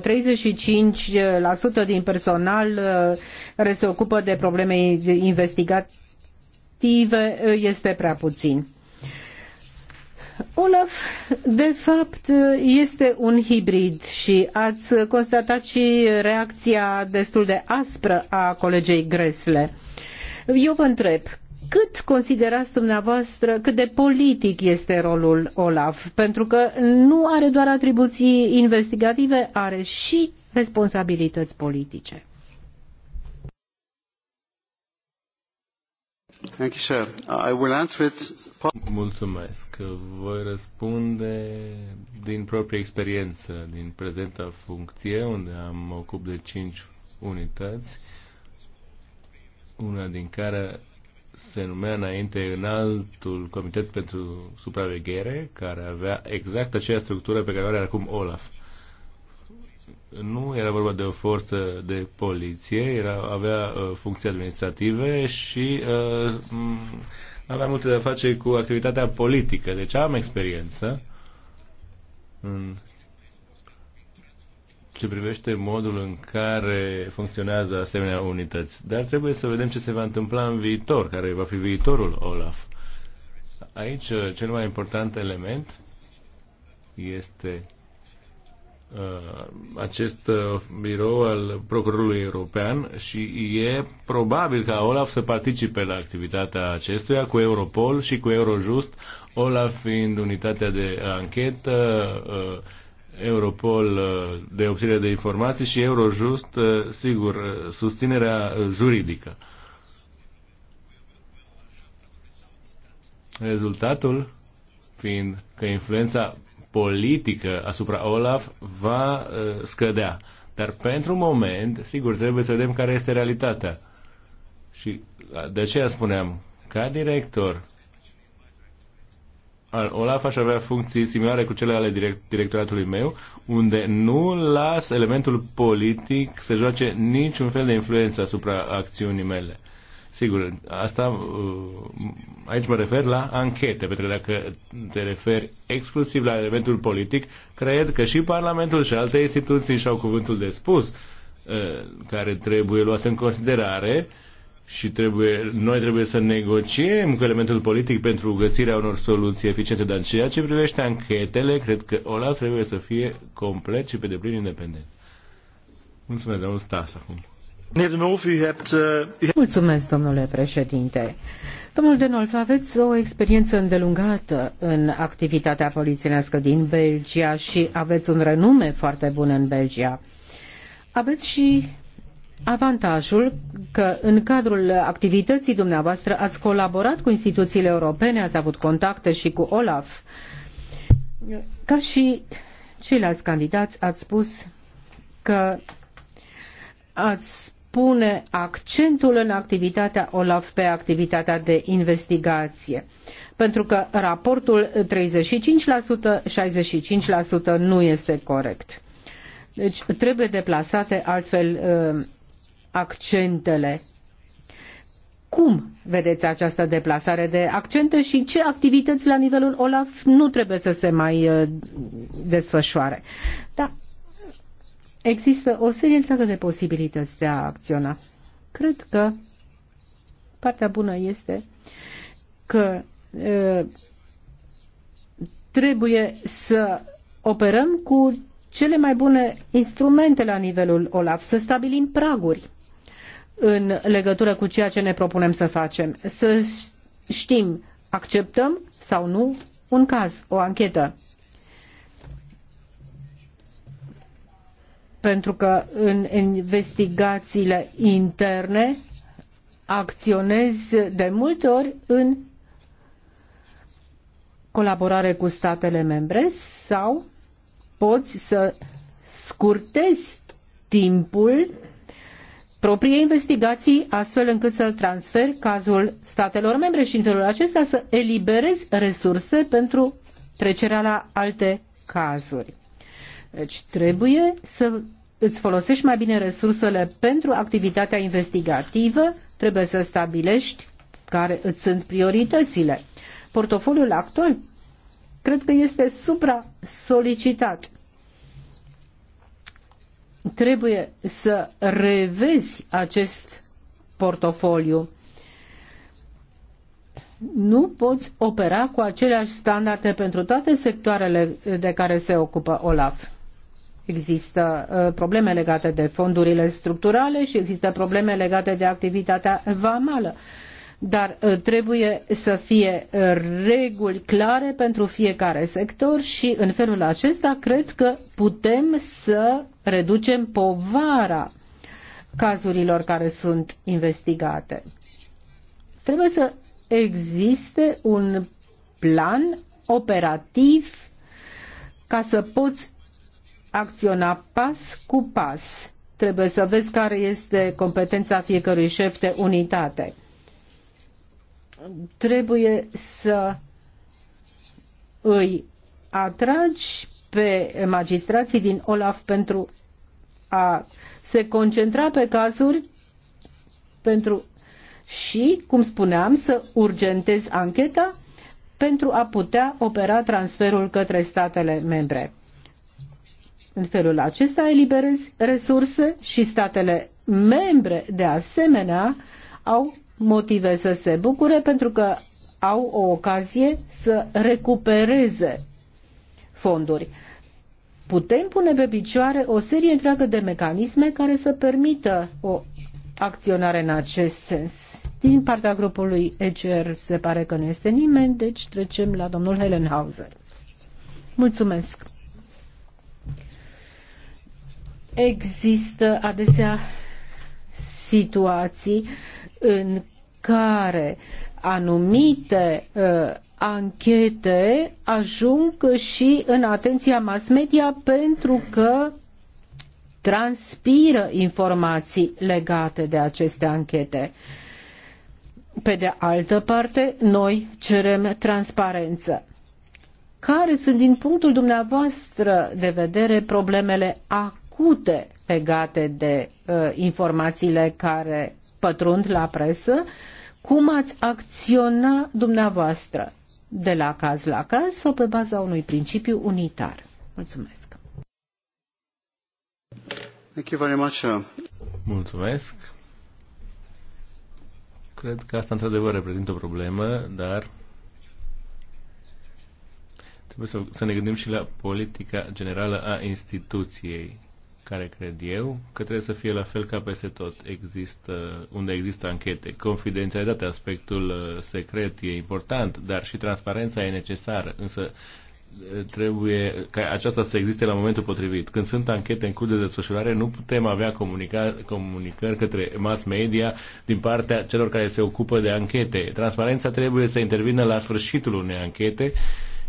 [SPEAKER 3] 35% din personal uh, care se ocupă de probleme investigative uh, este prea puțin. Olaf, de fapt, este un hibrid și ați constatat și reacția destul de aspră a colegei Gresle. Eu vă întreb, cât considerați dumneavoastră, cât de politic este rolul Olaf? Pentru că nu are doar atribuții investigative, are și responsabilități politice.
[SPEAKER 1] Thank you, sir. I will answer it... Mulțumesc. Voi răspunde din proprie experiență, din prezenta funcție, unde am ocup de 5 unități, una din care se numea înainte altul Comitet pentru Supraveghere, care avea exact aceeași structură pe care o are acum Olaf nu era vorba de o forță de poliție, era, avea uh, funcții administrative și uh, avea multe de a face cu activitatea politică. Deci am experiență în ce privește modul în care funcționează asemenea unități. Dar trebuie să vedem ce se va întâmpla în viitor, care va fi viitorul OLAF. Aici uh, cel mai important element este Uh, acest uh, birou al procurorului european și e probabil ca Olaf să participe la activitatea acestuia cu Europol și cu Eurojust, Olaf fiind unitatea de anchetă, uh, Europol de obținere de informații și Eurojust, sigur, susținerea juridică. Rezultatul fiind că influența politică asupra Olaf va uh, scădea. Dar pentru moment, sigur, trebuie să vedem care este realitatea. Și uh, de aceea spuneam, ca director Olaf aș avea funcții similare cu cele ale direct, directoratului meu, unde nu las elementul politic să joace niciun fel de influență asupra acțiunii mele. Sigur, asta, uh, aici mă refer la anchete, pentru că dacă te referi exclusiv la elementul politic, cred că și Parlamentul și alte instituții și-au cuvântul de spus uh, care trebuie luat în considerare și trebuie, noi trebuie să negociem cu elementul politic pentru găsirea unor soluții eficiente, dar ceea ce privește anchetele, cred că OLAF trebuie să fie complet și pe deplin independent. Mulțumesc, domnul Stas, acum.
[SPEAKER 3] Eh, Mulțumesc, domnule președinte. Domnul Denolf, aveți o experiență îndelungată în activitatea polițienească din Belgia și aveți un renume foarte bun în Belgia. Aveți și avantajul că în cadrul activității dumneavoastră ați colaborat cu instituțiile europene, ați avut contacte și cu OLAF. Ca și ceilalți candidați ați spus că ați pune accentul în activitatea OLAF pe activitatea de investigație. Pentru că raportul 35%, 65% nu este corect. Deci trebuie deplasate altfel uh, accentele. Cum vedeți această deplasare de accente și ce activități la nivelul OLAF nu trebuie să se mai uh, desfășoare? Da, Există o serie întreagă de posibilități de a acționa. Cred că partea bună este că e, trebuie să operăm cu cele mai bune instrumente la nivelul OLAF, să stabilim praguri în legătură cu ceea ce ne propunem să facem, să știm acceptăm sau nu un caz, o anchetă. pentru că în investigațiile interne acționez de multe ori în colaborare cu statele membre sau poți să scurtezi timpul propriei investigații astfel încât să-l transferi cazul statelor membre și în felul acesta să eliberezi resurse pentru trecerea la alte cazuri. Deci trebuie să îți folosești mai bine resursele pentru activitatea investigativă, trebuie să stabilești care îți sunt prioritățile. Portofoliul actual cred că este supra-solicitat. Trebuie să revezi acest portofoliu. Nu poți opera cu aceleași standarde pentru toate sectoarele de care se ocupă OLAF. Există uh, probleme legate de fondurile structurale și există probleme legate de activitatea vamală dar uh, trebuie să fie uh, reguli clare pentru fiecare sector și în felul acesta cred că putem să reducem povara cazurilor care sunt investigate. Trebuie să existe un plan operativ ca să poți acționa pas cu pas. Trebuie să vezi care este competența fiecărui șef de unitate. Trebuie să îi atragi pe magistrații din Olaf pentru a se concentra pe cazuri pentru și, cum spuneam, să urgentezi ancheta pentru a putea opera transferul către statele membre. În felul acesta eliberezi resurse și statele membre, de asemenea, au motive să se bucure pentru că au o ocazie să recupereze fonduri. Putem pune pe picioare o serie întreagă de mecanisme care să permită o acționare în acest sens. Din partea grupului ECR se pare că nu este nimeni, deci trecem la domnul Helenhauser. Mulțumesc! Există adesea situații în care anumite uh, anchete ajung și în atenția mass media pentru că transpiră informații legate de aceste anchete. Pe de altă parte, noi cerem transparență. Care sunt, din punctul dumneavoastră de vedere, problemele acum? trecute legate de uh, informațiile care pătrund la presă, cum ați acționa dumneavoastră de la caz la caz sau pe baza unui principiu unitar. Mulțumesc. Thank you very much. Uh.
[SPEAKER 1] Mulțumesc. Cred că asta într-adevăr reprezintă o problemă, dar trebuie să, să ne gândim și la politica generală a instituției care cred eu că trebuie să fie la fel ca peste tot, există, unde există anchete. Confidențialitatea, aspectul uh, secret e important, dar și transparența e necesară, însă uh, trebuie ca aceasta să existe la momentul potrivit. Când sunt anchete în curs de desfășurare, nu putem avea comunica, comunicări către mass media din partea celor care se ocupă de anchete. Transparența trebuie să intervină la sfârșitul unei anchete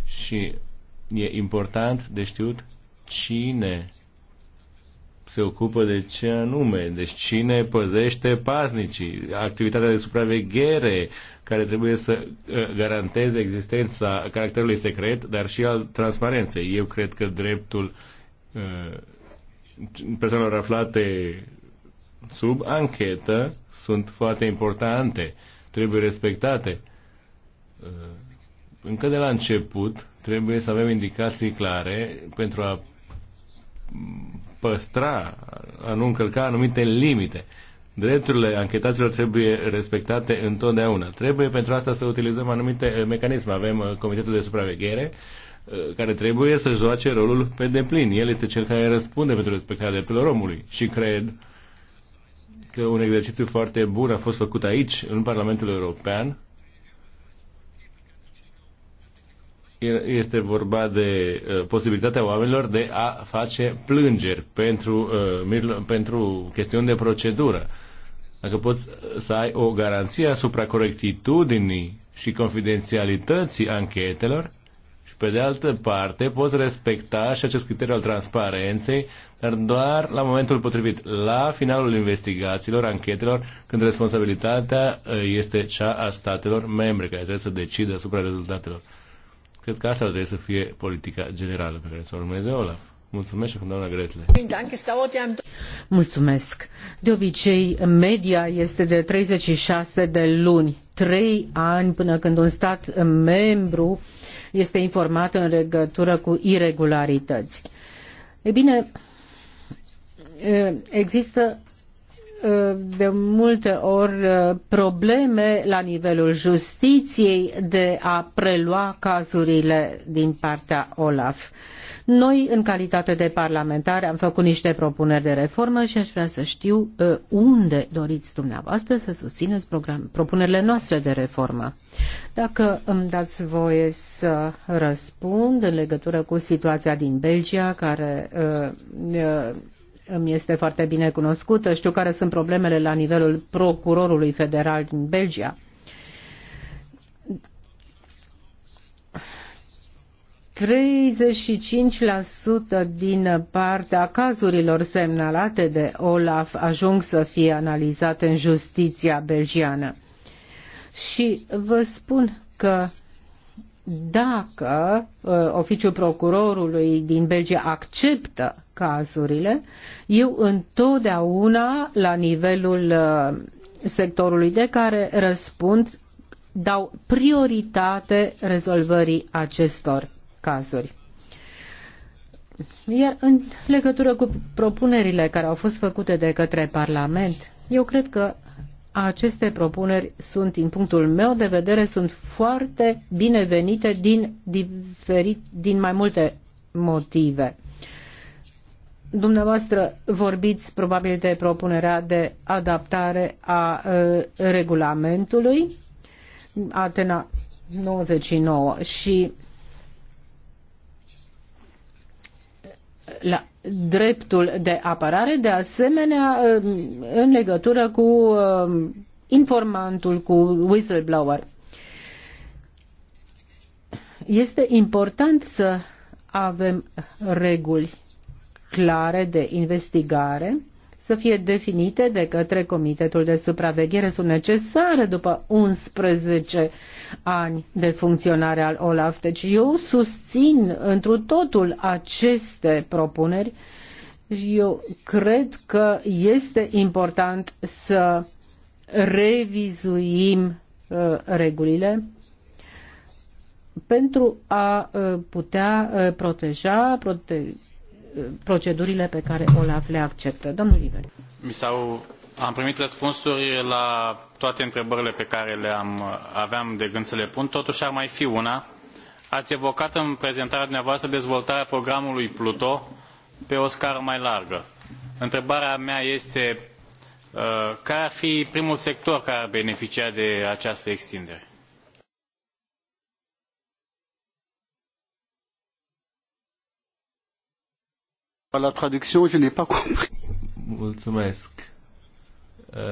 [SPEAKER 1] și e important de știut cine se ocupă de ce anume, deci cine păzește paznicii, activitatea de supraveghere care trebuie să uh, garanteze existența caracterului secret, dar și al transparenței. Eu cred că dreptul uh, persoanelor aflate sub anchetă sunt foarte importante, trebuie respectate. Uh, încă de la început trebuie să avem indicații clare pentru a păstra, a nu încălca anumite limite. Drepturile anchetaților trebuie respectate întotdeauna. Trebuie pentru asta să utilizăm anumite eh, mecanisme. Avem eh, Comitetul de Supraveghere, eh, care trebuie să joace rolul pe deplin. El este cel care răspunde pentru respectarea drepturilor omului. Și cred că un exercițiu foarte bun a fost făcut aici, în Parlamentul European, este vorba de uh, posibilitatea oamenilor de a face plângeri pentru, uh, pentru chestiuni de procedură. Dacă poți să ai o garanție asupra corectitudinii și confidențialității anchetelor și pe de altă parte poți respecta și acest criteriu al transparenței, dar doar la momentul potrivit, la finalul investigațiilor, anchetelor, când responsabilitatea uh, este cea a statelor membre care trebuie să decide asupra rezultatelor. Cred că asta trebuie să fie politica generală pe care să o urmeze Olaf. Mulțumesc și doamna Gretle.
[SPEAKER 3] Mulțumesc. De obicei, media este de 36 de luni, 3 ani până când un stat membru este informat în legătură cu irregularități. E bine, există de multe ori uh, probleme la nivelul justiției de a prelua cazurile din partea OLAF. Noi, în calitate de parlamentari, am făcut niște propuneri de reformă și aș vrea să știu uh, unde doriți dumneavoastră să susțineți program, propunerile noastre de reformă. Dacă îmi dați voie să răspund în legătură cu situația din Belgia, care uh, îmi este foarte bine cunoscută, știu care sunt problemele la nivelul procurorului federal din Belgia. ...35% din partea cazurilor semnalate de Olaf ajung să fie analizate în justiția belgiană. Și vă spun că dacă uh, oficiul procurorului din Belgia acceptă cazurile. Eu întotdeauna, la nivelul uh, sectorului de care răspund, dau prioritate rezolvării acestor cazuri. Iar în legătură cu propunerile care au fost făcute de către Parlament, eu cred că aceste propuneri sunt, din punctul meu de vedere, sunt foarte binevenite din, diferit, din mai multe motive. Dumneavoastră vorbiți probabil de propunerea de adaptare a uh, regulamentului Atena 99 și la dreptul de apărare, de asemenea în legătură cu informantul, cu whistleblower. Este important să avem reguli clare de investigare să fie definite de către Comitetul de Supraveghere sunt necesare după 11 ani de funcționare al OLAF. Deci eu susțin întru totul aceste propuneri și eu cred că este important să revizuim uh, regulile pentru a uh, putea uh, proteja prote- procedurile pe care OLAF le acceptă. Domnul Liber.
[SPEAKER 1] Mi s-au, am primit răspunsuri la toate întrebările pe care le am, aveam de gând să le pun, totuși ar mai fi una. Ați evocat în prezentarea dumneavoastră dezvoltarea programului Pluto pe o scară mai largă. Întrebarea mea este uh, care ar fi primul sector care ar beneficia de această extindere? La traducție, je n'ai pas compris. Mulțumesc.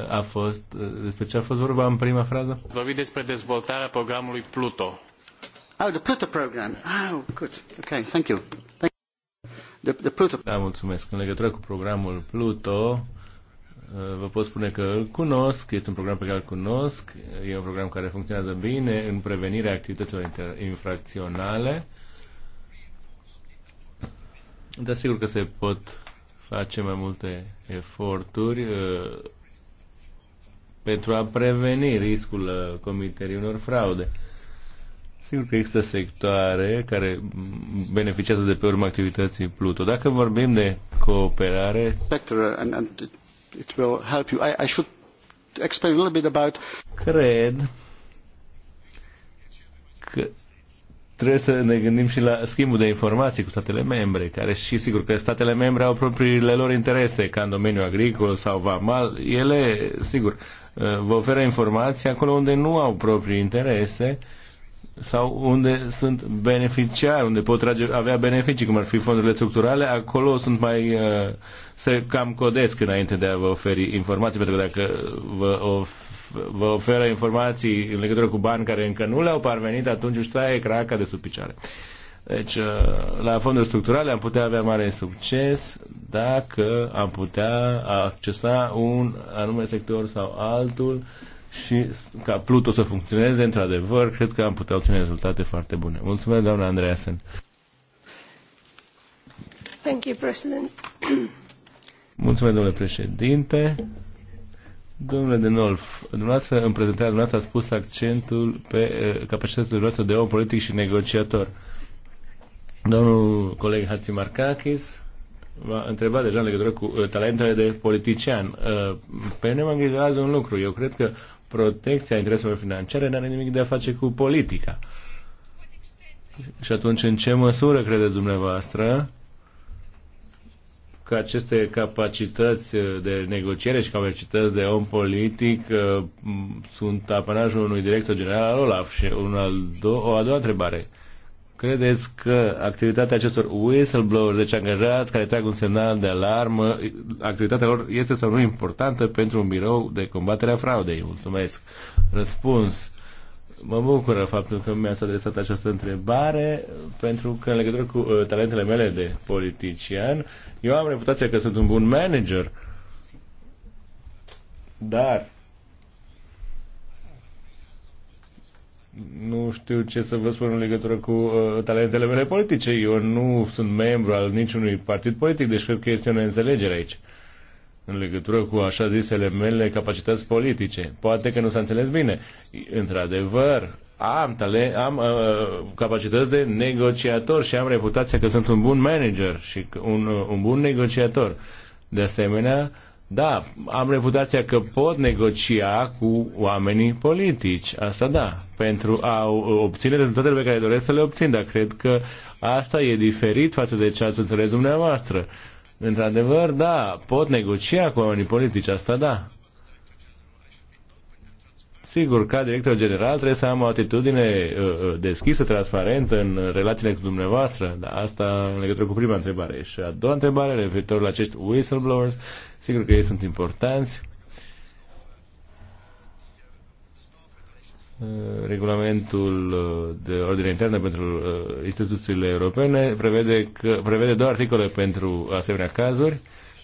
[SPEAKER 1] A fost, despre ce a fost vorba în prima frază? Vorbi despre dezvoltarea programului Pluto.
[SPEAKER 2] Oh, the Pluto program. Oh, good.
[SPEAKER 1] Okay, thank you. Thank you. The, the Pluto. Da, mulțumesc. În legătură cu programul Pluto, vă pot spune că îl cunosc, este un program pe care îl cunosc, e un program care funcționează bine în prevenirea activităților infracționale dar sigur că se pot face mai multe eforturi uh, pentru a preveni riscul uh, comiterii unor fraude. Sigur că există sectoare care beneficiază de pe urma activității Pluto. Dacă vorbim de cooperare... Sector uh, and, it will help you. I, should explain a little bit about... Cred că trebuie să ne gândim și la schimbul de informații cu statele membre, care și sigur că statele membre au propriile lor interese, ca în domeniul agricol sau vamal, ele, sigur, uh, vă oferă informații acolo unde nu au proprii interese sau unde sunt beneficiari, unde pot trage, avea beneficii, cum ar fi fondurile structurale, acolo sunt mai, uh, se cam codesc înainte de a vă oferi informații, pentru că dacă vă of, vă oferă informații în legătură cu bani care încă nu le-au parvenit, atunci își taie craca de sub picioare. Deci, uh, la fonduri structurale am putea avea mare succes dacă am putea accesa un anume sector sau altul și ca Pluto să funcționeze, într-adevăr, cred că am putea obține rezultate foarte bune. Mulțumesc, doamna Andreasen.
[SPEAKER 3] Thank you, President.
[SPEAKER 1] Mulțumesc, domnule președinte. Domnule Denolf, dumneavoastră, în prezentarea dumneavoastră a spus accentul pe eh, capacitatea dumneavoastră de om politic și negociator. Domnul coleg Hatzimarkakis m-a întrebat deja în legătură cu eh, talentele de politician. Eh, pe noi mă îngrijorează un lucru. Eu cred că protecția intereselor financiare nu are nimic de a face cu politica. Și atunci, în ce măsură credeți dumneavoastră că aceste capacități uh, de negociere și capacități de om politic uh, sunt apanajul unui director general al OLAF. Și un al do- o a doua întrebare. Credeți că activitatea acestor whistleblowers, deci angajați care trag un semnal de alarmă, activitatea lor este sau nu importantă pentru un birou de combatere a fraudei? Mulțumesc. Răspuns. Mă bucură faptul că mi-ați adresat această întrebare, pentru că în legătură cu uh, talentele mele de politician, eu am reputația că sunt un bun manager, dar nu știu ce să vă spun în legătură cu uh, talentele mele politice. Eu nu sunt membru al niciunui partid politic, deci cred că este o neînțelegere aici. Uh, în legătură cu așa zisele mele capacități politice. Poate că nu s-a înțeles bine. Într-adevăr, am, tale, am uh, capacități de negociator și am reputația că sunt un bun manager și un, uh, un bun negociator. De asemenea, da, am reputația că pot negocia cu oamenii politici, asta da, pentru a obține rezultatele pe care doresc să le obțin, dar cred că asta e diferit față de ce ați înțeles dumneavoastră. Uh, Într-adevăr, da, pot negocia cu oamenii politici, asta da. Sigur, ca director general trebuie să am o atitudine uh, uh, deschisă, transparentă în relațiile cu dumneavoastră, dar asta în legătură cu prima întrebare. Și a doua întrebare, referitor la acești whistleblowers, sigur că ei sunt importanți, Uh, regulamentul uh, de ordine internă pentru uh, instituțiile europene prevede, că, prevede două articole pentru asemenea cazuri,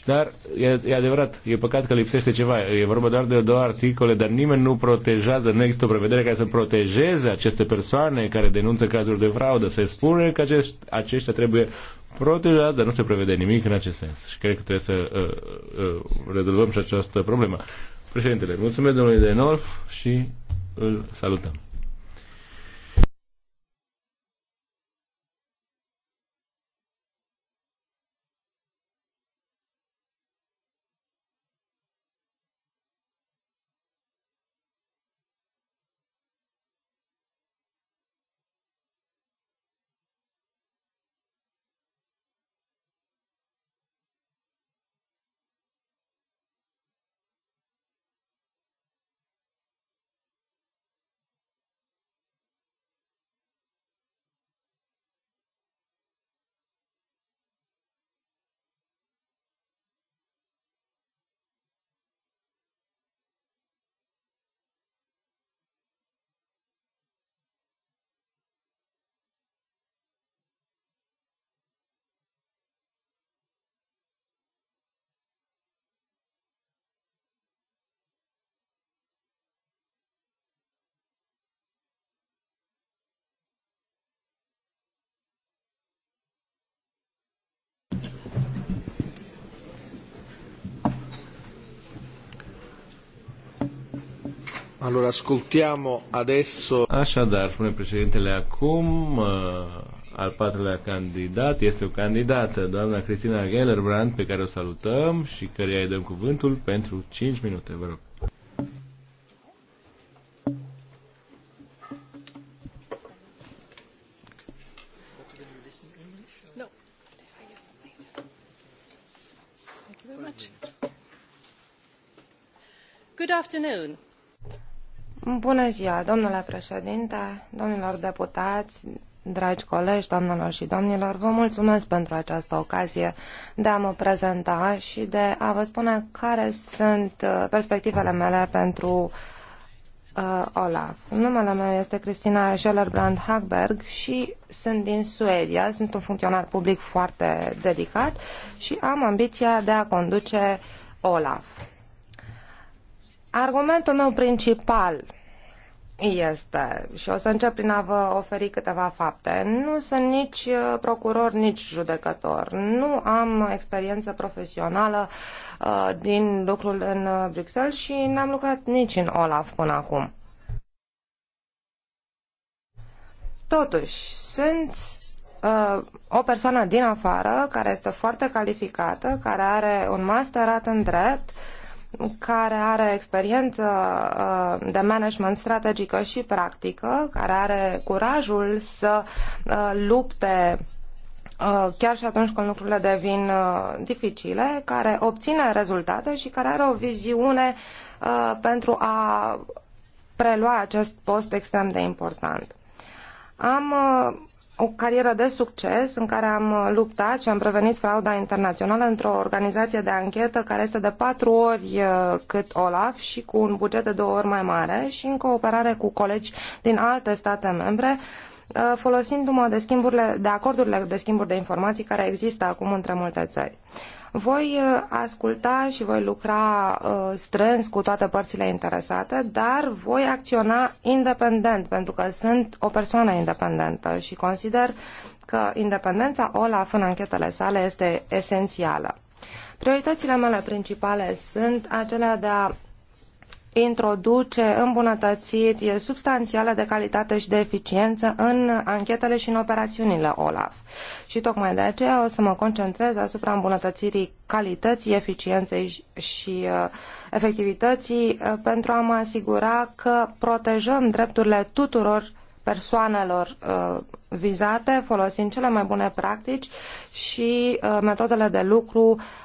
[SPEAKER 1] dar e, e adevărat, e păcat că lipsește ceva. E vorba doar de două articole, dar nimeni nu protejează, nu există o prevedere care să protejeze aceste persoane care denunță cazuri de fraudă. Se spune că acești, aceștia trebuie protejați, dar nu se prevede nimic în acest sens. Și cred că trebuie să uh, uh, rezolvăm și această problemă. Președintele, mulțumesc domnului Denolf și îl salutăm. Allora, ascoltiamo adesso... Așadar, spune președintele, acum uh, al patrulea candidat este o candidată, doamna Cristina Gellerbrand, pe care o salutăm și care îi dăm cuvântul pentru 5 minute, vă rog.
[SPEAKER 2] Bună ziua, domnule președinte, domnilor deputați, dragi colegi, doamnelor și domnilor, vă mulțumesc pentru această ocazie de a mă prezenta și de a vă spune care sunt uh, perspectivele mele pentru uh, Olaf. Numele meu este Cristina Schellerbrand Hagberg și sunt din Suedia, sunt un funcționar public foarte dedicat și am ambiția de a conduce Olaf. Argumentul meu principal este. Și o să încep prin a vă oferi câteva fapte. Nu sunt nici uh, procuror, nici judecător. Nu am experiență profesională uh, din lucrul în uh, Bruxelles și n-am lucrat nici în Olaf până acum. Totuși, sunt uh, o persoană din afară care este foarte calificată, care are un masterat în drept, uh, care are experiență uh, de management strategică și practică, care are curajul să uh, lupte uh, chiar și atunci când lucrurile devin dificile, care obține rezultate și care are o viziune pentru a prelua acest post extrem de important. Am o carieră de succes în care am uh, luptat și am prevenit frauda internațională într-o organizație de anchetă care este de patru ori uh, cât OLAF și cu un buget de două ori mai mare și în cooperare cu colegi din alte state membre, uh, folosindu-mă de, schimburile, de acordurile de schimburi de informații care există acum între multe țări. Voi uh, asculta și voi lucra uh, strâns cu toate părțile interesate, dar voi acționa independent, pentru că sunt o persoană independentă și consider că independența OLAF în anchetele sale este esențială. Prioritățile mele principale sunt acelea de a introduce îmbunătățiri substanțiale de calitate și de eficiență în anchetele și în operațiunile OLAF. Și tocmai de aceea o să mă concentrez asupra îmbunătățirii calității, eficienței și uh, efectivității uh, pentru a mă asigura că protejăm drepturile tuturor persoanelor uh, vizate, folosind cele mai bune practici și uh, metodele de lucru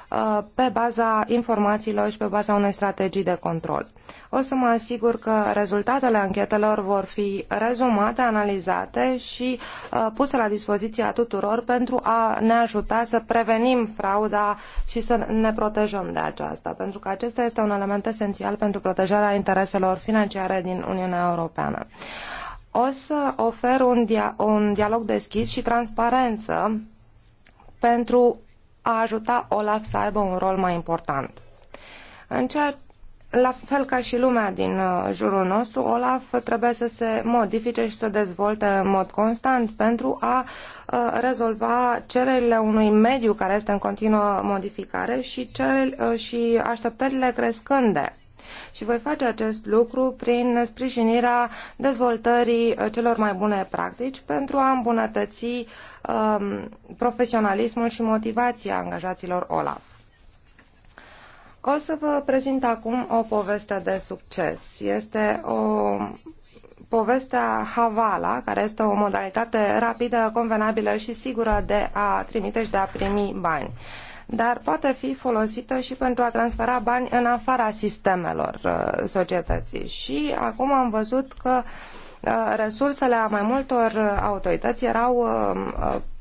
[SPEAKER 2] uh, pe baza informațiilor și pe baza unei strategii de control. O să mă asigur că rezultatele anchetelor vor fi rezumate, analizate și uh, puse la dispoziția tuturor pentru a ne ajuta să prevenim frauda și să ne protejăm de aceasta, pentru că acesta este un element esențial pentru protejarea intereselor financiare din Uniunea Europeană o să ofer un, dia- un dialog deschis și transparență pentru a ajuta Olaf să aibă un rol mai important. În ceea la fel ca și lumea din uh, jurul nostru, Olaf trebuie să se modifice și să dezvolte în mod constant pentru a uh, rezolva cererile unui mediu care este în continuă modificare și, cereri, uh, și așteptările crescânde și voi face acest lucru prin sprijinirea dezvoltării uh, celor mai bune practici pentru a îmbunătăți um, profesionalismul și motivația angajaților OLAF. O să vă prezint acum o poveste de succes. Este o povestea Havala, care este o modalitate rapidă, convenabilă și sigură de a trimite și de a primi bani. Uh, dar poate fi folosită și pentru a transfera bani în afara sistemelor uh, societății. Și acum am văzut că uh, resursele a mai multor uh, autorități erau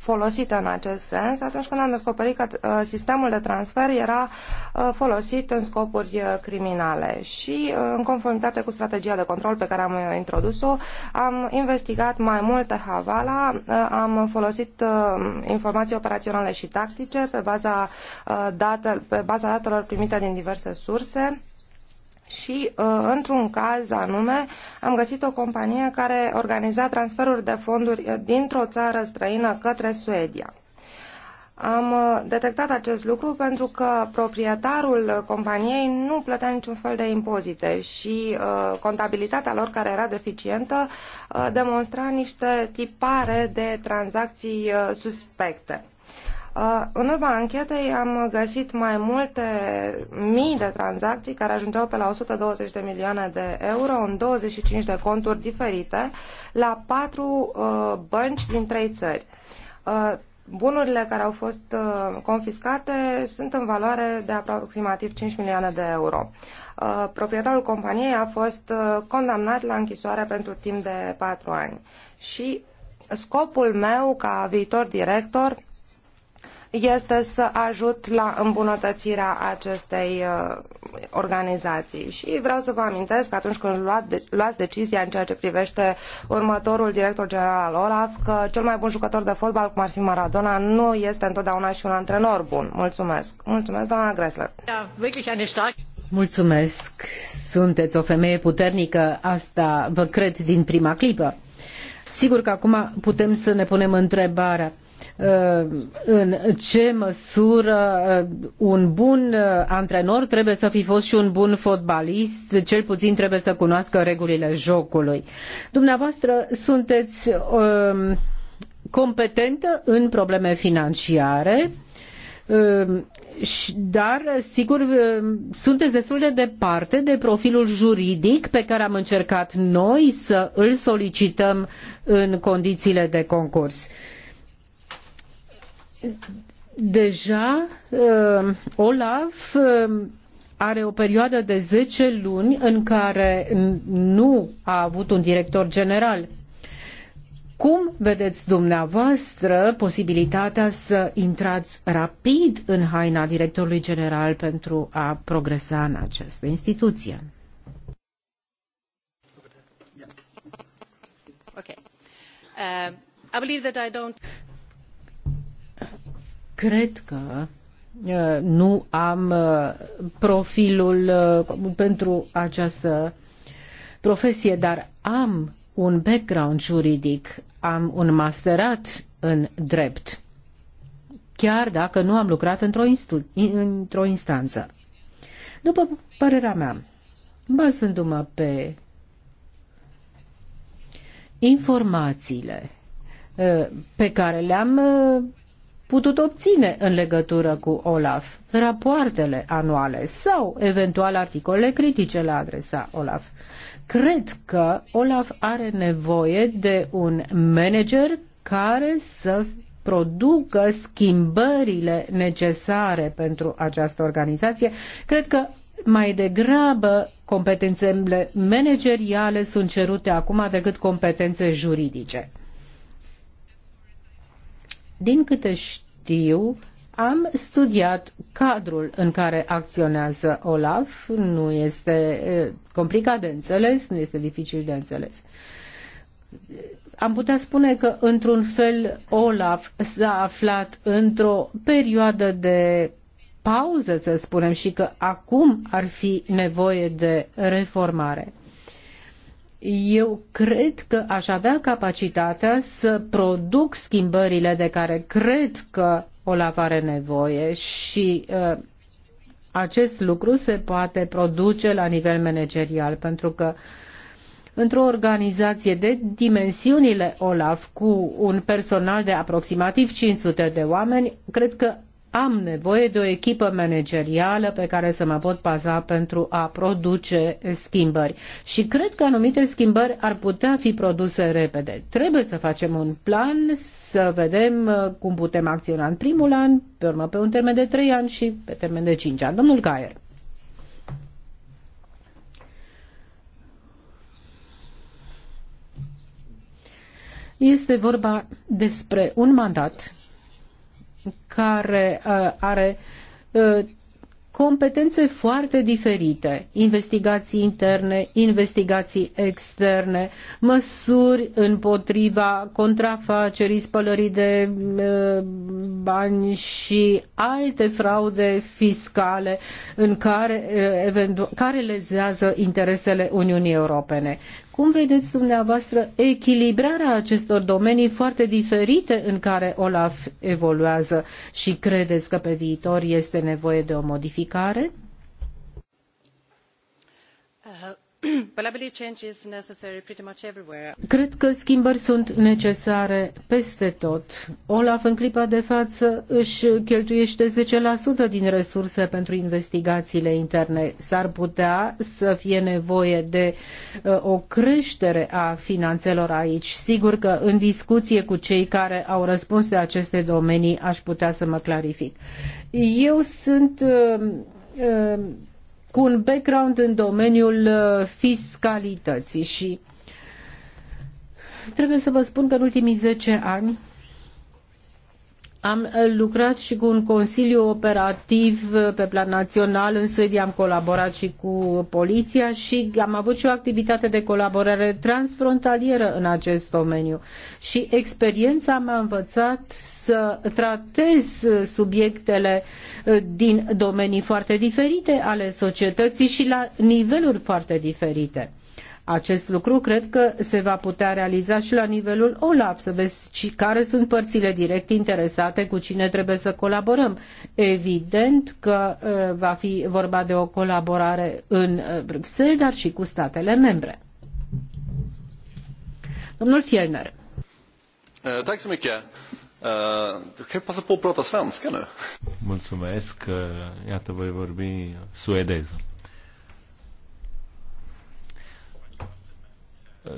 [SPEAKER 2] folosită în acest sens atunci când am descoperit că uh, sistemul de transfer era uh, folosit în scopuri uh, criminale. Și în conformitate cu strategia de control pe care am introdus-o, am investigat mai multe Havala, am folosit informații operaționale și tactice pe baza, date, pe baza datelor primite din diverse surse și uh, într-un caz anume am găsit o companie care organiza transferuri de fonduri uh, dintr-o țară străină către Suedia. Am uh, detectat acest lucru pentru că proprietarul companiei nu plătea niciun fel de impozite și uh, contabilitatea lor, care era deficientă, uh, demonstra niște tipare de tranzacții uh, suspecte. Uh, în urma anchetei am găsit mai multe mii de tranzacții care ajungeau pe la 120 de milioane de euro în 25 de conturi diferite la patru uh, bănci din trei țări. Uh, bunurile care au fost confiscate sunt în valoare de aproximativ 5 milioane de euro. Proprietarul companiei a fost condamnat la închisoare pentru timp de 4 ani. Și scopul meu ca viitor director este să ajut la îmbunătățirea acestei uh, organizații. Și vreau să vă amintesc că atunci când luați, luați decizia în ceea ce privește următorul director general al OLAF, că cel mai bun jucător de fotbal, cum ar fi Maradona, nu este întotdeauna și un antrenor bun. Mulțumesc. Mulțumesc, doamna Gressler. Da,
[SPEAKER 3] Mulțumesc. Sunteți o femeie puternică. Asta vă cred din prima clipă. Sigur că acum putem să ne punem întrebarea Uh, în ce măsură uh, un bun uh, antrenor trebuie să fi fost și un bun fotbalist, cel puțin trebuie să cunoască regulile jocului. Dumneavoastră sunteți um, competentă în probleme financiare, um, dar sigur sunteți destul de departe de profilul juridic pe care am încercat noi să îl solicităm în condițiile de concurs deja uh, Olaf uh, are o perioadă de 10 luni în care nu a avut un director general. Cum vedeți dumneavoastră posibilitatea să intrați rapid în haina directorului general pentru a progresa în această instituție? Okay. Uh, I believe that I don't... Cred că uh, nu am uh, profilul uh, pentru această profesie, dar am un background juridic, am un masterat în drept, chiar dacă nu am lucrat într-o, instu- într-o instanță. După părerea mea, bazându-mă pe informațiile pe care le-am putut obține în legătură cu Olaf, rapoartele anuale sau eventual articole critice la adresa Olaf. Cred că Olaf are nevoie de un manager care să producă schimbările necesare pentru această organizație. Cred că mai degrabă competențele manageriale sunt cerute acum decât competențe juridice. Din câte știu, am studiat cadrul în care acționează Olaf. Nu este complicat de înțeles, nu este dificil de înțeles. Am putea spune că, într-un fel, Olaf s-a aflat într-o perioadă de pauză, să spunem, și că acum ar fi nevoie de reformare eu cred că aș avea capacitatea să produc schimbările de care cred că Olaf are nevoie și uh, acest lucru se poate produce la nivel managerial, pentru că într-o organizație de dimensiunile OLAF cu un personal de aproximativ 500 de oameni, cred că am nevoie de o echipă managerială pe care să mă pot baza pentru a produce schimbări. Și cred că anumite schimbări ar putea fi produse repede. Trebuie să facem un plan, să vedem uh, cum putem acționa în primul an, pe urmă pe un termen de 3 ani și pe termen de 5 ani. Domnul Caier. Este vorba despre un mandat care uh, are uh, competențe foarte diferite, investigații interne, investigații externe, măsuri împotriva contrafacerii, spălării de uh, bani și alte fraude fiscale în care, care lezează interesele Uniunii Europene. Cum vedeți dumneavoastră echilibrarea acestor domenii foarte diferite în care OLAF evoluează și credeți că pe viitor este nevoie de o modificare? Cred că schimbări sunt necesare peste tot. Olaf în clipa de față își cheltuiește 10% din resurse pentru investigațiile interne. S-ar putea să fie nevoie de uh, o creștere a finanțelor aici. Sigur că în discuție cu cei care au răspuns de aceste domenii aș putea să mă clarific. Eu sunt uh, uh, cu un background în domeniul uh, fiscalității și trebuie să vă spun că în ultimii 10 ani am lucrat și cu un consiliu operativ pe plan național în Suedia, am colaborat și cu poliția și am avut și o activitate de colaborare transfrontalieră în acest domeniu. Și experiența m-a învățat să tratez subiectele uh, din domenii foarte diferite ale societății și la niveluri foarte diferite. Acest lucru cred că se va putea realiza și la nivelul OLAP, să vezi care sunt părțile direct interesate, cu cine trebuie să colaborăm. Evident că uh, va fi vorba de o colaborare în uh, Bruxelles, dar și cu statele membre. Domnul Fjellner. Eh, tack så mycket. Du eh, kan passa på att prata svenska nu.
[SPEAKER 1] Mulțumesc. Eh, iată, voi vorbi suedez.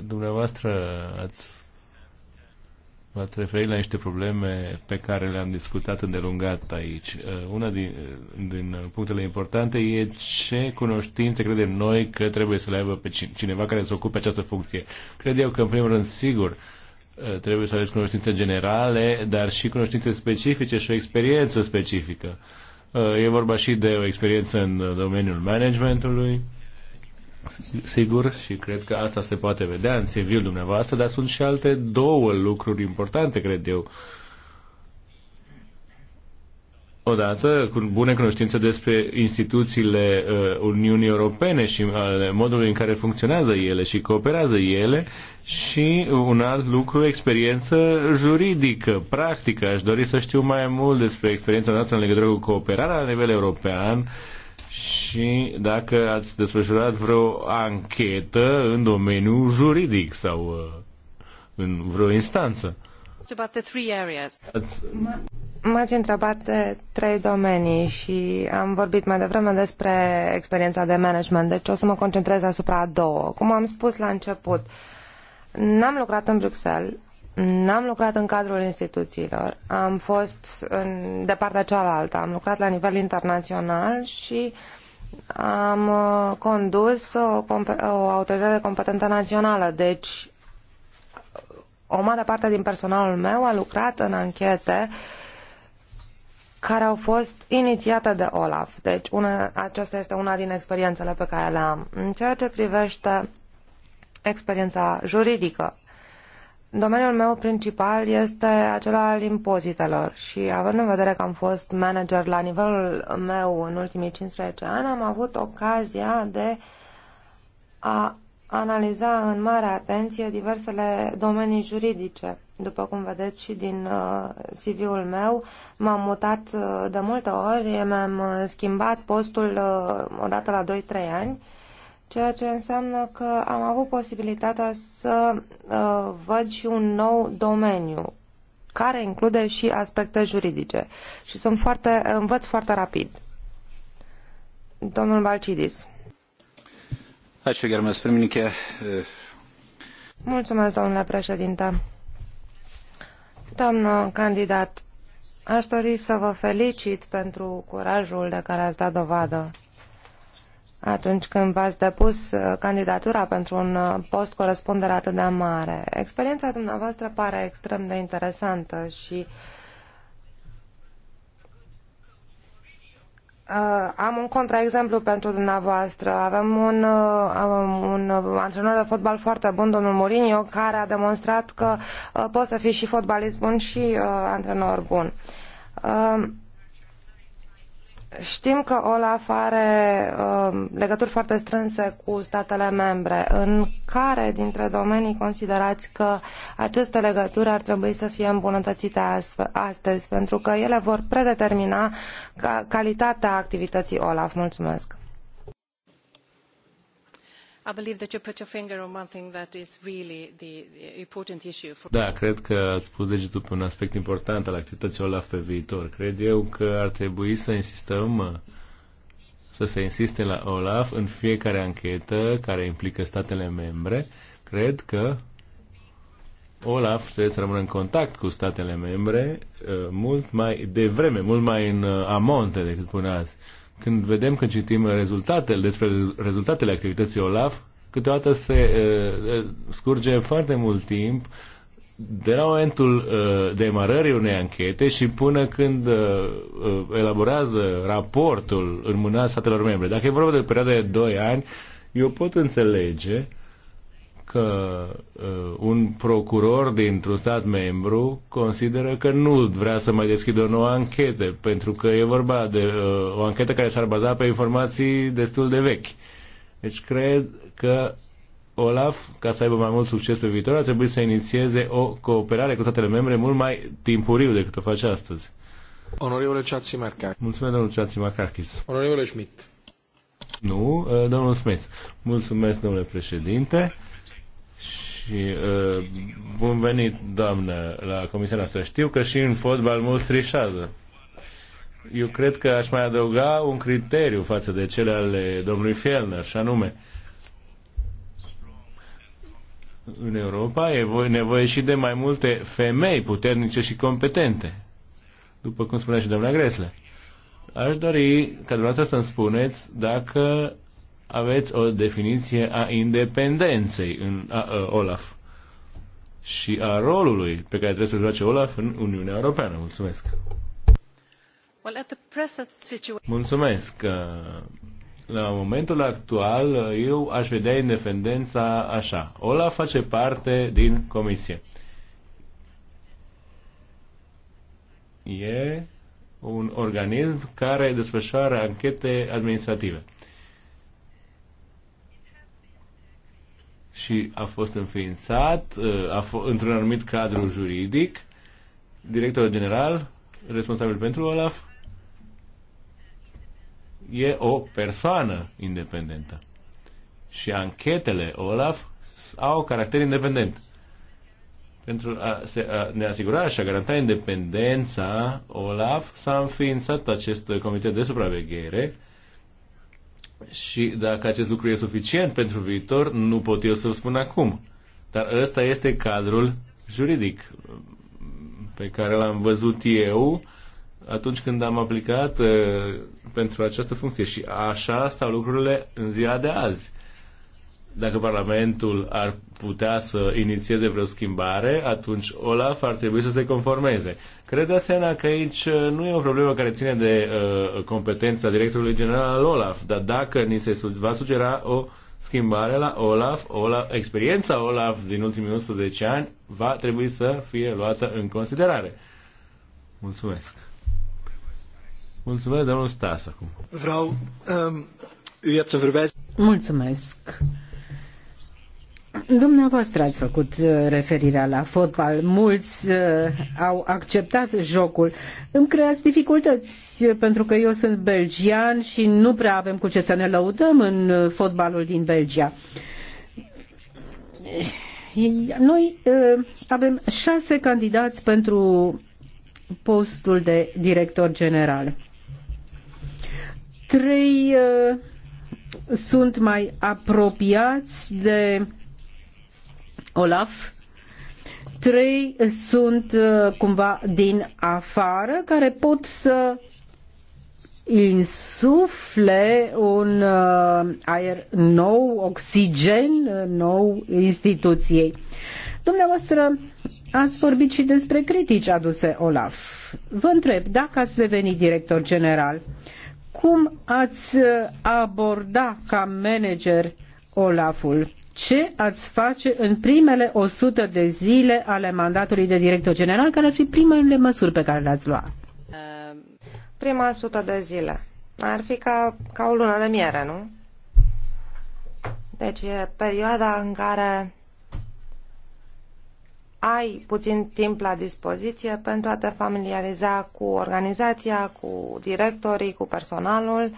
[SPEAKER 1] Dumneavoastră ați V-ați referit la niște probleme pe care le-am discutat îndelungat aici. Uh, una din, din punctele importante e ce cunoștințe credem noi că trebuie să le aibă pe cineva care să ocupe această funcție. Cred eu că, în primul rând, sigur, uh, trebuie să aveți cunoștințe generale, dar și cunoștințe specifice și o experiență specifică. Uh, e vorba și de o experiență în domeniul managementului, sigur, și cred că asta se poate vedea în cv dumneavoastră, dar sunt și alte două lucruri importante, cred eu. Odată, cu bune cunoștințe despre instituțiile uh, Uniunii Europene și uh, modul în care funcționează ele și cooperează ele și un alt lucru, experiență juridică, practică. Aș dori să știu mai mult despre experiența noastră în legătură cu cooperarea la nivel european, uh, și dacă ați desfășurat vreo anchetă în domeniul juridic sau uh, în vreo instanță.
[SPEAKER 2] M-ați întrebat de trei domenii și am vorbit mai devreme despre experiența de management, deci o să mă concentrez asupra a două. Cum am spus la început, n-am lucrat în Bruxelles, N-am lucrat în cadrul instituțiilor, am fost în, de partea cealaltă, am lucrat la nivel internațional și am uh, condus o, o autoritate competentă națională, deci o mare parte din personalul meu a lucrat în anchete care au fost inițiate de Olaf. Deci una, aceasta este una din experiențele pe care le am. În ceea ce privește experiența juridică, Domeniul meu principal este acela al impozitelor și având în vedere că am fost manager la nivelul meu în ultimii 15 ani, am avut ocazia de a analiza în mare atenție diversele domenii juridice. După cum vedeți și din uh, CV-ul meu, m-am mutat uh, de multe ori, mi-am schimbat postul uh, odată la 2-3 ani ceea ce înseamnă că am avut posibilitatea să uh, văd și un nou domeniu care include și aspecte juridice și sunt foarte, învăț foarte rapid. Domnul Balcidis.
[SPEAKER 3] Ačiū, gerbiamas pirmininkė.
[SPEAKER 2] Mulțumesc, domnule președinte. Doamnă candidat, aș dori să vă felicit pentru curajul de care ați dat dovadă atunci când v-ați depus uh, candidatura pentru un uh, post cu atât de mare. Experiența dumneavoastră pare extrem de interesantă și Uh, am un contraexemplu pentru dumneavoastră. Avem un, uh, un uh, antrenor de fotbal foarte bun, domnul Mourinho, care a demonstrat că uh, poți să fii și fotbalist bun și uh, antrenor bun. Uh, Știm că OLAF are uh, legături foarte strânse cu statele membre. În care dintre domenii considerați că aceste legături ar trebui să fie îmbunătățite astăzi, pentru că ele vor predetermina calitatea activității OLAF? Mulțumesc!
[SPEAKER 3] I believe that you put your finger on one thing that is really the important issue for...
[SPEAKER 1] Da, cred că ați pus degetul pe un aspect important al activității OLAF pe viitor. Cred eu că ar trebui să insistăm să se insiste la OLAF în fiecare anchetă care implică statele membre. Cred că Olaf trebuie să rămână în contact cu statele membre uh, mult mai devreme, mult mai în uh, amonte decât până azi când vedem, când citim rezultatele, despre rezultatele activității OLAF, câteodată se uh, uh, scurge foarte mult timp de la momentul uh, demarării unei anchete și până când uh, uh elaborează raportul în mâna statelor membre. Dacă e vorba de o perioadă de 2 ani, eu pot înțelege că uh, un procuror dintr-un stat membru consideră că nu vrea să mai deschidă o nouă anchetă, pentru că e vorba de uh, o anchetă care s-ar baza pe informații destul de vechi. Deci cred că Olaf, ca să aibă mai mult succes pe viitor, ar trebui să inițieze o cooperare cu statele membre mult mai timpuriu decât o face astăzi. Onorevole Ciațimarcachis. Mulțumesc, domnul Marcachis. Onorevole Schmidt. Nu, uh, domnul Smith. Mulțumesc, domnule președinte. Și uh, bun venit, doamnă, la comisia noastră. Știu că și în fotbal mulți trișează. Eu cred că aș mai adăuga un criteriu față de cele ale domnului Fielner, și anume, în Europa e nevoie și de mai multe femei puternice și competente, după cum spunea și domnul Gresle. Aș dori ca dumneavoastră să-mi spuneți dacă aveți o definiție a independenței în a, a, Olaf și a rolului pe care trebuie să-l joace Olaf în Uniunea Europeană. Mulțumesc!
[SPEAKER 3] Well, at the present situation...
[SPEAKER 1] Mulțumesc! La momentul actual, eu aș vedea independența așa. Olaf face parte din Comisie. E un organism care desfășoară anchete administrative. și a fost înființat uh, a f- într-un anumit cadru juridic. Directorul general, responsabil pentru OLAF, e o persoană independentă. Și anchetele OLAF au caracter independent. Pentru a, se, a ne asigura și a garanta independența, OLAF s-a înființat acest comitet de supraveghere și dacă acest lucru e suficient pentru viitor, nu pot eu să-l spun acum. Dar ăsta este cadrul juridic pe care l-am văzut eu atunci când am aplicat uh, pentru această funcție. Și așa stau lucrurile în ziua de azi dacă Parlamentul ar putea să inițieze vreo schimbare, atunci Olaf ar trebui să se conformeze. Cred de asemenea că aici uh, nu e o problemă care ține de uh, competența directorului general al Olaf, dar dacă ni se va sugera o schimbare la Olaf, Olaf, experiența Olaf din ultimii 11 ani va trebui să fie luată în considerare. Mulțumesc. Mulțumesc, domnul Stas, acum. Vreau, um, eu
[SPEAKER 3] Mulțumesc. Dumneavoastră ați făcut uh, referirea la fotbal. Mulți uh, au acceptat jocul. Îmi creați dificultăți uh, pentru că eu sunt belgian și nu prea avem cu ce să ne lăudăm în fotbalul din Belgia. Noi avem șase candidați pentru postul de director general. Trei sunt mai apropiați de Olaf, trei sunt uh, cumva din afară care pot să insufle un uh, aer nou, oxigen uh, nou instituției. Dumneavoastră ați vorbit și despre critici aduse Olaf. Vă întreb, dacă ați devenit director general, cum ați aborda ca manager Olaful? ce ați face în primele 100 de zile ale mandatului de director general, care ar fi primele măsuri pe care le-ați lua?
[SPEAKER 2] Prima 100 de zile. Ar fi ca, ca o lună de miere, nu? Deci e perioada în care ai puțin timp la dispoziție pentru a te familiariza cu organizația, cu directorii, cu personalul, uh,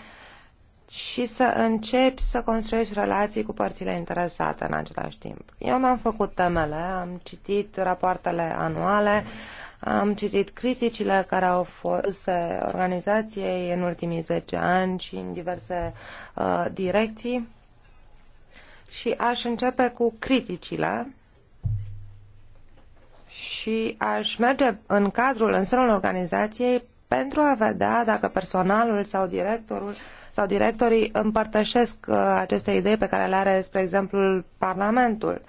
[SPEAKER 2] și să începi să construiești relații cu părțile interesate în același timp. Eu mi-am făcut temele, am citit rapoartele anuale, am citit criticile care au fost organizației în ultimii 10 ani și în diverse uh, direcții și aș începe cu criticile și aș merge în cadrul, în sânul organizației pentru a vedea dacă personalul sau directorul uh, sau directorii împărtășesc uh, aceste idei pe care le are, spre exemplu, Parlamentul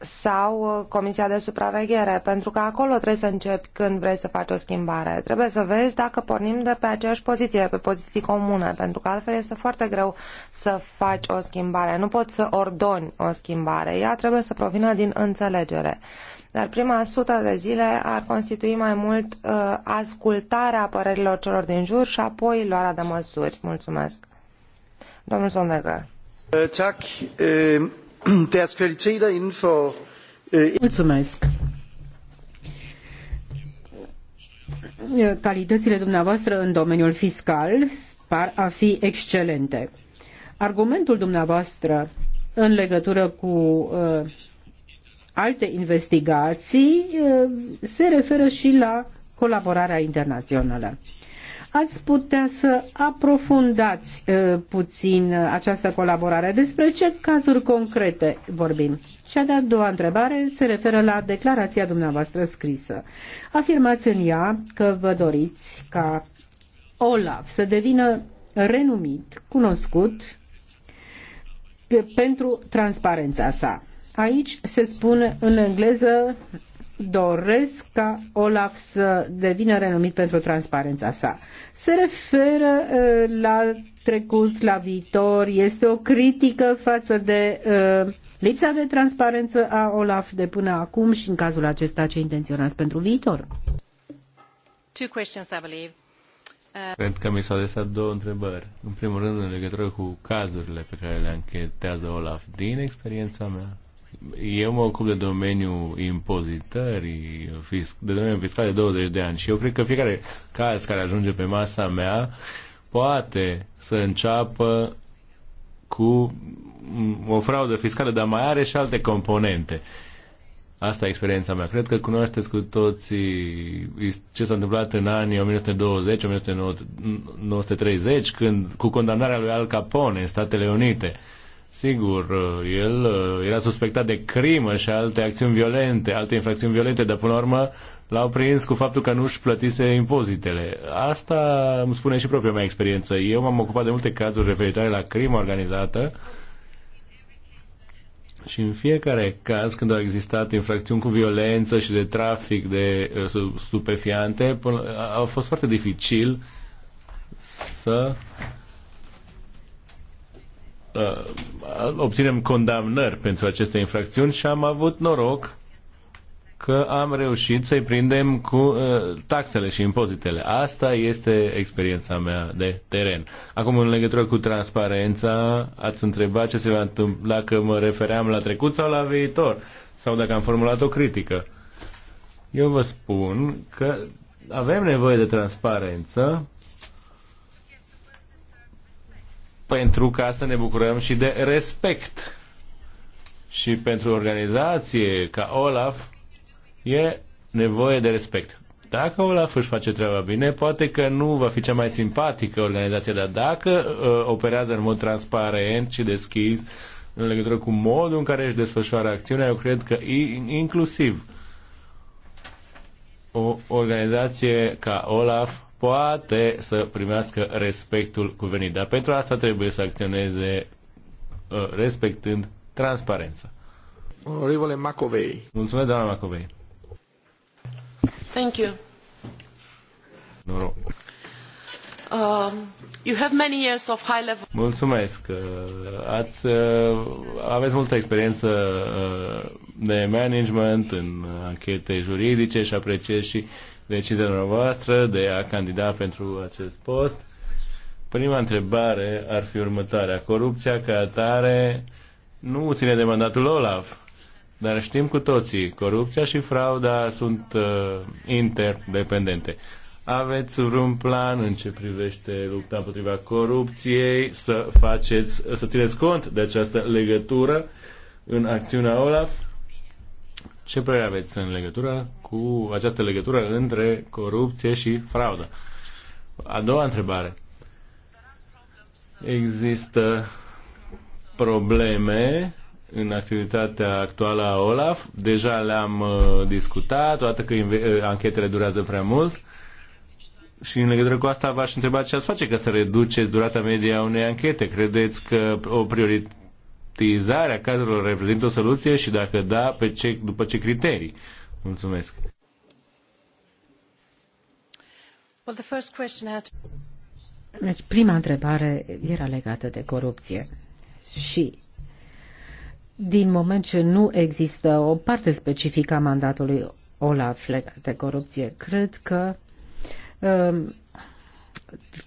[SPEAKER 2] sau uh, Comisia de Supraveghere, pentru că acolo trebuie să începi când vrei să faci o schimbare. Trebuie să vezi dacă pornim de pe aceeași poziție, pe poziții comune, pentru că altfel este foarte greu să faci o schimbare. Nu poți să ordoni o schimbare. Ea trebuie să provină din înțelegere. Dar prima sută de zile ar constitui mai mult uh, ascultarea părerilor celor din jur și apoi luarea de măsuri. Mulțumesc. Domnul Sondegger.
[SPEAKER 3] Uh, Uh, deres Uh... Mulțumesc. Calitățile dumneavoastră în domeniul fiscal par a fi excelente. Argumentul dumneavoastră în legătură cu uh, alte investigații uh, se referă și la colaborarea internațională. Ați putea să aprofundați uh, puțin uh, această colaborare. Despre ce cazuri concrete vorbim? Cea de-a doua întrebare se referă la declarația dumneavoastră scrisă. Afirmați în ea că vă doriți ca Olaf să devină renumit, cunoscut pentru transparența sa. Aici se spune în engleză doresc ca Olaf să devină renumit pentru transparența sa. Se referă uh, la trecut, la viitor, este o critică față de uh, lipsa de transparență a Olaf de până acum și în cazul acesta ce intenționați pentru viitor? Two questions, I believe. Uh... Cred
[SPEAKER 1] că mi s-au adresat două întrebări. În primul rând, în legătură cu cazurile pe care le anchetează Olaf. Din experiența mea, eu mă ocup de domeniul impozitării, de domeniul fiscal de 20 de ani și eu cred că fiecare caz care ajunge pe masa mea poate să înceapă cu o fraudă fiscală, dar mai are și alte componente. Asta e experiența mea. Cred că cunoașteți cu toții ce s-a întâmplat în anii 1920-1930, când cu condamnarea lui Al Capone în Statele Unite Sigur, el uh, era suspectat de crimă și alte acțiuni violente, alte infracțiuni violente, dar până la urmă l-au prins cu faptul că nu-și plătise impozitele. Asta îmi spune și propria mea experiență. Eu m-am ocupat de multe cazuri referitoare la crimă organizată și în fiecare caz când au existat infracțiuni cu violență și de trafic de uh, stupefiante, au fost foarte dificil să Uh, obținem condamnări pentru aceste infracțiuni și am avut noroc că am reușit să-i prindem cu uh, taxele și impozitele. Asta este experiența mea de teren. Acum, în legătură cu transparența, ați întrebat ce se va întâmpla, dacă mă refeream la trecut sau la viitor, sau dacă am formulat o critică. Eu vă spun că avem nevoie de transparență pentru ca să ne bucurăm și de respect. Și pentru organizație ca Olaf e nevoie de respect. Dacă Olaf își face treaba bine, poate că nu va fi cea mai simpatică organizație, dar dacă uh, operează în mod transparent și deschis în legătură cu modul în care își desfășoară acțiunea, eu cred că inclusiv o organizație ca Olaf poate să primească respectul cuvenit. Dar pentru asta trebuie să acționeze uh, respectând transparența. Onorevole Macovei. Mulțumesc, doamna Macovei. Thank you. Noroc. Uh,
[SPEAKER 2] um, you have many years of high level.
[SPEAKER 1] Mulțumesc. Uh, ați, uh, aveți multă experiență de management în anchete juridice și apreciez și uh, decizia noastră de a candida pentru acest post. Prima întrebare ar fi următoarea. Corupția ca atare nu ține de mandatul Olaf, dar știm cu toții, corupția și frauda sunt uh, interdependente. Aveți vreun plan în ce privește lupta împotriva corupției, să faceți, să țineți cont de această legătură în acțiunea Olaf? Ce părere aveți în legătură cu această legătură între corupție și fraudă? A doua întrebare. Există probleme în activitatea actuală a OLAF. Deja le-am uh, discutat, toate că uh, anchetele durează prea mult. Și în legătură cu asta v-aș întreba ce ați face ca să reduceți durata media unei anchete. Credeți că o prioritate Repartizarea cadrelor reprezintă o soluție și dacă da, pe ce, după ce criterii? Mulțumesc.
[SPEAKER 3] Well, the first question had... Deci prima întrebare era legată de corupție și din moment ce nu există o parte specifică a mandatului OLAF legată de corupție, cred că uh,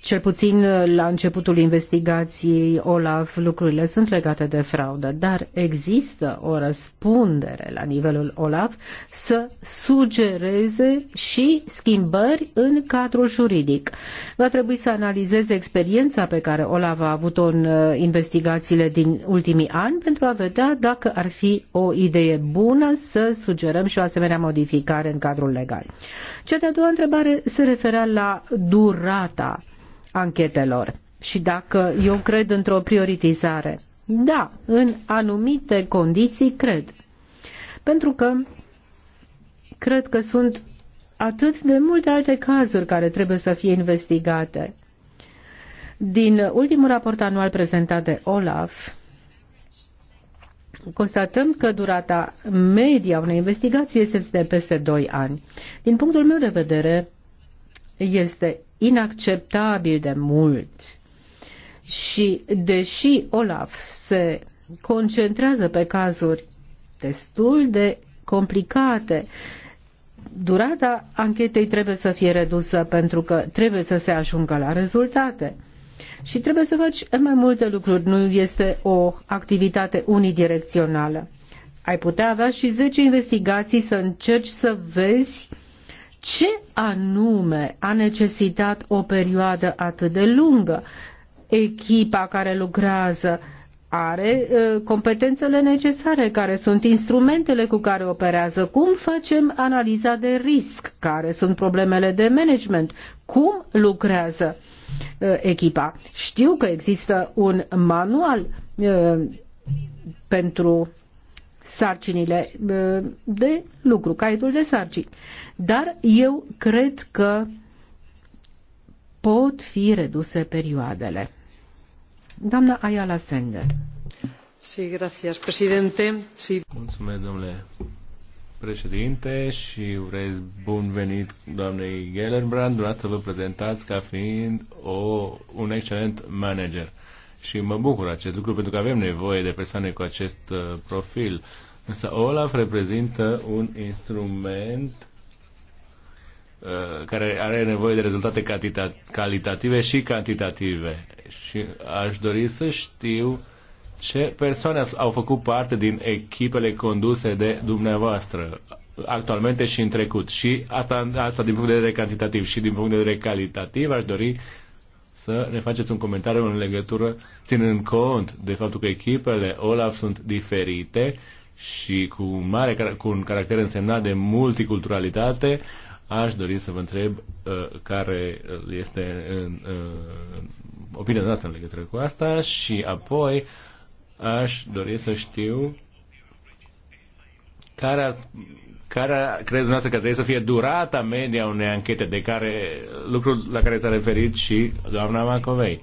[SPEAKER 3] cel puțin uh, la începutul investigației Olaf, lucrurile sunt legate de fraudă, dar există o răspundere la nivelul Olaf să sugereze și schimbări în cadrul juridic. Va trebui să analizeze experiența pe care Olaf a avut-o în uh, investigațiile din ultimii ani pentru a vedea dacă ar fi o idee bună să sugerăm și o asemenea modificare în cadrul legal. Cea de-a doua întrebare se referea la durata anchetelor. Și dacă eu cred într-o prioritizare, da, în anumite condiții cred. Pentru că cred că sunt atât de multe alte cazuri care trebuie să fie investigate. Din ultimul raport anual prezentat de Olaf, constatăm că durata media unei investigații este de peste 2 ani. Din punctul meu de vedere, este inacceptabil de mult. Și deși Olaf se concentrează pe cazuri destul de complicate, durata anchetei trebuie să fie redusă pentru că trebuie să se ajungă la rezultate. Și trebuie să faci mai multe lucruri, nu este o activitate unidirecțională. Ai putea avea și 10 investigații să încerci să vezi uh, ce anume a necesitat o perioadă atât de lungă. Echipa care lucrează are uh, competențele necesare, care sunt instrumentele cu care operează, cum facem analiza de risc, care sunt problemele de management, cum lucrează uh, echipa. Știu că există un manual uh, pentru sarcinile de lucru, caietul de sarcini. Dar eu cred că pot fi reduse perioadele. Doamna Ayala Sender.
[SPEAKER 2] Sí, gracias, presidente. Sí.
[SPEAKER 1] Mulțumesc, domnule președinte și urez bun venit doamnei Gellerbrand, vreau să vă prezentați ca fiind o, un excelent manager și mă bucur acest lucru pentru că avem nevoie de persoane cu acest uh, profil. Însă Olaf reprezintă un instrument uh, care are nevoie de rezultate calitative și cantitative. Și aș dori să știu ce persoane au făcut parte din echipele conduse de dumneavoastră actualmente și în trecut. Și asta, asta din punct de vedere cantitativ și din punct de vedere calitativ aș dori să ne faceți un comentariu în legătură, ținând cont de faptul că echipele OLAF sunt diferite și cu, mare, cu un caracter însemnat de multiculturalitate, aș dori să vă întreb uh, care uh, este în, uh, opinia noastră în legătură cu asta și apoi aș dori să știu care ar care credeți dumneavoastră că trebuie să fie durata media unei anchete, de care, lucru la care s-a referit și doamna Macovei?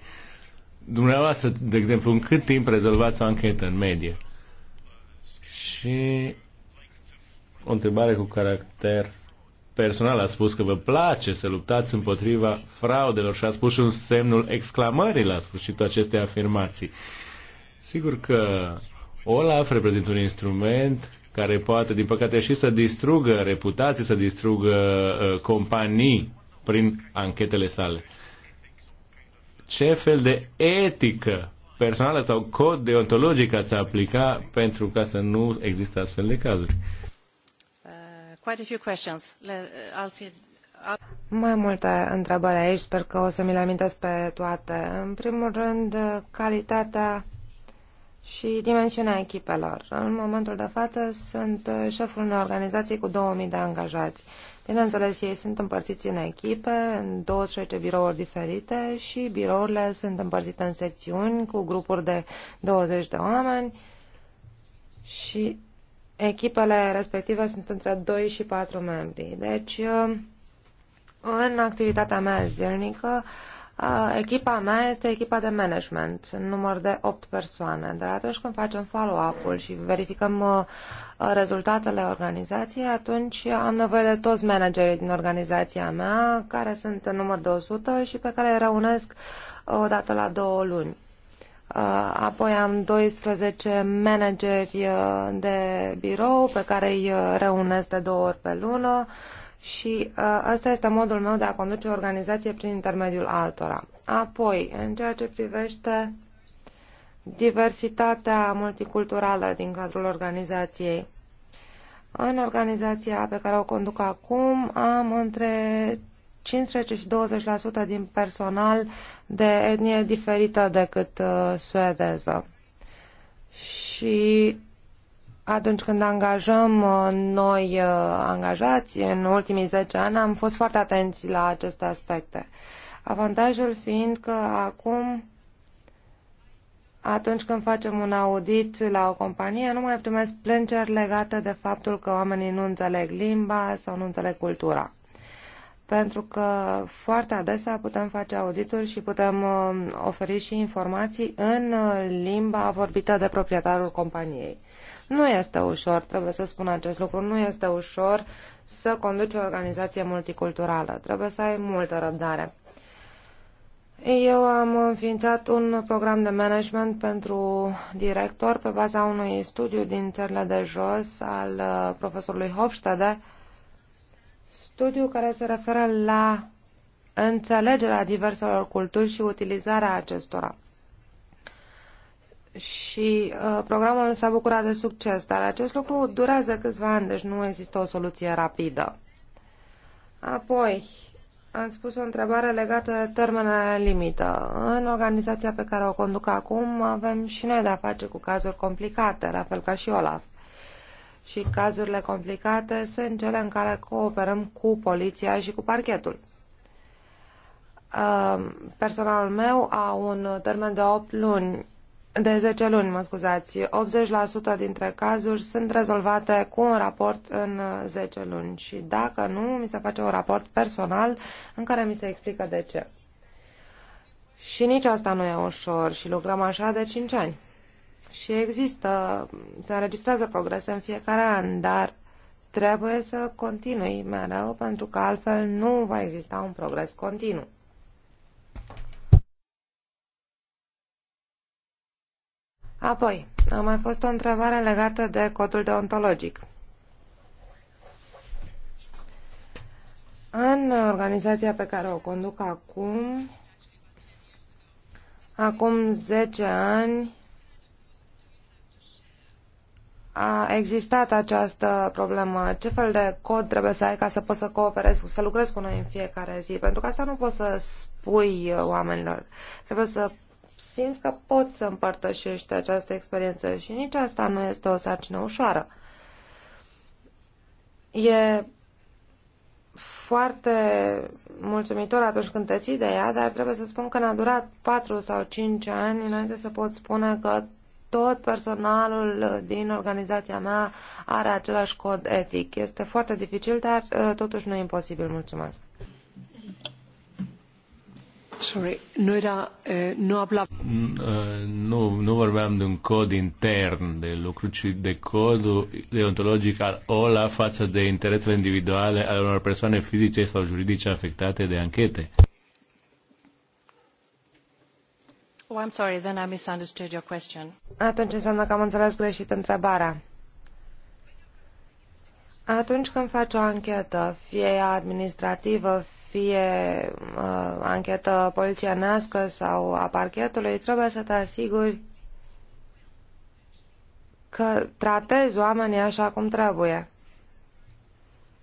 [SPEAKER 1] Dumneavoastră, de exemplu, în cât timp rezolvați o anchetă în medie? Și o întrebare cu caracter personal. A spus că vă place să luptați împotriva fraudelor și a spus și un semnul exclamării la sfârșitul acestei afirmații. Sigur că Olaf reprezintă un instrument care poate, din păcate, și să distrugă reputații, să distrugă uh, companii prin anchetele sale. Ce fel de etică personală sau cod deontologic ați aplica pentru ca să nu există astfel de cazuri?
[SPEAKER 3] Uh, uh,
[SPEAKER 2] Mai multe întrebări aici, sper că o să mi le amintesc pe toate. În primul rând, uh, calitatea și dimensiunea echipelor. În momentul de față sunt uh, șeful unei organizații cu 2000 de angajați. Bineînțeles, ei sunt împărțiți în echipe, în 12 birouri diferite și birourile sunt împărțite în secțiuni cu grupuri de 20 de oameni și echipele respective sunt între 2 și 4 membri. Deci, uh, în activitatea mea zilnică, echipa mea este echipa de management, număr de 8 persoane. Dar atunci când facem follow-up-ul și verificăm uh, uh, rezultatele organizației, atunci am nevoie de toți managerii din organizația mea, care sunt în număr de 100 și pe care îi reunesc uh, o dată la două luni. Apoi am 12 manageri de birou pe care îi reunesc de două ori pe lună și uh, ăsta este modul meu de a conduce o organizație prin intermediul altora. Apoi, în ceea ce privește diversitatea multiculturală din cadrul organizației, în organizația pe care o conduc acum am între 15 și 20% din personal de etnie diferită decât uh, suedeză. Și atunci când angajăm uh, noi uh, angajați, în ultimii 10 ani, am fost foarte atenți la aceste aspecte. Avantajul fiind că acum, atunci când facem un audit la o companie, nu mai primesc plângeri legate de faptul că oamenii nu înțeleg limba sau nu înțeleg cultura. Pentru că foarte adesea putem face audituri și putem uh, oferi și informații în limba vorbită de proprietarul companiei. Nu este ușor, trebuie să spun acest lucru, nu este ușor să conduci o organizație multiculturală. Trebuie să ai multă răbdare. Eu am înființat un program de management pentru director pe baza unui studiu din țările de jos al uh, profesorului Hofstede, studiu care se referă la înțelegerea diverselor culturi și utilizarea acestora și uh, programul s-a bucurat de succes, dar acest lucru durează câțiva ani, deci nu există o soluție rapidă. Apoi, am spus o întrebare legată de termenele limită. În organizația pe care o conduc acum avem și noi de-a face cu cazuri complicate, la fel ca și Olaf. Și cazurile complicate sunt cele în care cooperăm cu poliția și cu parchetul. Uh, personalul meu a un termen de 8 luni de 10 luni, mă scuzați, 80% dintre cazuri sunt rezolvate cu un raport în 10 uh, luni și dacă nu, mi se face un raport personal în care mi se explică de ce. Și nici asta nu e ușor și lucrăm așa de 5 ani. Și există, se înregistrează progrese în fiecare an, dar trebuie să continui mereu pentru că altfel nu va exista un progres continuu. Apoi, a mai fost o întrebare legată de codul deontologic. În organizația pe care o conduc acum, acum 10 ani, a existat această problemă. Ce fel de cod trebuie să ai ca să poți să cooperezi, să lucrezi cu noi în fiecare zi? Pentru că asta nu poți să spui oamenilor. Trebuie să simți că poți să împărtășești această experiență și nici asta nu este o sarcină ușoară. E foarte mulțumitor atunci când te ții de ea, dar trebuie să spun că ne-a durat 4 sau 5 ani înainte să pot spune că tot personalul din organizația mea are același cod etic. Este foarte dificil, dar uh, totuși nu e imposibil. Mulțumesc! Eh, eh,
[SPEAKER 1] nu nu vorbeam de un cod intern de lucru, ci de codul deontologic al OLA față de interesele individuale ale unor persoane fizice sau juridice afectate de anchete.
[SPEAKER 2] Oh, I'm sorry, then I misunderstood your question. Atunci înseamnă că am înțeles greșit întrebarea. Atunci când faci o anchetă, fie ea administrativă, fie uh, anchetă polițianească sau a parchetului, trebuie să te asiguri că tratezi oamenii așa cum trebuie.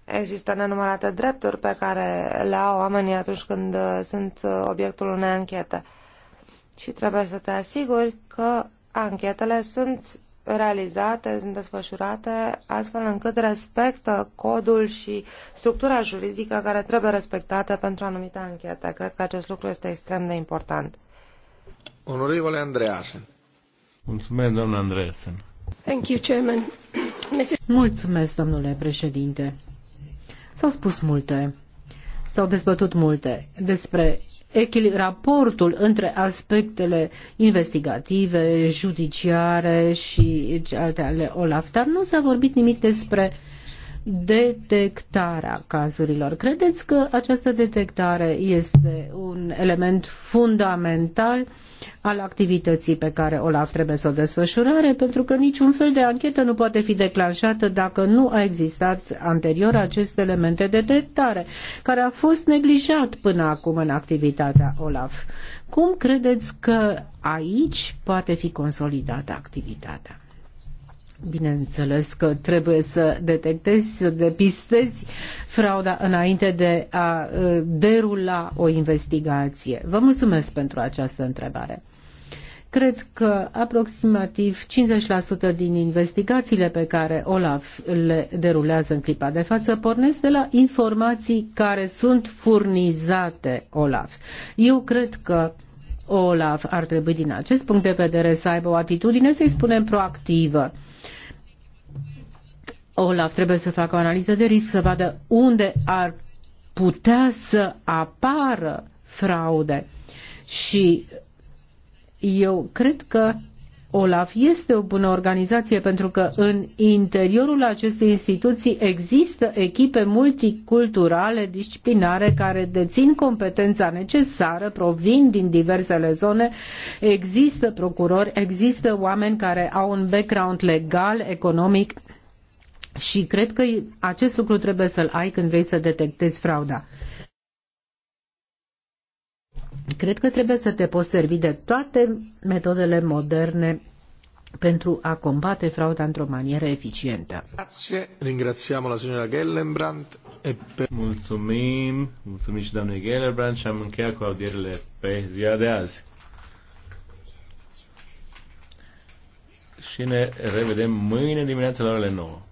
[SPEAKER 2] Există nenumărate drepturi pe care le au oamenii atunci când uh, sunt uh, obiectul unei anchete. Și trebuie să te asiguri că anchetele sunt realizate, sunt desfășurate astfel încât respectă codul și structura juridică care trebuie respectată pentru anumite anchete. Cred că acest lucru este extrem de important.
[SPEAKER 1] Onorevole Andreasen. Mulțumesc, doamna Andreasen.
[SPEAKER 3] Thank you, Chairman. Mulțumesc, domnule președinte. S-au spus multe, s-au dezbătut multe despre raportul între aspectele investigative, judiciare și alte ale OLAF, dar nu s-a vorbit nimic despre uh, detectarea cazurilor. Credeți că această detectare este un element fundamental al activității pe care OLAF trebuie să o desfășurare, pentru că niciun fel de anchetă nu poate fi declanșată dacă nu a existat anterior acest element de detectare, care a fost neglijat până acum în activitatea OLAF. Cum credeți că aici poate fi consolidată activitatea? Bineînțeles că trebuie să detectezi, să depistezi frauda înainte de a derula o investigație. Vă mulțumesc pentru această întrebare. Cred că aproximativ 50% din investigațiile pe care Olaf le derulează în clipa de față pornesc de la informații care sunt furnizate Olaf. Eu cred că Olaf ar trebui din acest punct de vedere să aibă o atitudine, să-i spunem, proactivă Olaf trebuie să facă o analiză de risc, să vadă unde ar putea să apară fraude. Și eu cred că Olaf este o bună organizație pentru că în interiorul acestei instituții există echipe multiculturale, disciplinare, care dețin competența necesară, provin din diversele zone, există procurori, există oameni care au un background legal, economic și cred că acest lucru trebuie să-l ai când vrei să detectezi frauda. Cred că trebuie să te poți servi de toate metodele moderne pentru a combate frauda într-o manieră eficientă.
[SPEAKER 1] Grazie, ringrațiamo la signora Gellenbrand. E pe... Mulțumim, mulțumim și doamnei Gellenbrand și am încheiat cu audierile pe ziua de azi. Și ne revedem mâine dimineața la orele 9.